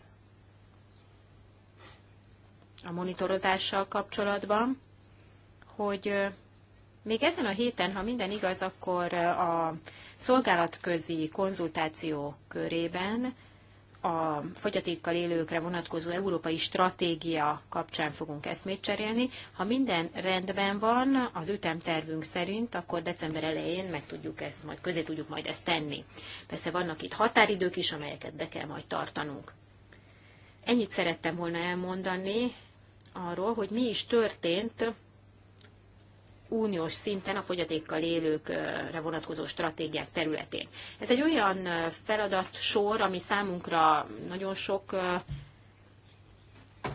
a monitorozással kapcsolatban, hogy még ezen a héten, ha minden igaz, akkor a szolgálatközi konzultáció körében a fogyatékkal élőkre vonatkozó európai stratégia kapcsán fogunk eszmét cserélni. Ha minden rendben van az ütemtervünk szerint, akkor december elején meg tudjuk ezt, majd közé tudjuk majd ezt tenni. Persze vannak itt határidők is, amelyeket be kell majd tartanunk. Ennyit szerettem volna elmondani arról, hogy mi is történt uniós szinten a fogyatékkal élőkre vonatkozó stratégiák területén. Ez egy olyan feladatsor, ami számunkra nagyon sok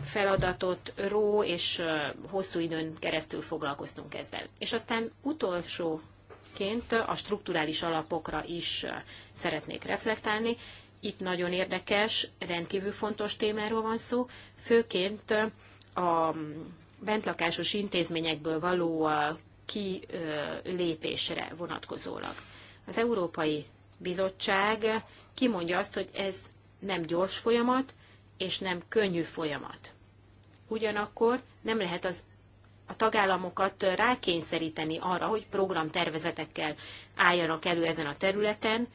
feladatot ró, és hosszú időn keresztül foglalkoztunk ezzel. És aztán utolsóként a strukturális alapokra is szeretnék reflektálni. Itt nagyon érdekes, rendkívül fontos témáról van szó, főként a bentlakásos intézményekből való kilépésre vonatkozólag. Az Európai Bizottság kimondja azt, hogy ez nem gyors folyamat, és nem könnyű folyamat. Ugyanakkor nem lehet az a tagállamokat rákényszeríteni arra, hogy programtervezetekkel álljanak elő ezen a területen,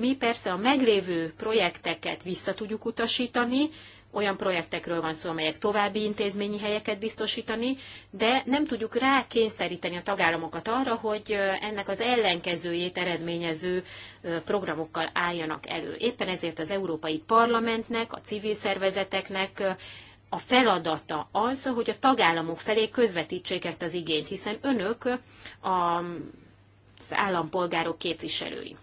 mi persze a meglévő projekteket vissza tudjuk utasítani, olyan projektekről van szó, amelyek további intézményi helyeket biztosítani, de nem tudjuk rákényszeríteni a tagállamokat arra, hogy ennek az ellenkezőjét eredményező programokkal álljanak elő. Éppen ezért az Európai Parlamentnek, a civil szervezeteknek a feladata az, hogy a tagállamok felé közvetítsék ezt az igényt, hiszen önök a, az állampolgárok képviselői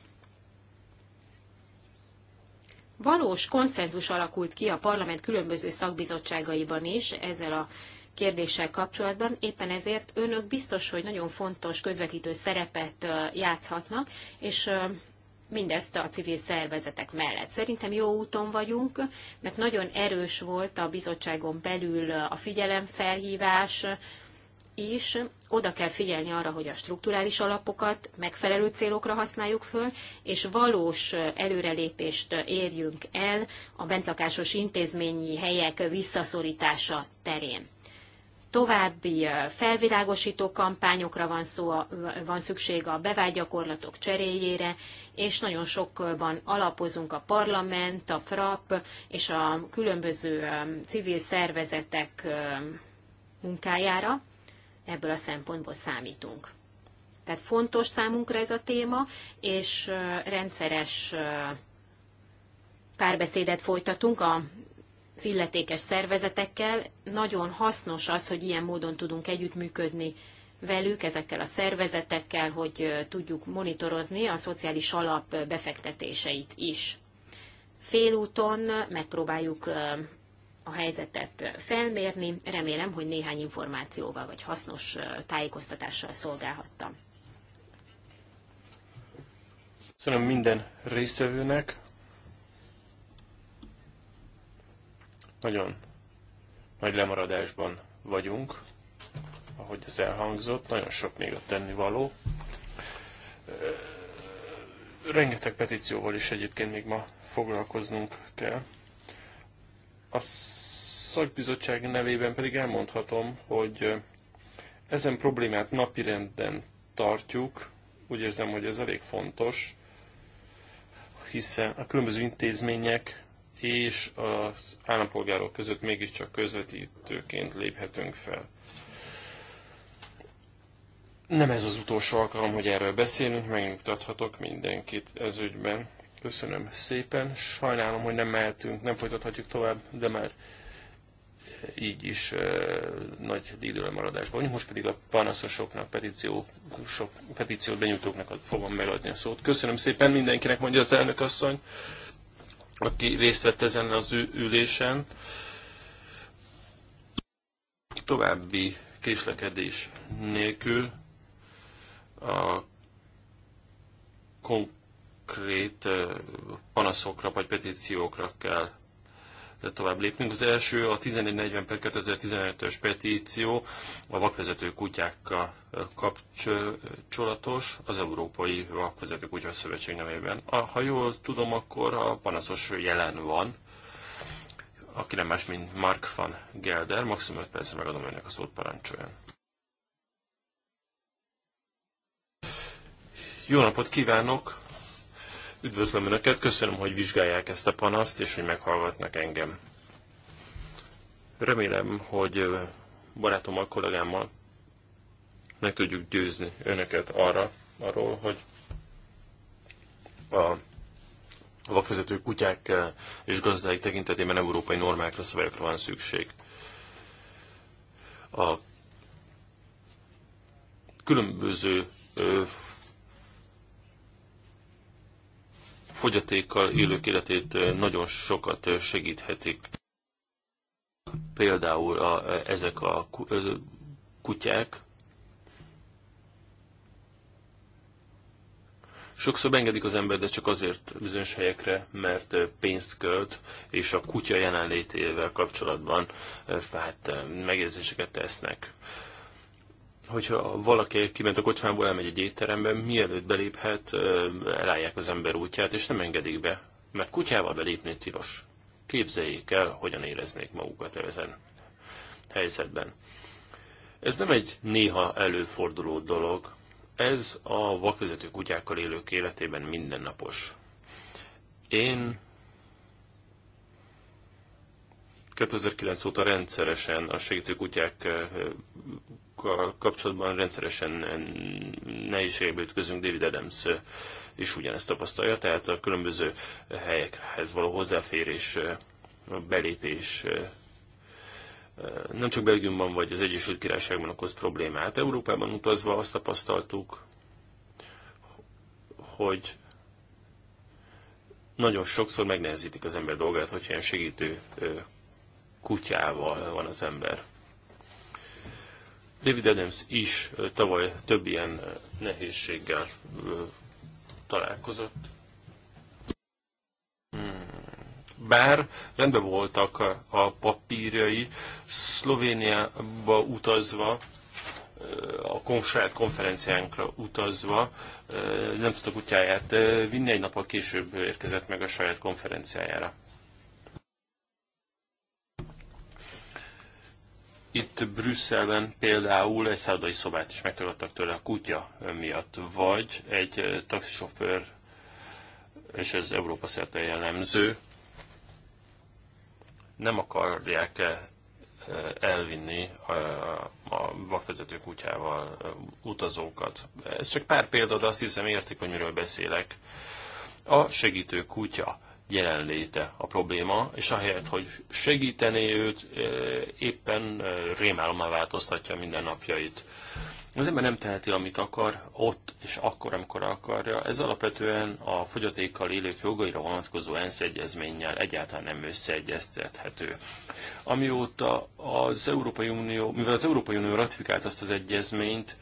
valós konszenzus alakult ki a parlament különböző szakbizottságaiban is ezzel a kérdéssel kapcsolatban. Éppen ezért önök biztos, hogy nagyon fontos közvetítő szerepet játszhatnak, és mindezt a civil szervezetek mellett. Szerintem jó úton vagyunk, mert nagyon erős volt a bizottságon belül a figyelemfelhívás, is oda kell figyelni arra, hogy a strukturális alapokat megfelelő célokra használjuk föl, és valós előrelépést érjünk el a bentlakásos intézményi helyek visszaszorítása terén. További felvilágosító kampányokra van, szó, van szükség a bevágyakorlatok cseréjére, és nagyon sokban alapozunk a parlament, a FRAP és a különböző civil szervezetek munkájára ebből a szempontból számítunk. Tehát fontos számunkra ez a téma, és rendszeres párbeszédet folytatunk a az illetékes szervezetekkel. Nagyon hasznos az, hogy ilyen módon tudunk együttműködni velük, ezekkel a szervezetekkel, hogy tudjuk monitorozni a szociális alap befektetéseit is. Félúton megpróbáljuk a helyzetet felmérni. Remélem, hogy néhány információval vagy hasznos tájékoztatással szolgálhattam. Köszönöm minden résztvevőnek. Nagyon nagy lemaradásban vagyunk, ahogy ez elhangzott, nagyon sok még a tennivaló. Rengeteg petícióval is egyébként még ma foglalkoznunk kell. Azt szakbizottság nevében pedig elmondhatom, hogy ezen problémát napirenden tartjuk. Úgy érzem, hogy ez elég fontos, hiszen a különböző intézmények és az állampolgárok között mégiscsak közvetítőként léphetünk fel. Nem ez az utolsó alkalom, hogy erről beszélünk, megnyugtathatok mindenkit ez ügyben. Köszönöm szépen, sajnálom, hogy nem mehetünk, nem folytathatjuk tovább, de már így is nagy időlemaradásban vagyunk. Most pedig a panaszosoknak, petíció, sok, petíciót benyújtóknak fogom megadni a szót. Köszönöm szépen mindenkinek, mondja az elnök asszony, aki részt vett ezen az ülésen. További késlekedés nélkül a konkrét panaszokra vagy petíciókra kell tovább lépünk Az első a 1440 per 2015-ös petíció a vakvezető kutyákkal kapcsolatos az Európai Vakvezető Kutya Szövetség nevében. ha jól tudom, akkor a panaszos jelen van, aki nem más, mint Mark van Gelder. Maximum 5 percre megadom önnek a szót, parancsoljon. Jó napot kívánok! Üdvözlöm Önöket, köszönöm, hogy vizsgálják ezt a panaszt, és hogy meghallgatnak engem. Remélem, hogy barátommal, kollégámmal meg tudjuk győzni Önöket arra, arról, hogy a vakvezető kutyák és gazdáik tekintetében európai normákra, szabályokra van szükség. A különböző fogyatékkal élők életét nagyon sokat segíthetik. Például a, ezek a kutyák. Sokszor engedik az ember, de csak azért bizonyos helyekre, mert pénzt költ, és a kutya jelenlétével kapcsolatban hát megjegyzéseket tesznek hogyha valaki kiment a kocsmából, elmegy egy étterembe, mielőtt beléphet, elállják az ember útját, és nem engedik be, mert kutyával belépni tilos. Képzeljék el, hogyan éreznék magukat ezen helyzetben. Ez nem egy néha előforduló dolog, ez a vakvezető kutyákkal élők életében mindennapos. Én 2009 óta rendszeresen a segítő kutyák programokkal kapcsolatban rendszeresen nehézségbe ütközünk, David Adams is ugyanezt tapasztalja, tehát a különböző helyekhez való hozzáférés, belépés nem csak Belgiumban vagy az Egyesült Királyságban okoz problémát. Európában utazva azt tapasztaltuk, hogy nagyon sokszor megnehezítik az ember dolgát, hogyha ilyen segítő kutyával van az ember. David Adams is tavaly több ilyen nehézséggel találkozott. Hmm. Bár rendben voltak a papírjai, Szlovéniába utazva, a saját konferenciánkra utazva, nem tudta kutyáját vinni, egy nappal később érkezett meg a saját konferenciájára. itt Brüsszelben például egy szállodai szobát is megtagadtak tőle a kutya miatt, vagy egy taxisofőr, és ez Európa szerte jellemző, nem akarják -e elvinni a vakvezető kutyával utazókat. Ez csak pár példa, de azt hiszem értik, hogy miről beszélek. A segítő kutya jelenléte a probléma, és ahelyett, hogy segítené őt, éppen rémálomá változtatja minden napjait. Az ember nem teheti, amit akar, ott és akkor, amikor akarja. Ez alapvetően a fogyatékkal élők jogaira vonatkozó ENSZ egyezménnyel egyáltalán nem összeegyeztethető. Amióta az Európai Unió, mivel az Európai Unió ratifikált azt az egyezményt,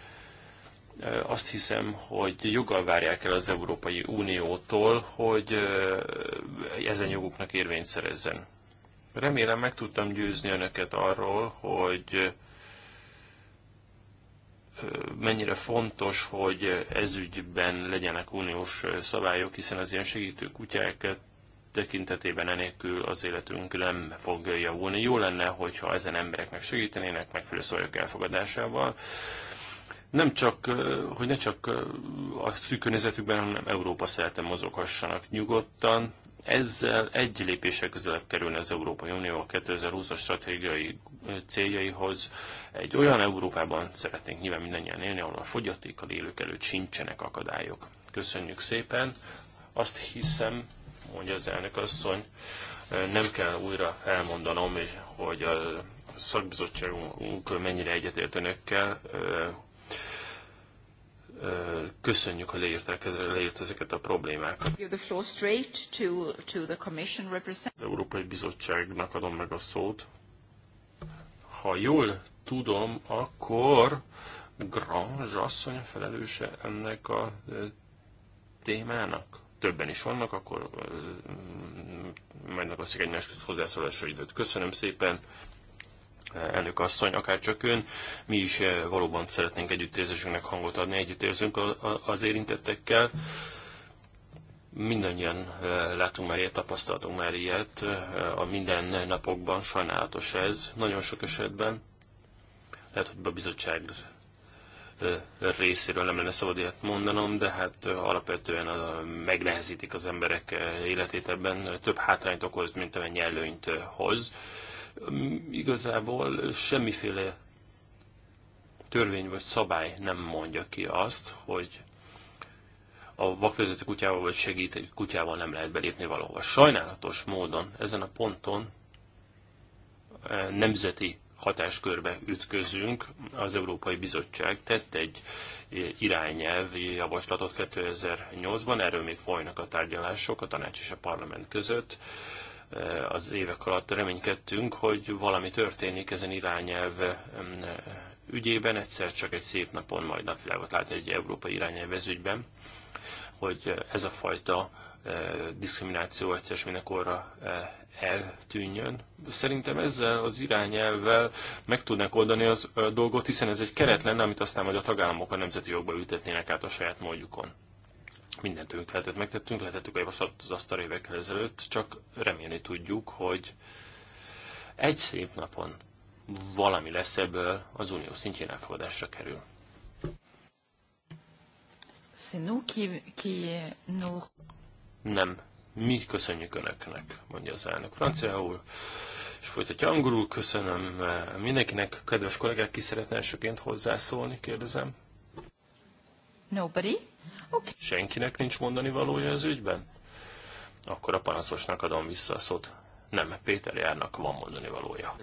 azt hiszem, hogy joggal várják el az Európai Uniótól, hogy ezen joguknak érvényt szerezzen. Remélem meg tudtam győzni önöket arról, hogy mennyire fontos, hogy ezügyben legyenek uniós szabályok, hiszen az ilyen kutyák tekintetében enélkül az életünk nem fog javulni. Jó lenne, hogyha ezen embereknek segítenének megfelelő szabályok elfogadásával nem csak, hogy ne csak a szűkönezetükben, hanem Európa szerte mozoghassanak nyugodtan. Ezzel egy lépéssel közelebb kerülne az Európai Unió a 2020-as stratégiai céljaihoz. Egy olyan Európában szeretnénk nyilván mindannyian élni, ahol a fogyatékkal élők előtt sincsenek akadályok. Köszönjük szépen. Azt hiszem, mondja az elnök asszony, nem kell újra elmondanom, hogy a szakbizottságunk mennyire egyetért önökkel, Köszönjük, hogy leírták, leírt ezeket a problémákat. Az Európai Bizottságnak adom meg a szót. Ha jól tudom, akkor Grange asszony felelőse ennek a témának? Többen is vannak, akkor majd megosztjuk egymás között hozzászólásra időt. Köszönöm szépen, elnök asszony, akár csak ön. Mi is eh, valóban szeretnénk együttérzésünknek hangot adni, együttérzünk az érintettekkel. Mindannyian eh, látunk már ilyet, tapasztaltunk már ilyet eh, a minden napokban, sajnálatos ez nagyon sok esetben. Lehet, hogy a bizottság részéről nem lenne szabad ilyet mondanom, de hát alapvetően a, megnehezítik az emberek életét ebben, több hátrányt okoz, mint amennyi előnyt hoz. Igazából semmiféle törvény vagy szabály nem mondja ki azt, hogy a vakvezető kutyával vagy segítő kutyával nem lehet belépni valahova. Sajnálatos módon ezen a ponton nemzeti hatáskörbe ütközünk. Az Európai Bizottság tett egy irányelv javaslatot 2008-ban, erről még folynak a tárgyalások a tanács és a parlament között. Eh, az évek alatt reménykedtünk, hogy valami történik ezen irányelv eh, ügyében, egyszer csak egy szép napon majd napvilágot lát egy európai irányelv ezügyben, hogy ez a fajta eh, diszkrimináció egyszer mindenkorra eltűnjön. Szerintem ezzel az irányelvvel meg tudnak oldani az dolgot, hiszen ez egy keret lenne, amit aztán majd a tagállamok a nemzeti jogba ültetnének át a saját módjukon mindent tőlünk lehetett megtettünk, letettük a javaslatot az asztal évekkel ezelőtt, csak remélni tudjuk, hogy egy szép napon valami lesz ebből az unió szintjén elfogadásra kerül. Nem, mi köszönjük Önöknek, mondja az elnök franciául, és folytatja angolul, köszönöm eh, mindenkinek, kedves kollégák, ki szeretne elsőként hozzászólni, kérdezem. Nobody? Okay. Senkinek nincs mondani valója az ügyben? Akkor a panaszosnak adom vissza a szót. Nem, Péter Járnak van mondani valója.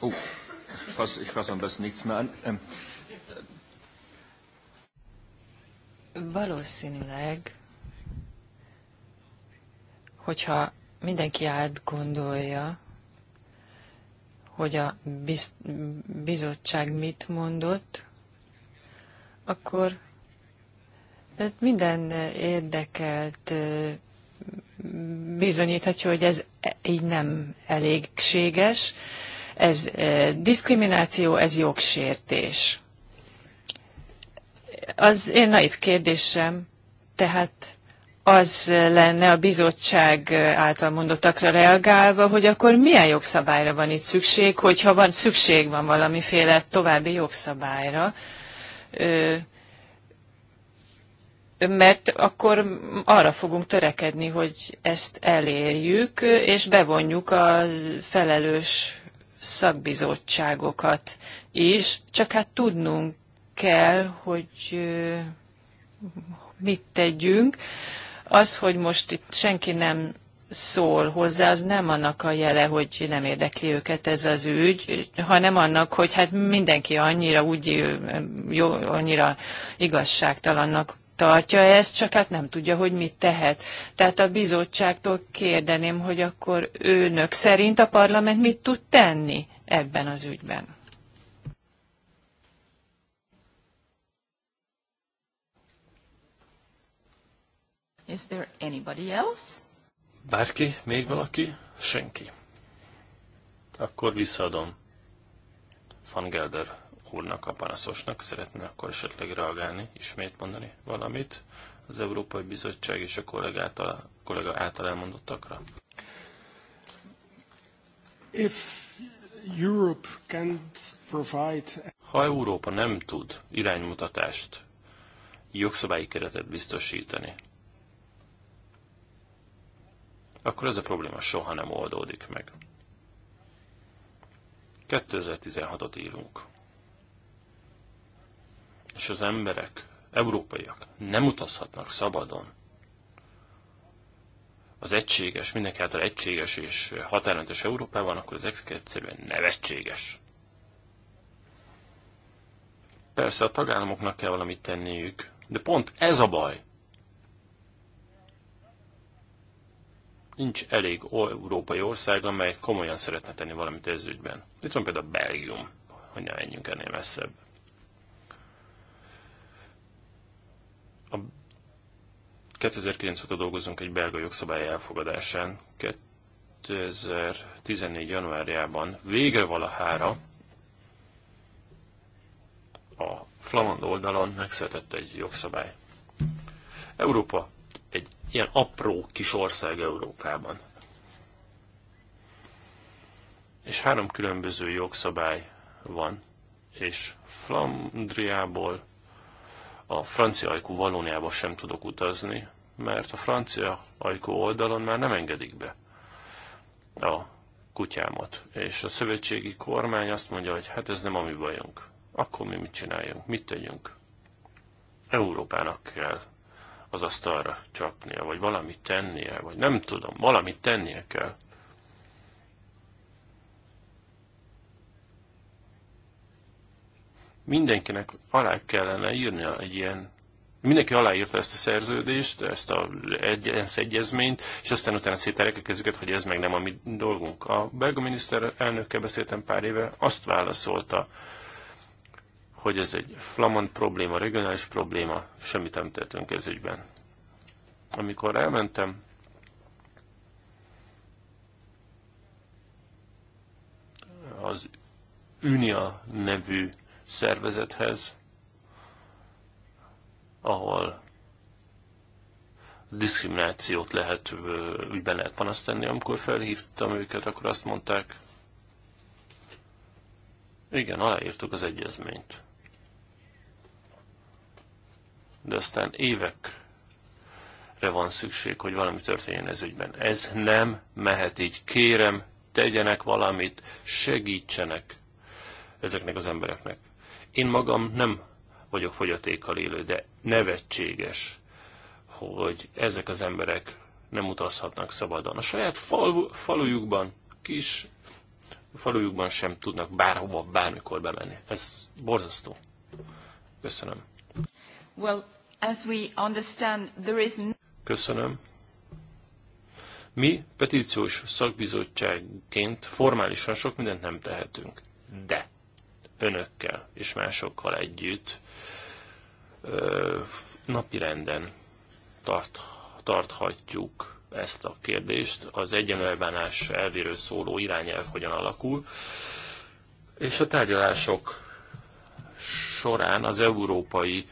Uh, ich fass, ich nichts mehr an. Valószínűleg, hogyha mindenki átgondolja, hogy a biz, bizottság mit mondott, akkor Hát minden érdekelt bizonyíthatja, hogy ez így nem elégséges. Ez diszkrimináció, ez jogsértés. Az én naív kérdésem, tehát az lenne a bizottság által mondottakra reagálva, hogy akkor milyen jogszabályra van itt szükség, hogyha van, szükség van valamiféle további jogszabályra mert akkor arra fogunk törekedni, hogy ezt elérjük, és bevonjuk a felelős szakbizottságokat is, csak hát tudnunk kell, hogy mit tegyünk. Az, hogy most itt senki nem szól hozzá, az nem annak a jele, hogy nem érdekli őket ez az ügy, hanem annak, hogy hát mindenki annyira úgy, jó, annyira igazságtalannak tartja ezt, csak hát nem tudja, hogy mit tehet. Tehát a bizottságtól kérdeném, hogy akkor őnök szerint a parlament mit tud tenni ebben az ügyben? Is there anybody else? Bárki? Még valaki? Senki. Akkor visszaadom. Van Gelder úrnak, a panaszosnak szeretne akkor esetleg reagálni, ismét mondani valamit az Európai Bizottság és a kollega által, kollega által elmondottakra. If Europe can't provide... Ha Európa nem tud iránymutatást, jogszabályi keretet biztosítani, akkor ez a probléma soha nem oldódik meg. 2016-ot írunk és az emberek, európaiak nem utazhatnak szabadon, az egységes, mindenki által egységes és határmentes Európában, akkor ez egyszerűen nevetséges. Persze a tagállamoknak kell valamit tenniük, de pont ez a baj. Nincs elég európai ország, amely komolyan szeretne tenni valamit ez ügyben. Itt van például Belgium, hogy ne menjünk ennél messzebb. A 2009 óta dolgozunk egy belga jogszabály elfogadásán. 2014. januárjában végre valahára a flamand oldalon megszületett egy jogszabály. Európa egy ilyen apró kis ország Európában. És három különböző jogszabály van, és Flandriából a francia ajkú Valóniába sem tudok utazni, mert a francia ajkú oldalon már nem engedik be a kutyámat. És a szövetségi kormány azt mondja, hogy hát ez nem a mi bajunk. Akkor mi mit csináljunk? Mit tegyünk? Európának kell az asztalra csapnia, vagy valamit tennie, vagy nem tudom, valamit tennie kell. Mindenkinek alá kellene írni egy ilyen Mindenki aláírta ezt a szerződést, ezt a egy, ENSZ egyezményt, és aztán utána szétterek a kezüket, hogy ez meg nem a mi dolgunk. A belga elnökkel beszéltem pár éve, azt válaszolta, hogy ez egy flamand probléma, regionális probléma, semmit nem tettünk ez ügyben. Amikor elmentem, az Unia nevű szervezethez, ahol diszkriminációt lehet, ügyben lehet panaszt tenni. Amikor felhívtam őket, akkor azt mondták, igen, aláírtuk az egyezményt. De aztán évekre van szükség, hogy valami történjen ez ügyben. Ez nem mehet így. Kérem, tegyenek valamit, segítsenek ezeknek az embereknek. Én magam nem vagyok fogyatékkal élő, de nevetséges, hogy ezek az emberek nem utazhatnak szabadon. A saját fal, falujukban, kis falujukban sem tudnak bárhova, bármikor bemenni. Ez borzasztó. Köszönöm. Well, as we understand, there is... Köszönöm. Mi petíciós szakbizottságként formálisan sok mindent nem tehetünk. De önökkel és másokkal együtt renden tart, tarthatjuk ezt a kérdést, az egyenlő elbánás elvéről szóló irányelv hogyan alakul, és a tárgyalások során az európai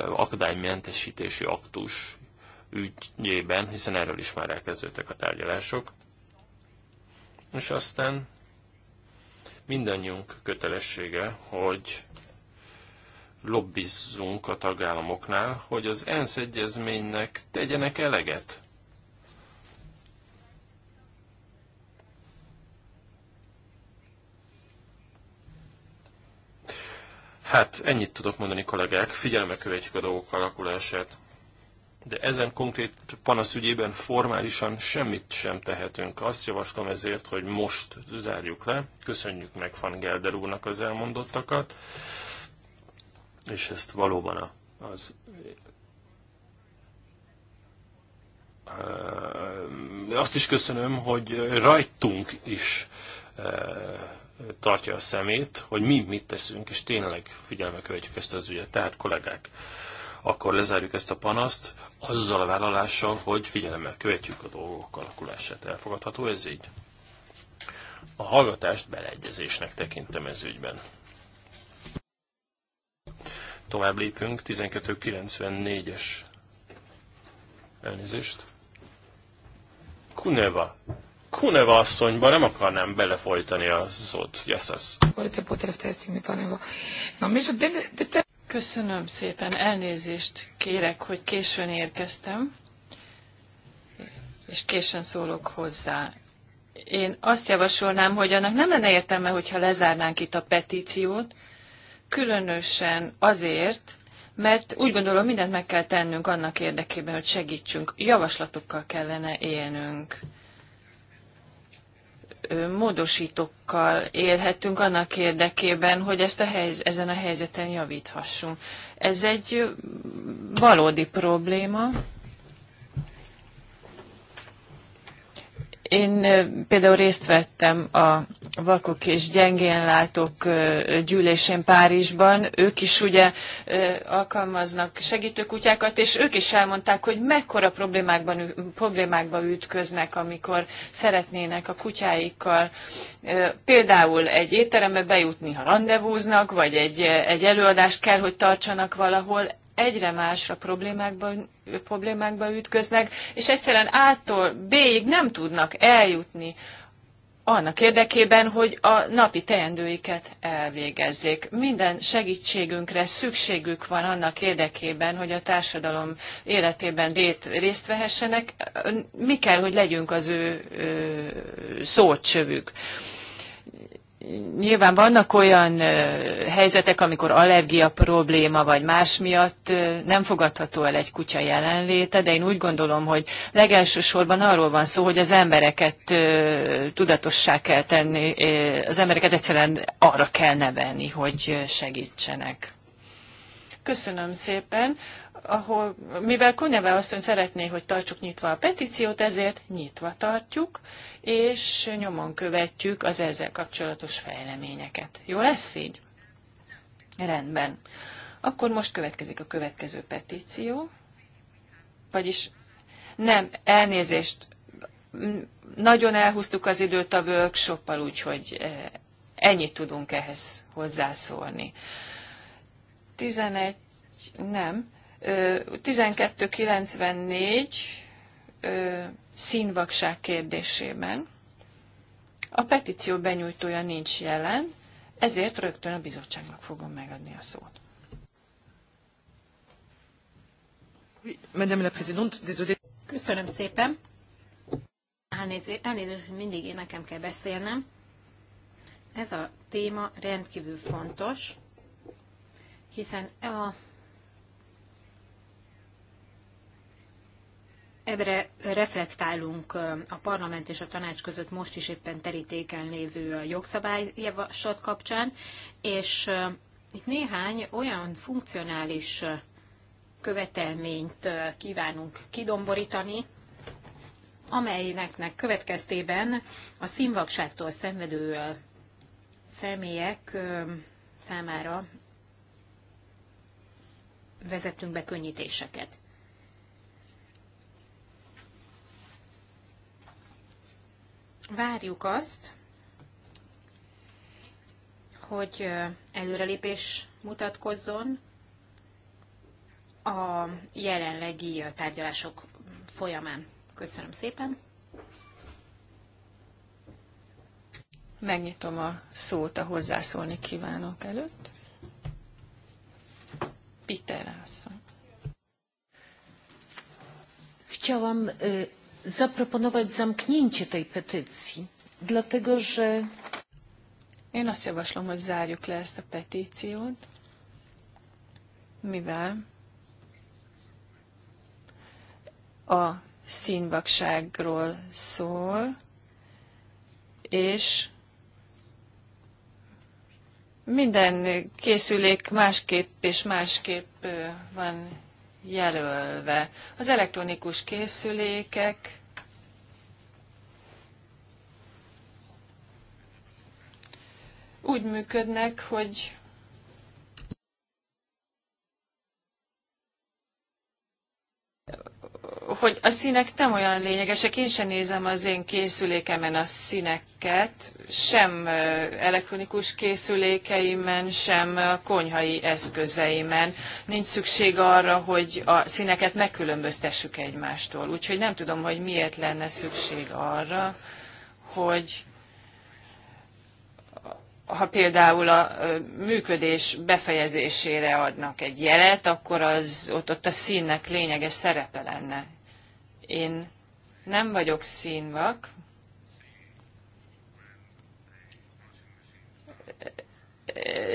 akadálymentesítési aktus ügyében, hiszen erről is már elkezdődtek a tárgyalások, és aztán Mindannyiunk kötelessége, hogy lobbizzunk a tagállamoknál, hogy az ENSZ egyezménynek tegyenek eleget. Hát ennyit tudok mondani, kollégák, figyelme követjük a dolgok alakulását de ezen konkrét panaszügyében formálisan semmit sem tehetünk. Azt javaslom ezért, hogy most zárjuk le. Köszönjük meg Van Gelder úrnak az elmondottakat, és ezt valóban az azt is köszönöm, hogy rajtunk is tartja a szemét, hogy mi mit teszünk, és tényleg figyelme követjük ezt az ügyet. Tehát kollégák, akkor lezárjuk ezt a panaszt azzal a vállalással, hogy figyelemmel követjük a dolgok alakulását. Elfogadható ez így? A hallgatást beleegyezésnek tekintem ez ügyben. Tovább lépünk, 1294-es elnézést. Kuneva. Kuneva asszonyba nem akarnám belefolytani a szót. Yes, yes. Μπορείτε mi τελευταία στιγμή πάνε Köszönöm szépen, elnézést kérek, hogy későn érkeztem, és későn szólok hozzá. Én azt javasolnám, hogy annak nem lenne értelme, hogyha lezárnánk itt a petíciót, különösen azért, mert úgy gondolom, mindent meg kell tennünk annak érdekében, hogy segítsünk, javaslatokkal kellene élnünk módosítókkal élhetünk annak érdekében, hogy ezt a helyz, ezen a helyzeten javíthassunk. Ez egy valódi probléma, Én például részt vettem a vakok és gyengénlátók gyűlésén Párizsban. Ők is ugye alkalmaznak segítőkutyákat, és ők is elmondták, hogy mekkora problémákban, problémákba ütköznek, amikor szeretnének a kutyáikkal például egy étterembe bejutni, ha rendezvúznak, vagy egy, egy előadást kell, hogy tartsanak valahol egyre másra problémákba, problémákba ütköznek, és egyszerűen a B-ig nem tudnak eljutni annak érdekében, hogy a napi teendőiket elvégezzék. Minden segítségünkre szükségük van annak érdekében, hogy a társadalom életében részt vehessenek. Mi kell, hogy legyünk az ő, ő szócsövük nyilván vannak olyan helyzetek, amikor allergia probléma vagy más miatt nem fogadható el egy kutya jelenléte, de én úgy gondolom, hogy legelsősorban arról van szó, hogy az embereket tudatossá kell tenni, az embereket egyszerűen arra kell nevelni, hogy segítsenek. Köszönöm szépen ahol, mivel Koneve asszony szeretné, hogy tartsuk nyitva a petíciót, ezért nyitva tartjuk, és nyomon követjük az ezzel kapcsolatos fejleményeket. Jó lesz így? Rendben. Akkor most következik a következő petíció, vagyis nem, elnézést, nagyon elhúztuk az időt a workshoppal, úgyhogy eh, ennyit tudunk ehhez hozzászólni. 11, nem, 1294 színvakság kérdésében a petíció benyújtója nincs jelen, ezért rögtön a bizottságnak fogom megadni a szót. Köszönöm szépen. elnézést, hogy mindig én nekem kell beszélnem. Ez a téma rendkívül fontos, hiszen a Ebbre reflektálunk a parlament és a tanács között most is éppen terítéken lévő jogszabályjavaslat kapcsán, és itt néhány olyan funkcionális követelményt kívánunk kidomborítani, amelyneknek következtében a színvakságtól szenvedő személyek számára vezetünk be könnyítéseket. Várjuk azt, hogy előrelépés mutatkozzon a jelenlegi tárgyalások folyamán. Köszönöm szépen! Megnyitom a szót a hozzászólni kívánok előtt. Peter asszony. Chciałam zaproponować zamknięcie tej petycji, dlatego że... Én azt javaslom, hogy zárjuk le ezt a petíciót, mivel a színvakságról szól, és minden készülék másképp és másképp van jelölve. Az elektronikus készülékek úgy működnek, hogy hogy a színek nem olyan lényegesek, én sem nézem az én készülékemen a színeket, sem elektronikus készülékeimen, sem konyhai eszközeimen. Nincs szükség arra, hogy a színeket megkülönböztessük egymástól. Úgyhogy nem tudom, hogy miért lenne szükség arra, hogy ha például a működés befejezésére adnak egy jelet, akkor az, ott, ott a színnek lényeges szerepe lenne. Én nem vagyok színvak,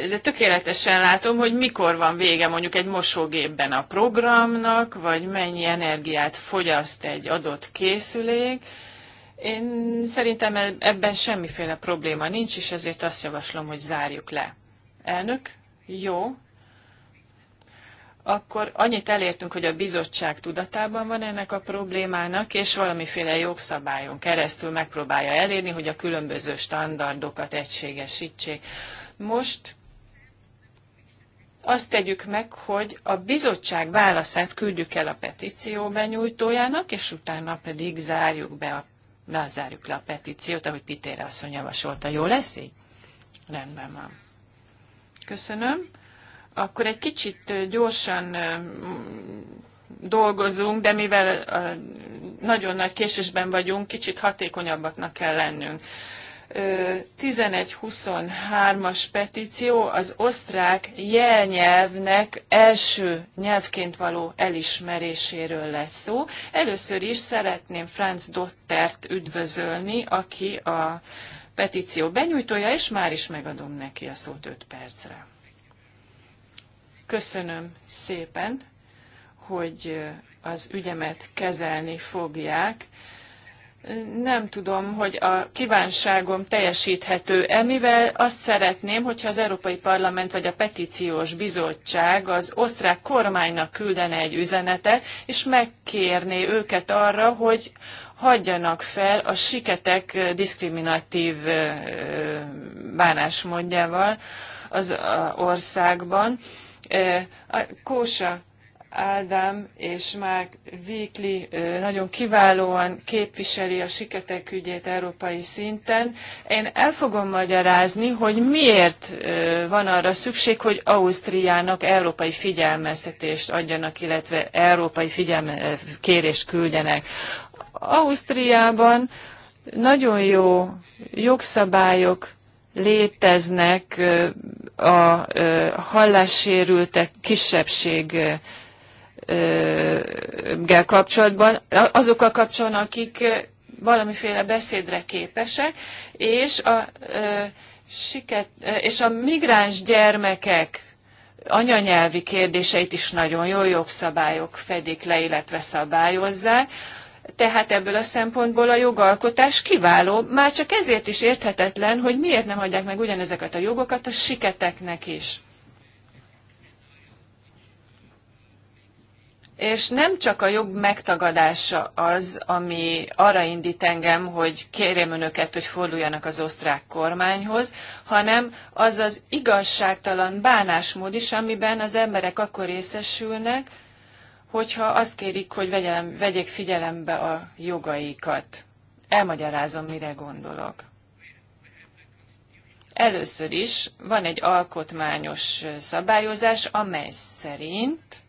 de tökéletesen látom, hogy mikor van vége mondjuk egy mosógépben a programnak, vagy mennyi energiát fogyaszt egy adott készülék. Én szerintem e- ebben semmiféle probléma nincs, és ezért azt javaslom, hogy zárjuk le. Elnök, jó, akkor annyit elértünk, hogy a bizottság tudatában van ennek a problémának, és valamiféle jogszabályon keresztül megpróbálja elérni, hogy a különböző standardokat egységesítsék. Most azt tegyük meg, hogy a bizottság válaszát küldjük el a petíció benyújtójának, és utána pedig zárjuk be a, na, zárjuk le a petíciót, ahogy Pitére asszony javasolta. Jó lesz így? Rendben van. Köszönöm akkor egy kicsit gyorsan dolgozunk, de mivel nagyon nagy késésben vagyunk, kicsit hatékonyabbaknak kell lennünk. 1123-as petíció az osztrák jelnyelvnek első nyelvként való elismeréséről lesz szó. Először is szeretném Franz Dottert üdvözölni, aki a petíció benyújtója, és már is megadom neki a szót 5 percre. Köszönöm szépen, hogy az ügyemet kezelni fogják. Nem tudom, hogy a kívánságom teljesíthető-e, mivel azt szeretném, hogyha az Európai Parlament vagy a Petíciós Bizottság az osztrák kormánynak küldene egy üzenetet, és megkérné őket arra, hogy hagyjanak fel a siketek diszkriminatív bánásmódjával az országban Kósa Ádám és már Víkli nagyon kiválóan képviseli a siketek ügyét európai szinten. Én el fogom magyarázni, hogy miért van arra szükség, hogy Ausztriának európai figyelmeztetést adjanak, illetve európai figyelme, kérést küldjenek. Ausztriában nagyon jó jogszabályok léteznek a hallássérültek kisebbség kapcsolatban, azokkal kapcsolatban, akik valamiféle beszédre képesek, és a, siket, és a migráns gyermekek anyanyelvi kérdéseit is nagyon jó jogszabályok fedik le, illetve szabályozzák tehát ebből a szempontból a jogalkotás kiváló, már csak ezért is érthetetlen, hogy miért nem adják meg ugyanezeket a jogokat a siketeknek is. És nem csak a jog megtagadása az, ami arra indít engem, hogy kérjem önöket, hogy forduljanak az osztrák kormányhoz, hanem az az igazságtalan bánásmód is, amiben az emberek akkor részesülnek, hogyha azt kérik, hogy vegyelem, vegyék figyelembe a jogaikat. Elmagyarázom, mire gondolok. Először is van egy alkotmányos szabályozás, amely szerint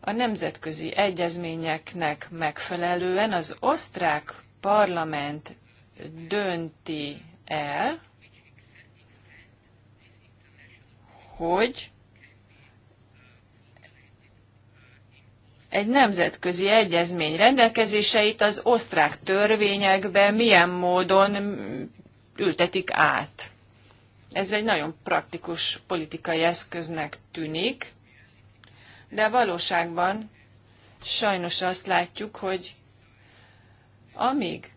a nemzetközi egyezményeknek megfelelően az osztrák parlament dönti el, hogy egy nemzetközi egyezmény rendelkezéseit az osztrák törvényekbe milyen módon ültetik át. Ez egy nagyon praktikus politikai eszköznek tűnik, de valóságban sajnos azt látjuk, hogy amíg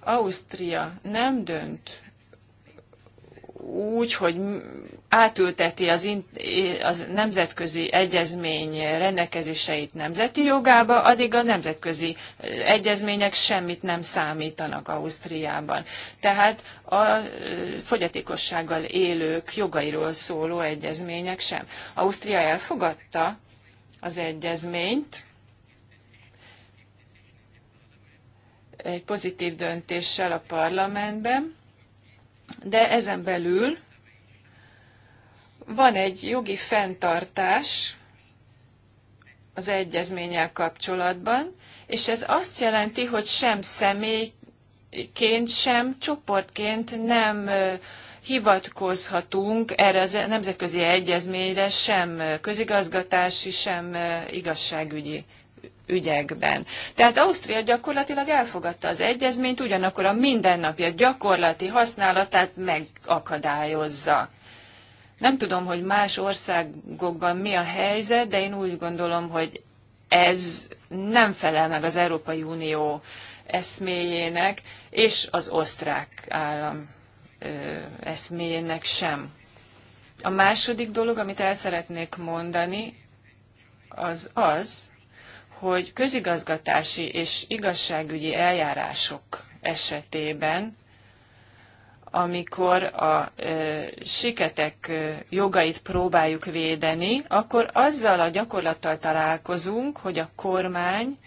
Ausztria nem dönt úgy, hogy átülteti az, in, az nemzetközi egyezmény rendelkezéseit nemzeti jogába, addig a nemzetközi egyezmények semmit nem számítanak Ausztriában. Tehát a fogyatékossággal élők jogairól szóló egyezmények sem. Ausztria elfogadta az egyezményt, egy pozitív döntéssel a parlamentben, de ezen belül van egy jogi fenntartás az egyezménnyel kapcsolatban, és ez azt jelenti, hogy sem személyként, sem csoportként nem hivatkozhatunk erre a nemzetközi egyezményre, sem közigazgatási, sem igazságügyi ügyekben. Tehát Ausztria gyakorlatilag elfogadta az egyezményt, ugyanakkor a mindennapja gyakorlati használatát megakadályozza. Nem tudom, hogy más országokban mi a helyzet, de én úgy gondolom, hogy ez nem felel meg az Európai Unió eszméjének, és az osztrák állam eszméjének sem. A második dolog, amit el szeretnék mondani, az az, hogy közigazgatási és igazságügyi eljárások esetében, amikor a ö, siketek ö, jogait próbáljuk védeni, akkor azzal a gyakorlattal találkozunk, hogy a kormány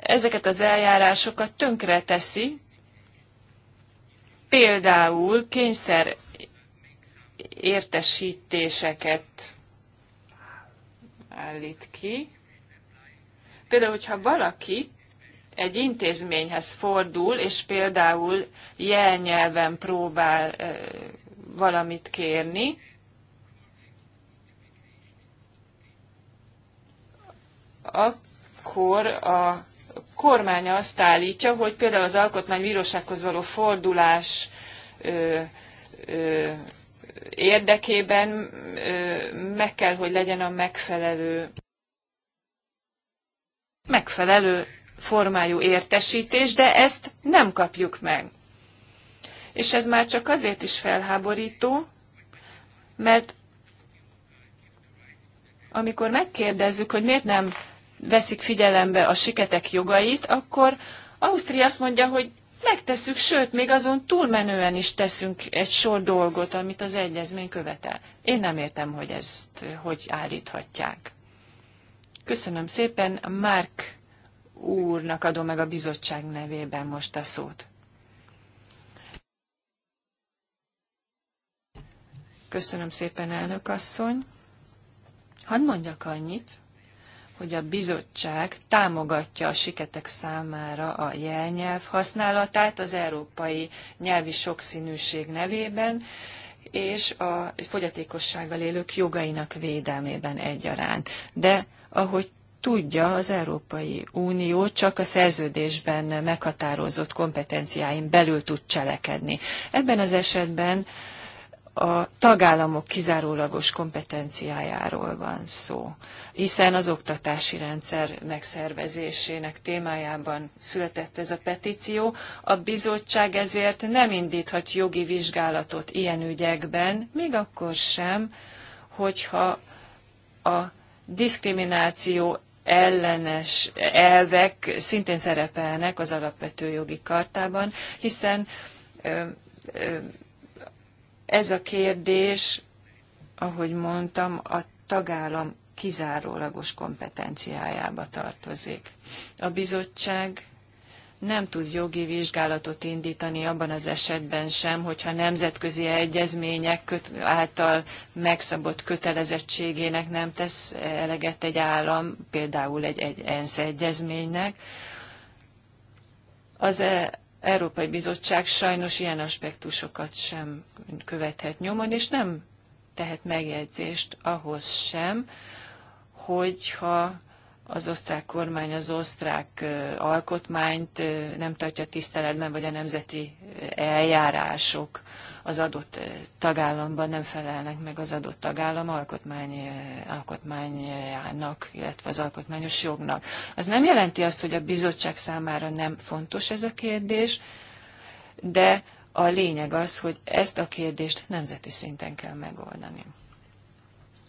ezeket az eljárásokat tönkre teszi, például kényszer értesítéseket állít ki. Például, hogyha valaki egy intézményhez fordul, és például jelnyelven próbál valamit kérni, akkor a kormány azt állítja, hogy például az alkotmánybírósághoz való fordulás e, e, érdekében meg kell, hogy legyen a megfelelő megfelelő formájú értesítés, de ezt nem kapjuk meg. És ez már csak azért is felháborító, mert amikor megkérdezzük, hogy miért nem veszik figyelembe a siketek jogait, akkor Ausztria azt mondja, hogy megtesszük, sőt, még azon túlmenően is teszünk egy sor dolgot, amit az egyezmény követel. Én nem értem, hogy ezt hogy állíthatják. Köszönöm szépen. Márk úrnak adom meg a bizottság nevében most a szót. Köszönöm szépen, elnök asszony. Hadd mondjak annyit, hogy a bizottság támogatja a siketek számára a jelnyelv használatát az európai nyelvi sokszínűség nevében, és a fogyatékossággal élők jogainak védelmében egyaránt. De ahogy tudja, az Európai Unió csak a szerződésben meghatározott kompetenciáin belül tud cselekedni. Ebben az esetben a tagállamok kizárólagos kompetenciájáról van szó, hiszen az oktatási rendszer megszervezésének témájában született ez a petíció. A bizottság ezért nem indíthat jogi vizsgálatot ilyen ügyekben, még akkor sem, hogyha a diszkrimináció ellenes elvek szintén szerepelnek az alapvető jogi kartában, hiszen ö, ö, ez a kérdés, ahogy mondtam, a tagállam kizárólagos kompetenciájába tartozik. A bizottság nem tud jogi vizsgálatot indítani abban az esetben sem, hogyha nemzetközi egyezmények által megszabott kötelezettségének nem tesz eleget egy állam, például egy, egy ENSZ egyezménynek. Az e- Európai Bizottság sajnos ilyen aspektusokat sem követhet nyomon, és nem tehet megjegyzést ahhoz sem, hogyha az osztrák kormány az osztrák alkotmányt nem tartja tiszteletben, vagy a nemzeti eljárások az adott eh, tagállamban nem felelnek meg az adott tagállam alkotmány, eh, alkotmányának, illetve az alkotmányos jognak. Az nem jelenti azt, hogy a bizottság számára nem fontos ez a kérdés, de a lényeg az, hogy ezt a kérdést nemzeti szinten kell megoldani.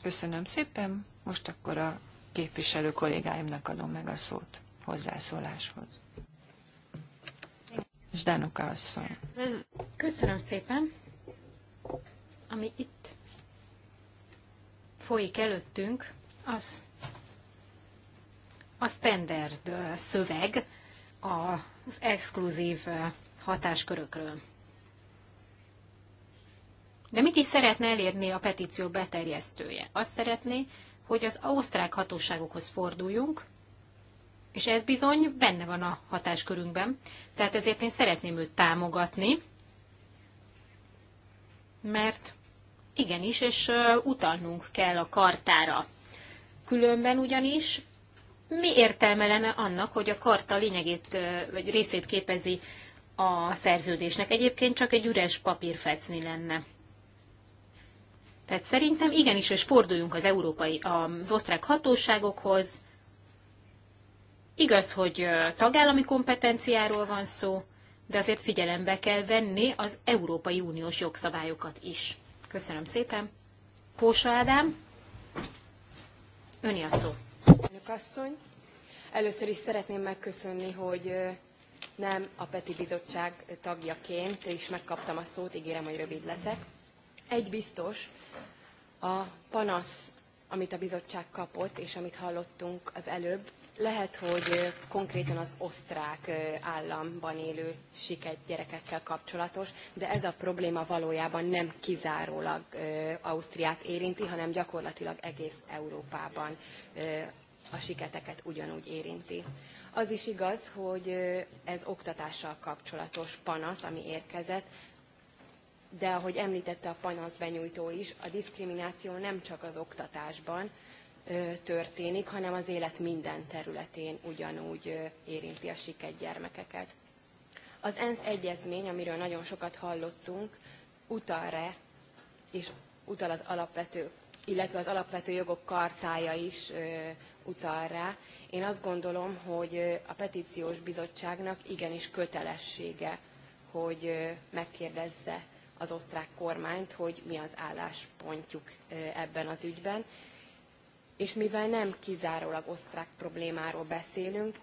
Köszönöm szépen, most akkor a képviselő kollégáimnak adom meg a szót hozzászóláshoz. Zsdánoka asszony. Köszönöm szépen ami itt folyik előttünk, az a standard szöveg az exkluzív hatáskörökről. De mit is szeretne elérni a petíció beterjesztője? Azt szeretné, hogy az ausztrák hatóságokhoz forduljunk, és ez bizony benne van a hatáskörünkben. Tehát ezért én szeretném őt támogatni, mert Igenis, és utalnunk kell a kartára. Különben ugyanis mi értelme lenne annak, hogy a karta lényegét vagy részét képezi a szerződésnek? Egyébként csak egy üres fecni lenne. Tehát szerintem igenis, és forduljunk az európai, az osztrák hatóságokhoz. Igaz, hogy tagállami kompetenciáról van szó, de azért figyelembe kell venni az Európai Uniós jogszabályokat is. Köszönöm szépen. Kósa Ádám, öni a szó. Önök asszony, először is szeretném megköszönni, hogy nem a Peti Bizottság tagjaként is megkaptam a szót, ígérem, hogy rövid leszek. Egy biztos, a panasz, amit a bizottság kapott, és amit hallottunk az előbb, lehet, hogy konkrétan az osztrák államban élő siket gyerekekkel kapcsolatos, de ez a probléma valójában nem kizárólag Ausztriát érinti, hanem gyakorlatilag egész Európában a siketeket ugyanúgy érinti. Az is igaz, hogy ez oktatással kapcsolatos panasz, ami érkezett, de ahogy említette a panasz benyújtó is, a diszkrimináció nem csak az oktatásban, történik, hanem az élet minden területén ugyanúgy érinti a siket gyermekeket. Az ENSZ egyezmény, amiről nagyon sokat hallottunk, utal és utal az alapvető, illetve az alapvető jogok kartája is utal rá. Én azt gondolom, hogy a petíciós bizottságnak igenis kötelessége, hogy megkérdezze az osztrák kormányt, hogy mi az álláspontjuk ebben az ügyben, és mivel nem kizárólag osztrák problémáról beszélünk,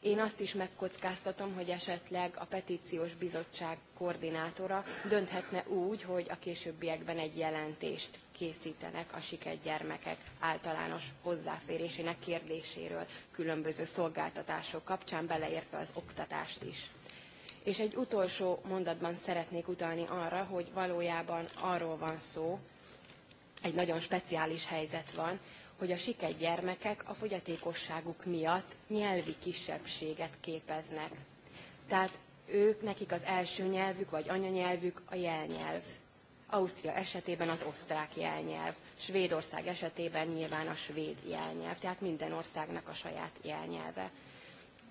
én azt is megkockáztatom, hogy esetleg a petíciós bizottság koordinátora dönthetne úgy, hogy a későbbiekben egy jelentést készítenek a siket gyermekek általános hozzáférésének kérdéséről különböző szolgáltatások kapcsán, beleértve az oktatást is. És egy utolsó mondatban szeretnék utalni arra, hogy valójában arról van szó, egy nagyon speciális helyzet van, hogy a siket gyermekek a fogyatékosságuk miatt nyelvi kisebbséget képeznek. Tehát ők, nekik az első nyelvük vagy anyanyelvük a jelnyelv. Ausztria esetében az osztrák jelnyelv, Svédország esetében nyilván a svéd jelnyelv, tehát minden országnak a saját jelnyelve.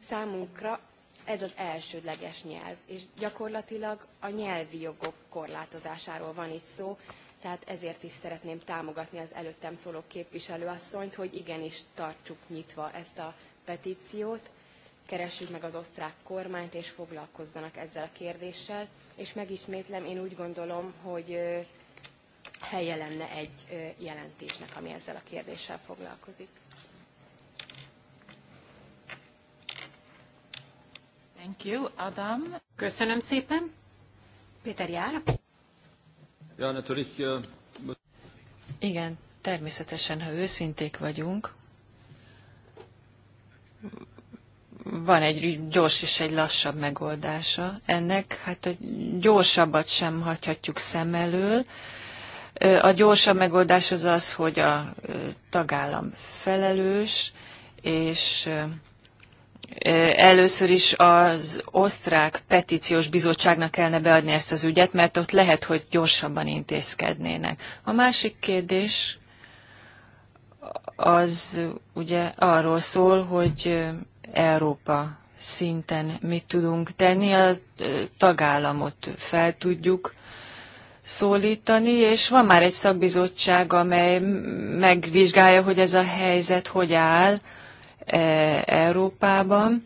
Számunkra ez az elsődleges nyelv, és gyakorlatilag a nyelvi jogok korlátozásáról van itt szó, tehát ezért is szeretném támogatni az előttem szóló képviselőasszonyt, hogy igenis tartsuk nyitva ezt a petíciót, keressük meg az osztrák kormányt, és foglalkozzanak ezzel a kérdéssel. És megismétlem, én úgy gondolom, hogy helye lenne egy jelentésnek, ami ezzel a kérdéssel foglalkozik. Thank you, Adam. Köszönöm szépen. Péter Jár. Äh, Igen, természetesen, ha őszinték vagyunk, van egy gyors és egy lassabb megoldása. Ennek hát a gyorsabbat sem hagyhatjuk szem elől. A gyorsabb megoldás az az, hogy a tagállam felelős, és Először is az osztrák petíciós bizottságnak kellene beadni ezt az ügyet, mert ott lehet, hogy gyorsabban intézkednének. A másik kérdés az ugye arról szól, hogy Európa szinten mit tudunk tenni, a tagállamot fel tudjuk szólítani, és van már egy szakbizottság, amely megvizsgálja, hogy ez a helyzet hogy áll, E, Európában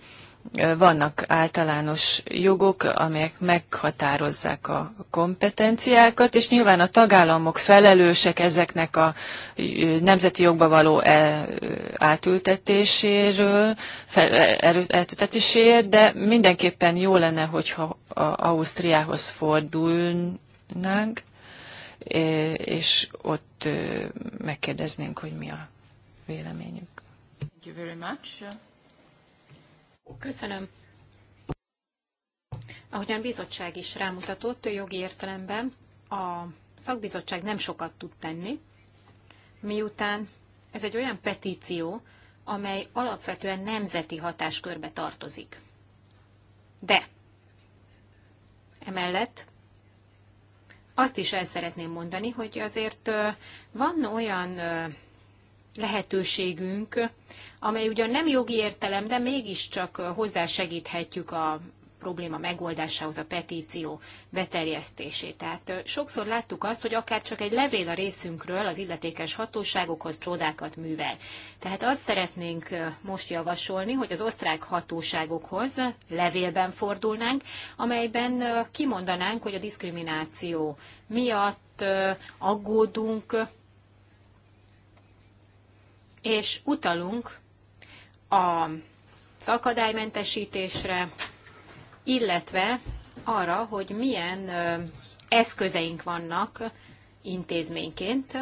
e, vannak általános jogok, amelyek meghatározzák a kompetenciákat, és nyilván a tagállamok felelősek ezeknek a e, nemzeti jogba való átültetéséről, átültetéséért, de mindenképpen jó lenne, hogyha Ausztriához fordulnánk, és ott megkérdeznénk, hogy mi a véleményük. Thank you very much. Köszönöm. Ahogyan bizottság is rámutatott, jogi értelemben a szakbizottság nem sokat tud tenni, miután ez egy olyan petíció, amely alapvetően nemzeti hatáskörbe tartozik. De emellett azt is el szeretném mondani, hogy azért van olyan lehetőségünk, amely ugyan nem jogi értelem, de mégiscsak hozzásegíthetjük a probléma megoldásához a petíció beterjesztését. Tehát sokszor láttuk azt, hogy akár csak egy levél a részünkről az illetékes hatóságokhoz csodákat művel. Tehát azt szeretnénk most javasolni, hogy az osztrák hatóságokhoz levélben fordulnánk, amelyben kimondanánk, hogy a diszkrimináció miatt aggódunk, és utalunk a szakadálymentesítésre, illetve arra, hogy milyen eszközeink vannak intézményként,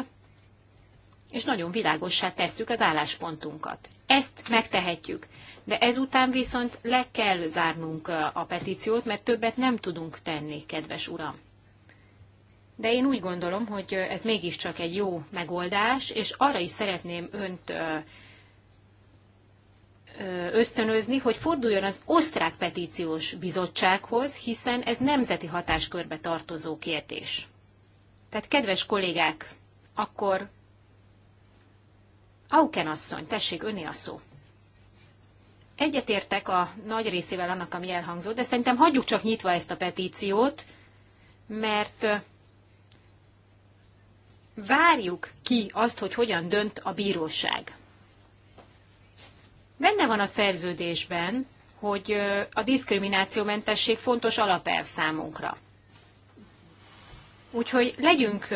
és nagyon világossá tesszük az álláspontunkat. Ezt megtehetjük, de ezután viszont le kell zárnunk a petíciót, mert többet nem tudunk tenni, kedves uram de én úgy gondolom, hogy ez mégiscsak egy jó megoldás, és arra is szeretném önt ösztönözni, hogy forduljon az osztrák petíciós bizottsághoz, hiszen ez nemzeti hatáskörbe tartozó kérdés. Tehát kedves kollégák, akkor Auken asszony, tessék, öné a szó. Egyetértek a nagy részével annak, ami elhangzott, de szerintem hagyjuk csak nyitva ezt a petíciót, mert várjuk ki azt, hogy hogyan dönt a bíróság. Benne van a szerződésben, hogy a diszkriminációmentesség fontos alapelv számunkra. Úgyhogy legyünk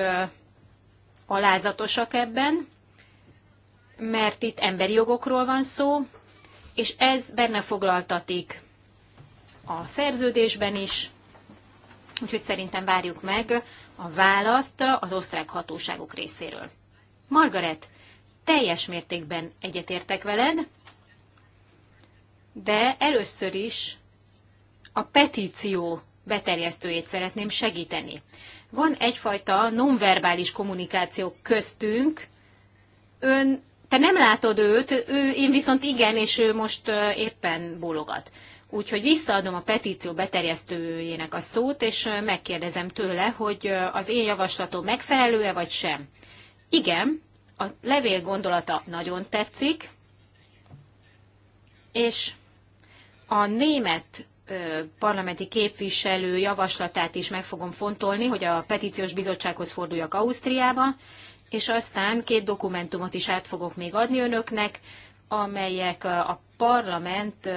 alázatosak ebben, mert itt emberi jogokról van szó, és ez benne foglaltatik a szerződésben is, úgyhogy szerintem várjuk meg a választ az osztrák hatóságok részéről. Margaret, teljes mértékben egyetértek veled, de először is a petíció beterjesztőjét szeretném segíteni. Van egyfajta nonverbális kommunikáció köztünk. Ön, te nem látod őt, ő, én viszont igen, és ő most éppen bólogat. Úgyhogy visszaadom a petíció beterjesztőjének a szót, és megkérdezem tőle, hogy az én javaslatom megfelelő-e vagy sem. Igen, a levél gondolata nagyon tetszik, és a német parlamenti képviselő javaslatát is meg fogom fontolni, hogy a petíciós bizottsághoz forduljak Ausztriába, és aztán két dokumentumot is át fogok még adni önöknek, amelyek a parlament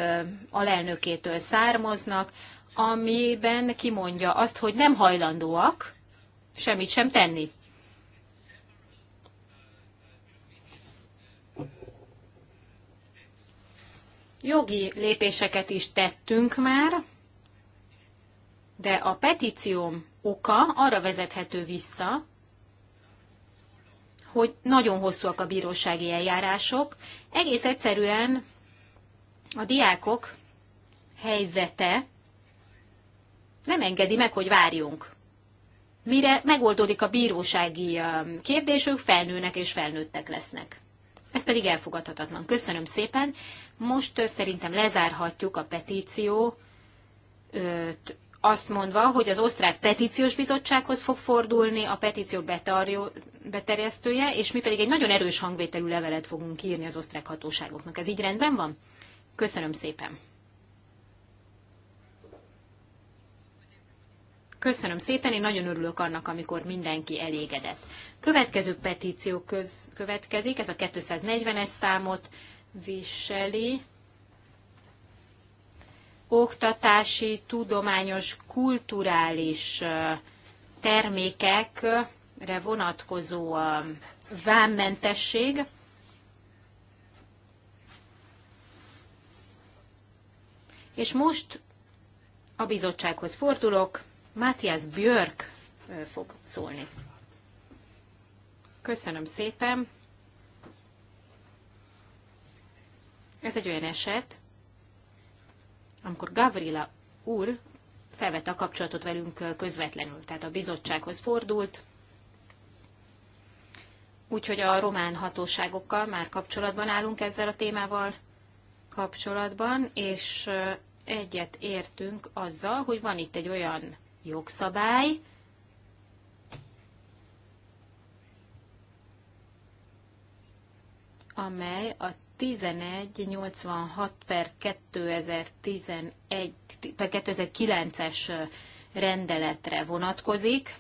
alelnökétől származnak, amiben kimondja azt, hogy nem hajlandóak semmit sem tenni. Jogi lépéseket is tettünk már, de a petícióm oka arra vezethető vissza, hogy nagyon hosszúak a bírósági eljárások. Egész egyszerűen a diákok helyzete nem engedi meg, hogy várjunk. Mire megoldódik a bírósági kérdés, ők felnőnek és felnőttek lesznek. Ez pedig elfogadhatatlan. Köszönöm szépen. Most szerintem lezárhatjuk a petíció azt mondva, hogy az osztrák petíciós bizottsághoz fog fordulni a petíció betarjó, beterjesztője, és mi pedig egy nagyon erős hangvételű levelet fogunk írni az osztrák hatóságoknak. Ez így rendben van? Köszönöm szépen! Köszönöm szépen, én nagyon örülök annak, amikor mindenki elégedett. Következő petíció köz, következik, ez a 240-es számot viseli oktatási, tudományos, kulturális termékekre vonatkozó vámmentesség. És most a bizottsághoz fordulok, Matthias Björk fog szólni. Köszönöm szépen. Ez egy olyan eset, amikor Gavrila úr felvette a kapcsolatot velünk közvetlenül, tehát a bizottsághoz fordult, úgyhogy a román hatóságokkal már kapcsolatban állunk ezzel a témával kapcsolatban, és egyet értünk azzal, hogy van itt egy olyan jogszabály, amely a 1186 per 2011, per 2009-es rendeletre vonatkozik,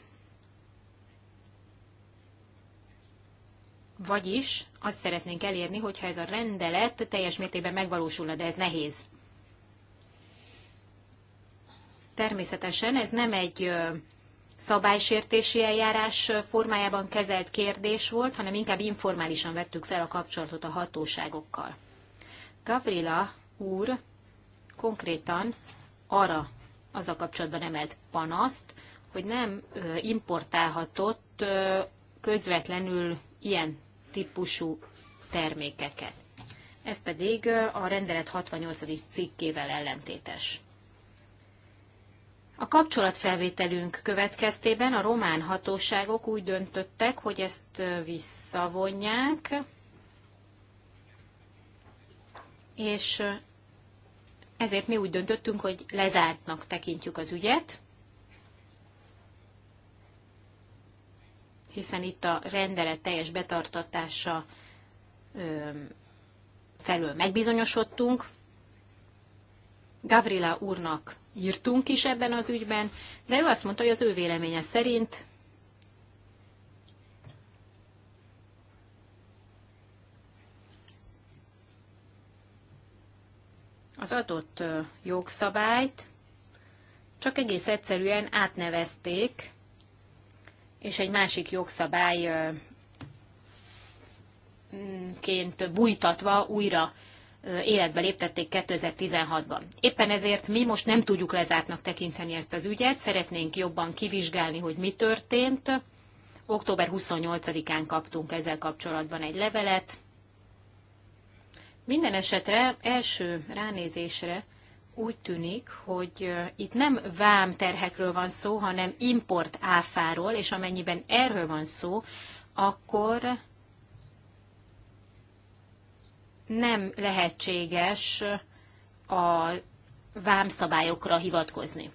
vagyis azt szeretnénk elérni, hogyha ez a rendelet teljes mértékben megvalósulna, de ez nehéz. Természetesen ez nem egy szabálysértési eljárás formájában kezelt kérdés volt, hanem inkább informálisan vettük fel a kapcsolatot a hatóságokkal. Gavrila úr konkrétan arra az a kapcsolatban emelt panaszt, hogy nem importálhatott közvetlenül ilyen típusú termékeket. Ez pedig a rendelet 68. cikkével ellentétes. A kapcsolatfelvételünk következtében a román hatóságok úgy döntöttek, hogy ezt visszavonják, és ezért mi úgy döntöttünk, hogy lezártnak tekintjük az ügyet, hiszen itt a rendelet teljes betartatása felől megbizonyosodtunk. Gavrila úrnak írtunk is ebben az ügyben, de ő azt mondta, hogy az ő véleménye szerint az adott jogszabályt csak egész egyszerűen átnevezték, és egy másik jogszabályként bújtatva újra életbe léptették 2016-ban. Éppen ezért mi most nem tudjuk lezártnak tekinteni ezt az ügyet, szeretnénk jobban kivizsgálni, hogy mi történt. Október 28-án kaptunk ezzel kapcsolatban egy levelet. Minden esetre első ránézésre úgy tűnik, hogy itt nem vám terhekről van szó, hanem import áfáról, és amennyiben erről van szó, akkor nem lehetséges a vámszabályokra hivatkozni.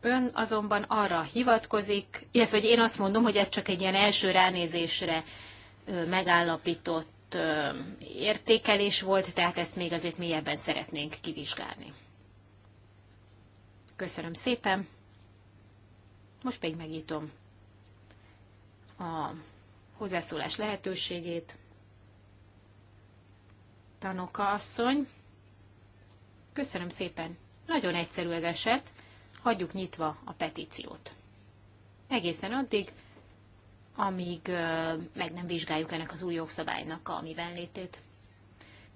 Ön azonban arra hivatkozik, illetve hogy én azt mondom, hogy ez csak egy ilyen első ránézésre megállapított értékelés volt, tehát ezt még azért mélyebben szeretnénk kivizsgálni. Köszönöm szépen. Most pedig megnyitom a hozzászólás lehetőségét. Tanoka asszony, köszönöm szépen. Nagyon egyszerű az eset, hagyjuk nyitva a petíciót. Egészen addig, amíg meg nem vizsgáljuk ennek az új jogszabálynak a mibenlétét.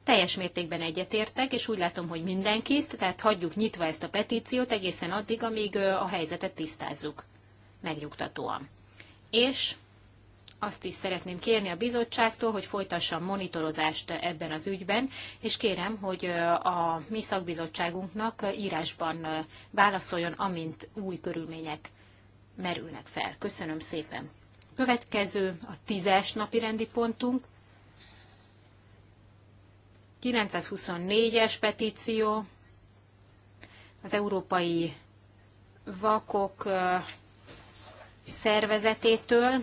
Teljes mértékben egyetértek, és úgy látom, hogy mindenki, tehát hagyjuk nyitva ezt a petíciót egészen addig, amíg a helyzetet tisztázzuk megnyugtatóan. És azt is szeretném kérni a bizottságtól, hogy folytassa a monitorozást ebben az ügyben, és kérem, hogy a mi szakbizottságunknak írásban válaszoljon, amint új körülmények merülnek fel. Köszönöm szépen. Következő a tízes napi rendi pontunk. 924-es petíció az Európai Vakok szervezetétől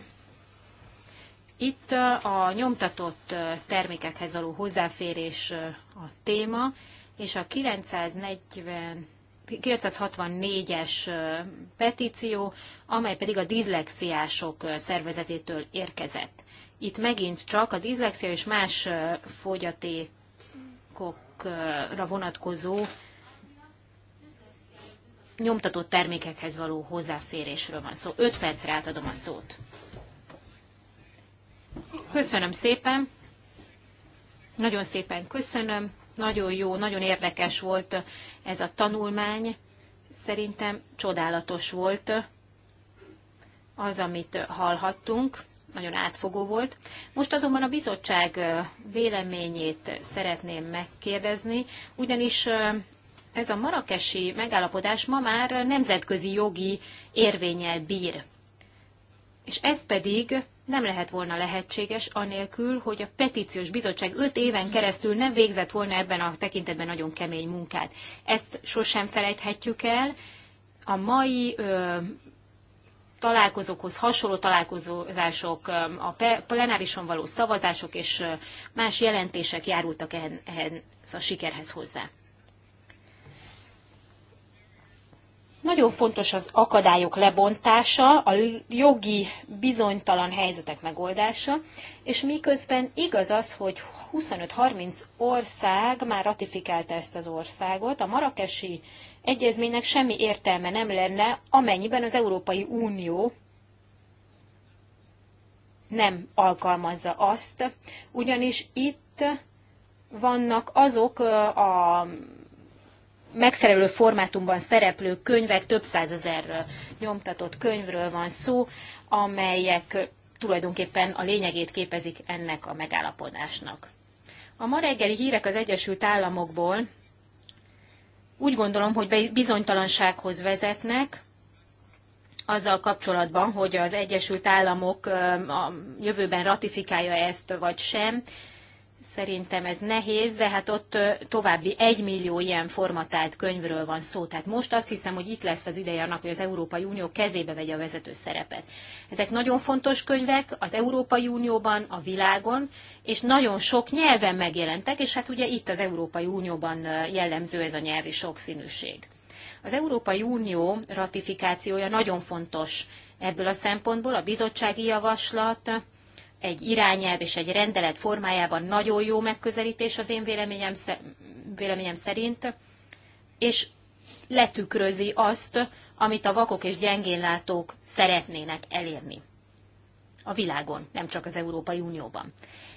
itt uh, a nyomtatott uh, termékekhez való hozzáférés uh, a téma, és a 940 964-es petíció, amely pedig a dizlexiások szervezetétől érkezett. Itt megint csak a dizlexia és más fogyatékokra vonatkozó nyomtatott termékekhez való hozzáférésről van szó. Szóval 5 percre átadom a szót. Köszönöm szépen, nagyon szépen köszönöm, nagyon jó, nagyon érdekes volt ez a tanulmány, szerintem csodálatos volt az, amit hallhattunk, nagyon átfogó volt. Most azonban a bizottság véleményét szeretném megkérdezni, ugyanis ez a marakesi megállapodás ma már nemzetközi jogi érvényel bír. És ez pedig nem lehet volna lehetséges, anélkül, hogy a petíciós bizottság öt éven mhm. keresztül nem végzett volna ebben a tekintetben nagyon kemény munkát. Ezt sosem felejthetjük el. A mai ö, találkozókhoz hasonló találkozások, a plenárison való szavazások és más jelentések járultak ehhez a sikerhez hozzá. Nagyon fontos az akadályok lebontása, a jogi bizonytalan helyzetek megoldása, és miközben igaz az, hogy 25-30 ország már ratifikálta ezt az országot, a marakesi egyezménynek semmi értelme nem lenne, amennyiben az Európai Unió nem alkalmazza azt, ugyanis itt vannak azok a megfelelő formátumban szereplő könyvek, több százezer nyomtatott könyvről van szó, amelyek tulajdonképpen a lényegét képezik ennek a megállapodásnak. A ma reggeli hírek az Egyesült Államokból úgy gondolom, hogy bizonytalansághoz vezetnek, azzal kapcsolatban, hogy az Egyesült Államok a jövőben ratifikálja ezt, vagy sem. Szerintem ez nehéz, de hát ott további egymillió ilyen formatált könyvről van szó. Tehát most azt hiszem, hogy itt lesz az ideje annak, hogy az Európai Unió kezébe vegye a vezető szerepet. Ezek nagyon fontos könyvek az Európai Unióban, a világon, és nagyon sok nyelven megjelentek, és hát ugye itt az Európai Unióban jellemző ez a nyelvi sokszínűség. Az Európai Unió ratifikációja nagyon fontos ebből a szempontból, a bizottsági javaslat, egy irányelv és egy rendelet formájában nagyon jó megközelítés az én véleményem, véleményem szerint, és letükrözi azt, amit a vakok és gyengénlátók szeretnének elérni a világon, nem csak az Európai Unióban.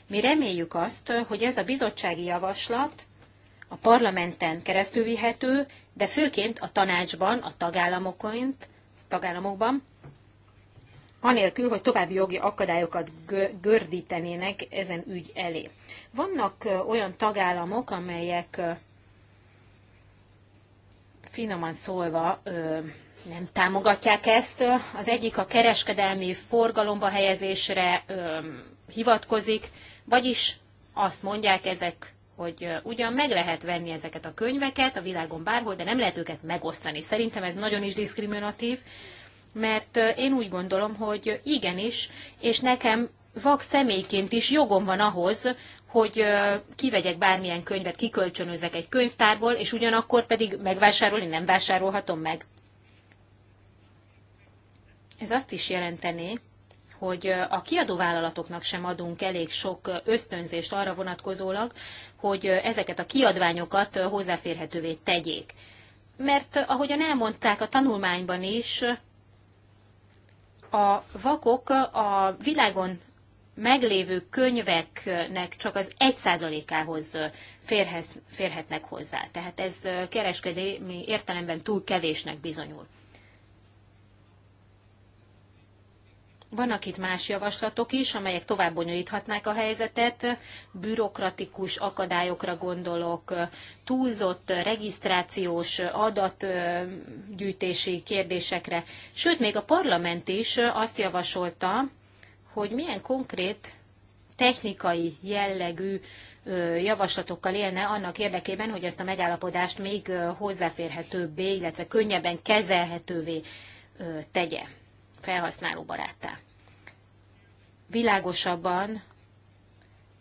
Mi reméljük azt, hogy ez a bizottsági javaslat a parlamenten keresztül vihető, de főként a tanácsban, a tagállamokon, tagállamokban, anélkül, hogy további jogi akadályokat gördítenének ezen ügy elé. Vannak olyan tagállamok, amelyek finoman szólva nem támogatják ezt. Az egyik a kereskedelmi forgalomba helyezésre hivatkozik, vagyis azt mondják ezek, hogy ugyan meg lehet venni ezeket a könyveket a világon bárhol, de nem lehet őket megosztani. Szerintem ez nagyon is diszkriminatív, mert én úgy gondolom, hogy igenis, és nekem vak személyként is jogom van ahhoz, hogy kivegyek bármilyen könyvet, kikölcsönözek egy könyvtárból, és ugyanakkor pedig megvásárolni nem vásárolhatom meg. Ez azt is jelenteni, hogy a kiadóvállalatoknak sem adunk elég sok ösztönzést arra vonatkozólag, hogy ezeket a kiadványokat hozzáférhetővé tegyék. Mert ahogyan elmondták a tanulmányban is, a vakok a világon meglévő könyveknek csak az egy százalékához férhetnek hozzá. Tehát ez kereskedelmi értelemben túl kevésnek bizonyul. Vannak itt más javaslatok is, amelyek tovább bonyolíthatnák a helyzetet. Bürokratikus akadályokra gondolok, túlzott regisztrációs adatgyűjtési kérdésekre. Sőt, még a parlament is azt javasolta, hogy milyen konkrét technikai jellegű javaslatokkal élne annak érdekében, hogy ezt a megállapodást még hozzáférhetőbbé, illetve könnyebben kezelhetővé tegye baráttá. Világosabban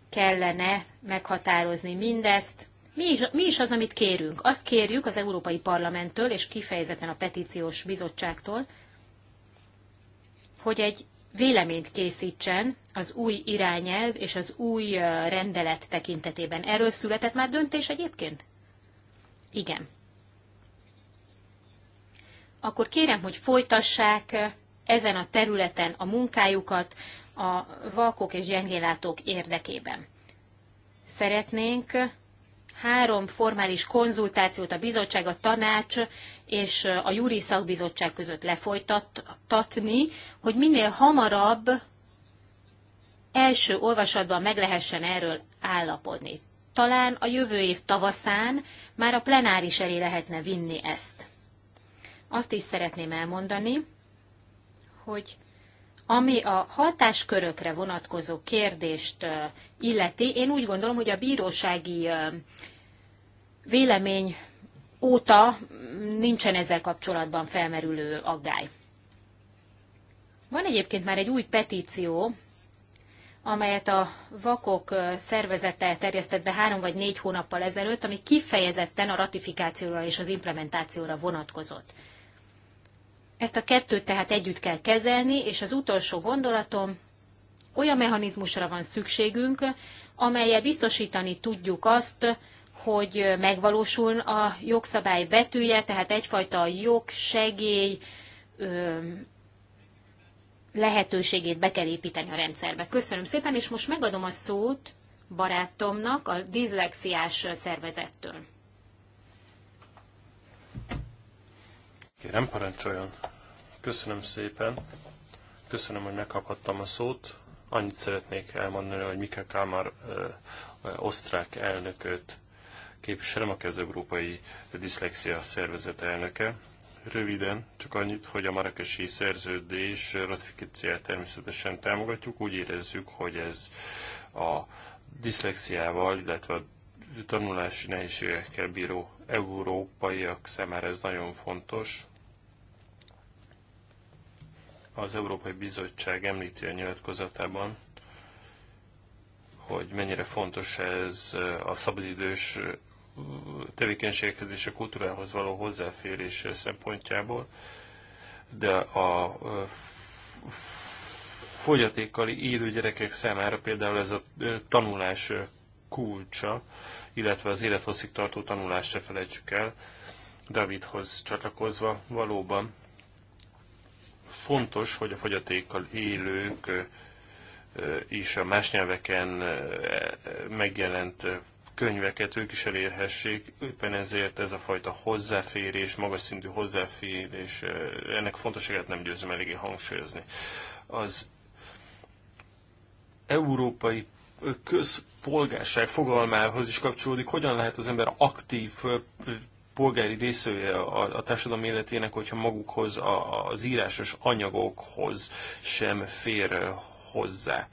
kellene meghatározni mindezt, mi is, mi is az, amit kérünk? Azt kérjük az Európai Parlamenttől, és kifejezetten a Petíciós Bizottságtól, hogy egy véleményt készítsen az új irányelv és az új rendelet tekintetében. Erről született már döntés egyébként? Igen. Akkor kérem, hogy folytassák ezen a területen a munkájukat a vakok és gyengélátók érdekében. Szeretnénk három formális konzultációt a bizottság, a tanács és a júri szakbizottság között lefolytatni, hogy minél hamarabb első olvasatban meg lehessen erről állapodni. Talán a jövő év tavaszán már a plenáris elé lehetne vinni ezt. Azt is szeretném elmondani, hogy ami a hatáskörökre vonatkozó kérdést illeti, én úgy gondolom, hogy a bírósági vélemény óta nincsen ezzel kapcsolatban felmerülő aggály. Van egyébként már egy új petíció, amelyet a vakok szervezete terjesztett be három vagy négy hónappal ezelőtt, ami kifejezetten a ratifikációra és az implementációra vonatkozott. Ezt a kettőt tehát együtt kell kezelni, és az utolsó gondolatom, olyan mechanizmusra van szükségünk, amelyel biztosítani tudjuk azt, hogy megvalósul a jogszabály betűje, tehát egyfajta jogsegély lehetőségét be kell építeni a rendszerbe. Köszönöm szépen, és most megadom a szót barátomnak a diszlexiás szervezettől. Kérem, parancsoljon. Köszönöm szépen. Köszönöm, hogy megkaphattam a szót. Annyit szeretnék elmondani, hogy Mika Kámár osztrák elnököt képviselem, a az Európai Diszlexia Szervezet elnöke. Röviden, csak annyit, hogy a marakesi szerződés ratifikációját természetesen támogatjuk. Úgy érezzük, hogy ez a diszlexiával, illetve a tanulási nehézségekkel bíró európaiak számára ez nagyon fontos. Az Európai Bizottság említi a nyilatkozatában, hogy mennyire fontos ez a szabadidős tevékenységhez és a kultúrához való hozzáférés szempontjából, de a fogyatékkal élő gyerekek számára például ez a tanulás kulcsa, illetve az élethosszig tartó tanulást se felejtsük el. Davidhoz csatlakozva valóban fontos, hogy a fogyatékkal élők is a más nyelveken megjelent könyveket ők is elérhessék, éppen ezért ez a fajta hozzáférés, magas szintű hozzáférés, ennek fontosságát nem győzöm eléggé hangsúlyozni. Az európai közpolgárság fogalmához is kapcsolódik, hogyan lehet az ember aktív polgári részője a, a társadalom életének, hogyha magukhoz, a, az írásos anyagokhoz sem fér hozzá.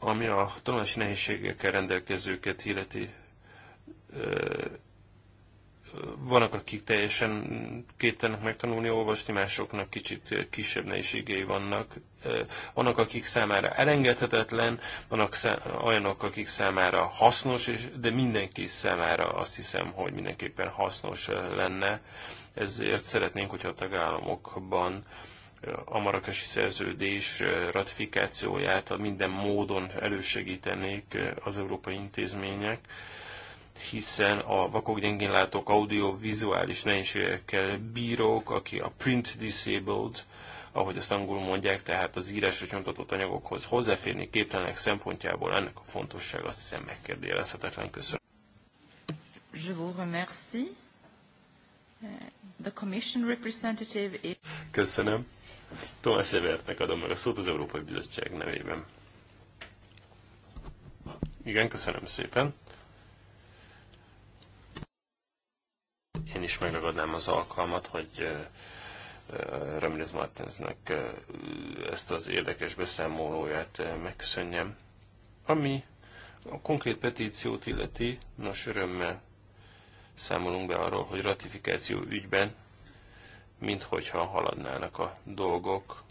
Ami a tanulási nehézségekkel rendelkezőket illeti, vannak, akik teljesen képtelenek megtanulni, olvasni, másoknak kicsit kisebb nehézségei vannak. Vannak, akik számára elengedhetetlen, vannak olyanok, akik számára hasznos, és, de mindenki számára azt hiszem, hogy mindenképpen hasznos lenne. Ezért szeretnénk, hogyha a tagállamokban a marakesi szerződés ratifikációját minden módon elősegítenék az európai intézmények hiszen a vakok látók audio-vizuális nehézségekkel bírók, aki a print disabled, ahogy azt angolul mondják, tehát az írásra csontatott anyagokhoz hozzáférni képtelenek szempontjából ennek a fontosság azt hiszem megkérdőjelezhetetlen. Köszönöm. Je vous remercie. The commission representative is... Köszönöm. Tomás Evertnek adom meg a szót az Európai Bizottság nevében. Igen, köszönöm szépen. Én is megragadnám az alkalmat, hogy Ramirez Martensnek ezt az érdekes beszámolóját megköszönjem. Ami a konkrét petíciót illeti, nos örömmel számolunk be arról, hogy ratifikáció ügyben, minthogyha haladnának a dolgok.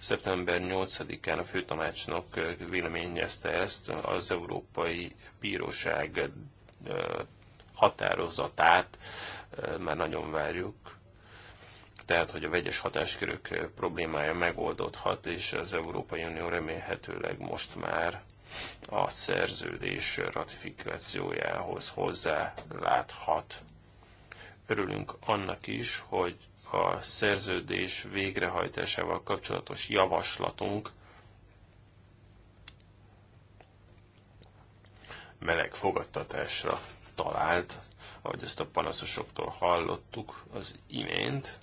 Szeptember 8-án a főtanácsnok véleményezte ezt az Európai Bíróság határozatát már nagyon várjuk. Tehát, hogy a vegyes hatáskörök problémája megoldódhat, és az Európai Unió remélhetőleg most már a szerződés ratifikációjához hozzá láthat. Örülünk annak is, hogy a szerződés végrehajtásával kapcsolatos javaslatunk meleg fogadtatásra talált ahogy ezt a panaszosoktól hallottuk az imént.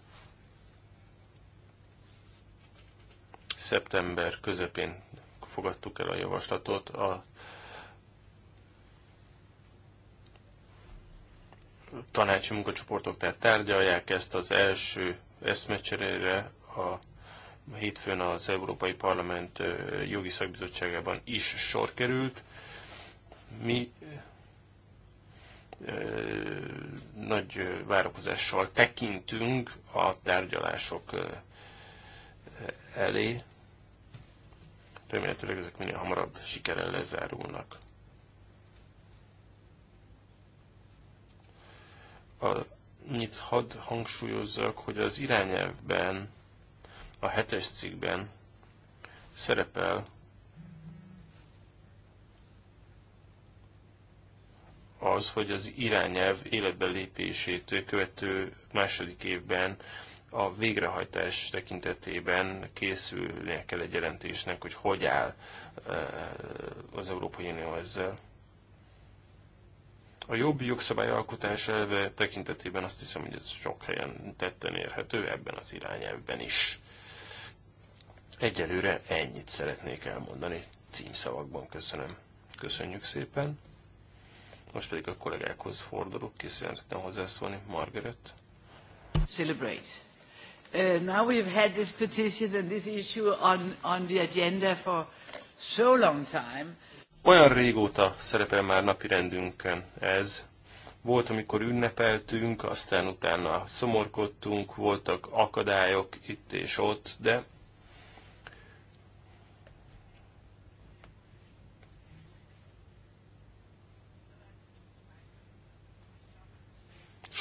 Szeptember közepén fogadtuk el a javaslatot a tanácsi munkacsoportok tehát tárgyalják ezt az első eszmecserére a hétfőn az Európai Parlament jogi szakbizottságában is sor került. Mi nagy várakozással tekintünk a tárgyalások elé. Remélhetőleg ezek minél hamarabb sikerrel lezárulnak. nyit hadd hangsúlyozzak, hogy az irányelvben, a hetes cikkben szerepel az, hogy az irányelv életbe lépését követő második évben a végrehajtás tekintetében készülnie kell egy jelentésnek, hogy hogy áll e, az Európai Unió ezzel. A jobb jogszabályalkotás elve tekintetében azt hiszem, hogy ez sok helyen tetten érhető, ebben az irányelvben is. Egyelőre ennyit szeretnék elmondani címszavakban. Köszönöm. Köszönjük szépen. Most pedig a kollégákhoz fordulok, ki szeretne hozzászólni. Margaret. Celebrate. Uh, now we've had this petition and this issue on, on the agenda for so long time. Olyan régóta szerepel már napirendünkön ez. Volt, amikor ünnepeltünk, aztán utána szomorkodtunk, voltak akadályok itt és ott, de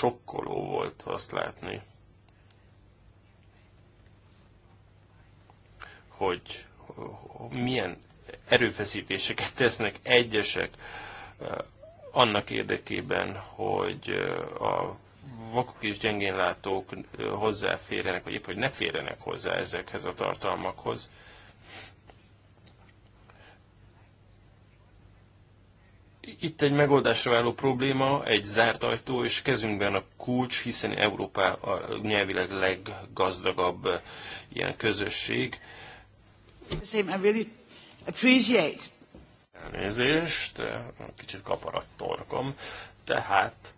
sokkoló volt azt látni, hogy milyen erőfeszítéseket tesznek egyesek eh, annak érdekében, hogy eh, a vakok és gyengénlátók eh, hozzáférjenek, vagy épp, hogy ne férjenek hozzá ezekhez a tartalmakhoz. Itt egy megoldásra váló probléma, egy zárt ajtó, és kezünkben a kulcs, hiszen Európa a nyelvileg leggazdagabb eh, ilyen közösség. Elnézést, eh, kicsit kaparat torkom. Tehát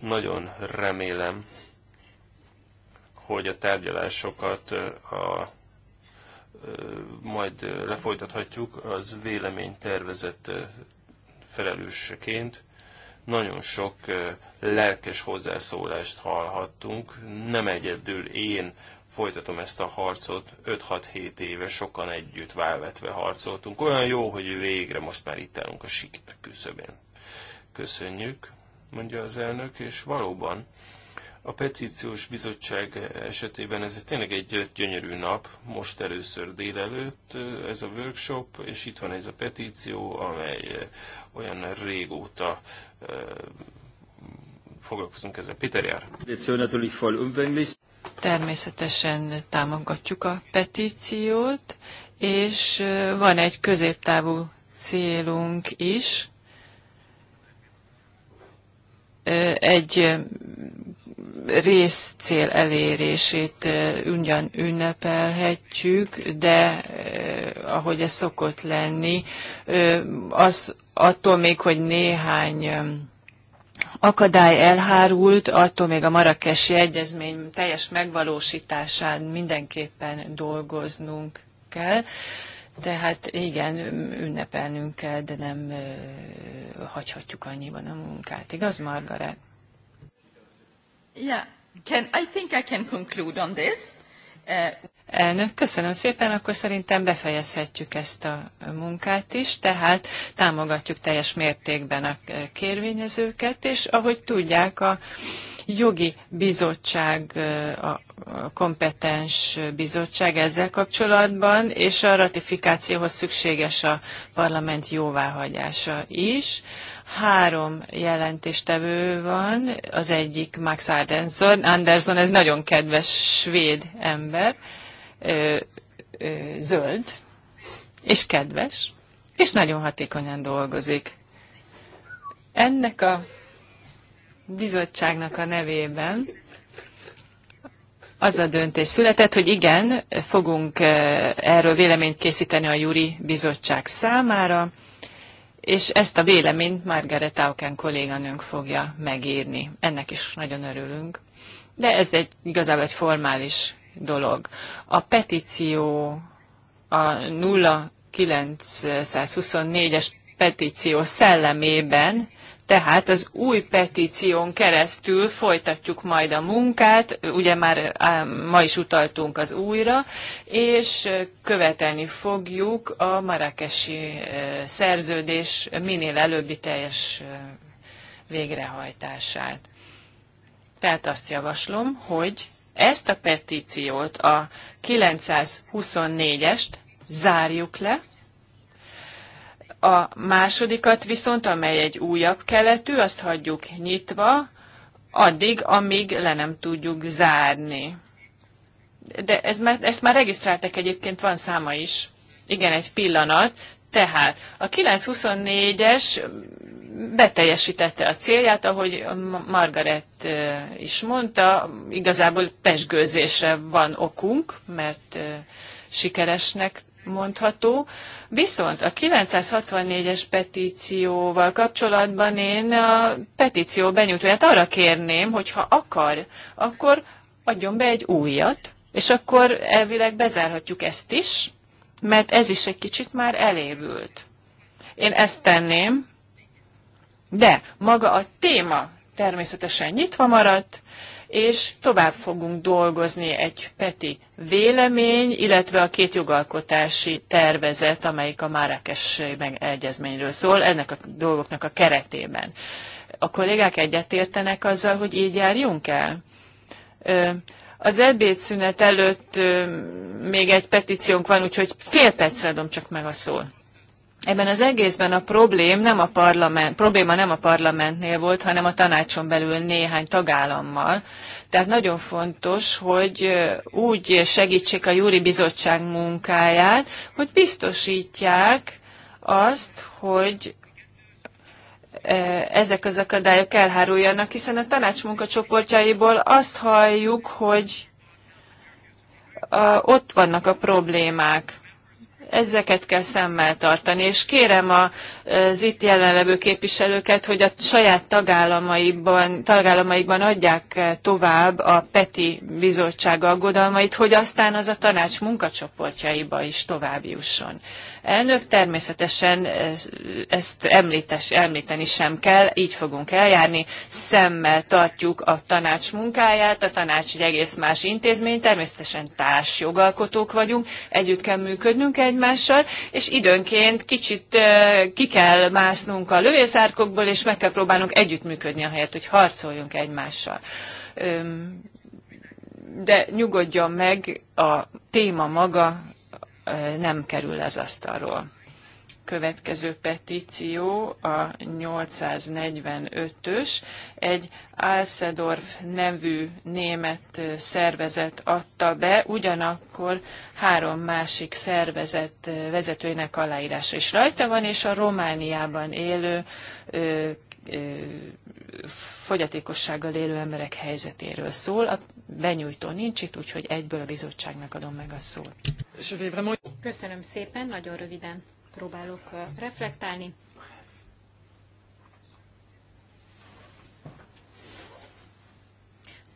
nagyon remélem, hogy a tárgyalásokat eh, a majd lefolytathatjuk az véleménytervezett felelősseként Nagyon sok lelkes hozzászólást hallhattunk, nem egyedül én folytatom ezt a harcot, 5-6-7 éve sokan együtt válvetve harcoltunk. Olyan jó, hogy végre most már itt állunk a siker küszöbén. Köszönjük, mondja az elnök, és valóban a petíciós bizottság esetében ez tényleg egy gyönyörű nap, most először délelőtt ez a workshop, és itt van ez a petíció, amely olyan régóta foglalkozunk ezzel. Peter jár. Természetesen támogatjuk a petíciót, és van egy középtávú célunk is, egy részcél elérését ugyan ünnepelhetjük, de ahogy ez szokott lenni, az attól még, hogy néhány akadály elhárult, attól még a marakesi egyezmény teljes megvalósításán mindenképpen dolgoznunk kell. Tehát igen, ünnepelnünk kell, de nem hagyhatjuk annyiban a munkát. Igaz, Margaret? Yeah, can, I think I can conclude on this. Uh... Elnök, köszönöm szépen, akkor szerintem befejezhetjük ezt a munkát is, tehát támogatjuk teljes mértékben a kérvényezőket, és ahogy tudják, a jogi bizottság, a kompetens bizottság ezzel kapcsolatban, és a ratifikációhoz szükséges a parlament jóváhagyása is. Három jelentéstevő van, az egyik Max Anderson, Anderson ez nagyon kedves svéd ember, ö, ö, zöld, és kedves, és nagyon hatékonyan dolgozik. Ennek a bizottságnak a nevében az a döntés született, hogy igen, fogunk erről véleményt készíteni a júri Bizottság számára, és ezt a véleményt Margaret Auken kolléganőnk fogja megírni. Ennek is nagyon örülünk. De ez egy, igazából egy formális dolog. A petíció a 0924-es petíció szellemében, tehát az új petíción keresztül folytatjuk majd a munkát, ugye már ma is utaltunk az újra, és követelni fogjuk a marakesi szerződés minél előbbi teljes végrehajtását. Tehát azt javaslom, hogy ezt a petíciót, a 924-est zárjuk le, a másodikat viszont, amely egy újabb keletű, azt hagyjuk nyitva, addig, amíg le nem tudjuk zárni. De ez már, ezt már regisztráltak egyébként, van száma is. Igen, egy pillanat. Tehát a 924-es beteljesítette a célját, ahogy Margaret is mondta, igazából pesgőzésre van okunk, mert sikeresnek mondható. Viszont a 964-es petícióval kapcsolatban én a petíció benyújtóját arra kérném, hogy ha akar, akkor adjon be egy újat, és akkor elvileg bezárhatjuk ezt is, mert ez is egy kicsit már elévült. Én ezt tenném, de maga a téma természetesen nyitva maradt, és tovább fogunk dolgozni egy Peti vélemény, illetve a két jogalkotási tervezet, amelyik a Márakes egyezményről szól, ennek a dolgoknak a keretében. A kollégák egyetértenek azzal, hogy így járjunk el? Az ebédszünet előtt még egy petíciónk van, úgyhogy fél percre adom csak meg a szót. Ebben az egészben a problém nem a parlament, probléma nem a parlamentnél volt, hanem a tanácson belül néhány tagállammal. Tehát nagyon fontos, hogy úgy segítsék a Júri Bizottság munkáját, hogy biztosítják azt, hogy ezek az akadályok elháruljanak, hiszen a tanács munkacsoportjaiból azt halljuk, hogy ott vannak a problémák ezeket kell szemmel tartani, és kérem az itt jelenlevő képviselőket, hogy a saját tagállamaiban, tagállamaikban adják tovább a PETI bizottság aggodalmait, hogy aztán az a tanács munkacsoportjaiba is tovább jusson elnök. Természetesen eh, ezt említes, említeni sem kell, így fogunk eljárni. Szemmel tartjuk a tanács munkáját, a tanács egy egész más intézmény, természetesen társjogalkotók vagyunk, együtt kell működnünk egymással, és időnként kicsit eh, ki kell másznunk a lövészárkokból, és meg kell próbálnunk együttműködni, ahelyett, hogy harcoljunk egymással de nyugodjon meg, a téma maga nem kerül az asztalról. Következő petíció a 845-ös. Egy Alszedorf nevű német szervezet adta be, ugyanakkor három másik szervezet vezetőinek aláírása is rajta van, és a Romániában élő fogyatékossággal élő emberek helyzetéről szól. A benyújtó nincs itt, úgyhogy egyből a bizottságnak adom meg a szót. Köszönöm szépen, nagyon röviden próbálok reflektálni.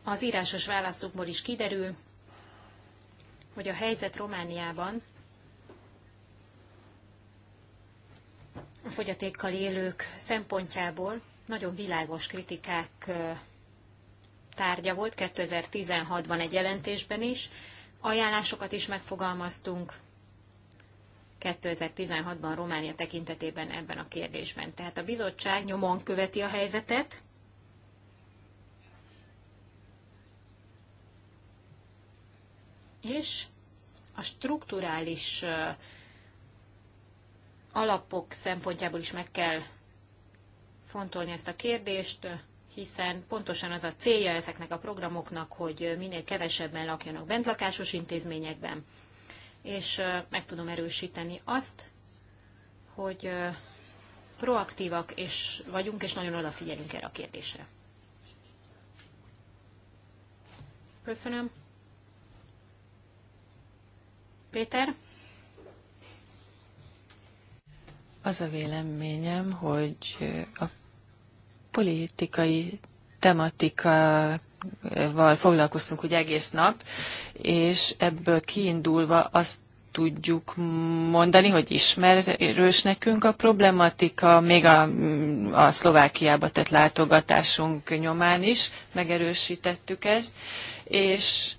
Az írásos válaszokból is kiderül, hogy a helyzet Romániában a fogyatékkal élők szempontjából nagyon világos kritikák tárgya volt 2016-ban egy jelentésben is. Ajánlásokat is megfogalmaztunk 2016-ban Románia tekintetében ebben a kérdésben. Tehát a bizottság nyomon követi a helyzetet, és a strukturális alapok szempontjából is meg kell fontolni ezt a kérdést, hiszen pontosan az a célja ezeknek a programoknak, hogy minél kevesebben lakjanak bentlakásos intézményekben, és meg tudom erősíteni azt, hogy proaktívak és vagyunk, és nagyon odafigyelünk erre a kérdésre. Köszönöm. Péter? Az a véleményem, hogy a politikai tematikával foglalkoztunk ugye egész nap, és ebből kiindulva azt tudjuk mondani, hogy ismerős nekünk a problematika, még a, a Szlovákiába tett látogatásunk nyomán is megerősítettük ezt, és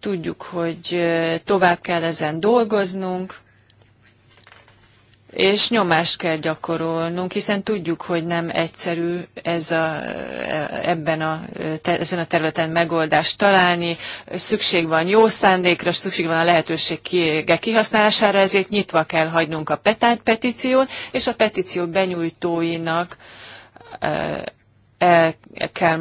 tudjuk, hogy tovább kell ezen dolgoznunk, és nyomást kell gyakorolnunk, hiszen tudjuk, hogy nem egyszerű ez a, ebben a, ezen a területen megoldást találni. Szükség van jó szándékra, szükség van a lehetőség kihasználására, ezért nyitva kell hagynunk a petát petíciót, és a petíció benyújtóinak el kell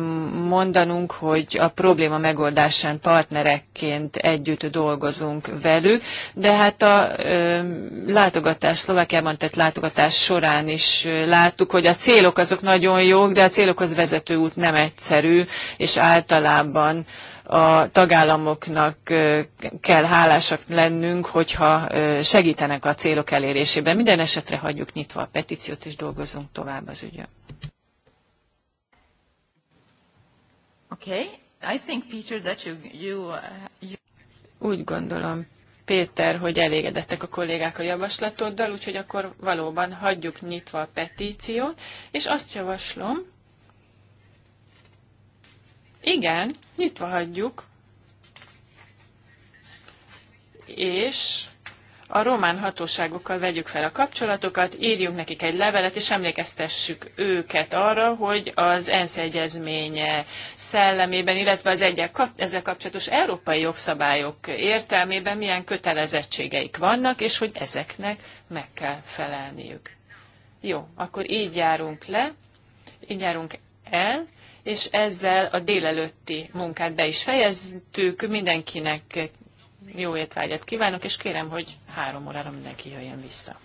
mondanunk, hogy a probléma megoldásán partnerekként együtt dolgozunk velük, de hát a ö, látogatás, Szlovákiában tett látogatás során is láttuk, hogy a célok azok nagyon jók, de a célokhoz vezető út nem egyszerű, és általában a tagállamoknak kell hálásak lennünk, hogyha segítenek a célok elérésében. Minden esetre hagyjuk nyitva a petíciót, és dolgozunk tovább az ügyön. Okay. I think, Peter, that you, you, uh, you... Úgy gondolom, Péter, hogy elégedettek a kollégák a javaslatoddal, úgyhogy akkor valóban hagyjuk nyitva a petíciót, és azt javaslom, igen, nyitva hagyjuk, és a román hatóságokkal vegyük fel a kapcsolatokat, írjunk nekik egy levelet, és emlékeztessük őket arra, hogy az ENSZ egyezménye szellemében, illetve az egyek, ezzel kapcsolatos európai jogszabályok értelmében milyen kötelezettségeik vannak, és hogy ezeknek meg kell felelniük. Jó, akkor így járunk le, így járunk el, és ezzel a délelőtti munkát be is fejeztük. Mindenkinek jó étvágyat kívánok, és kérem, hogy három órára mindenki jöjjön vissza.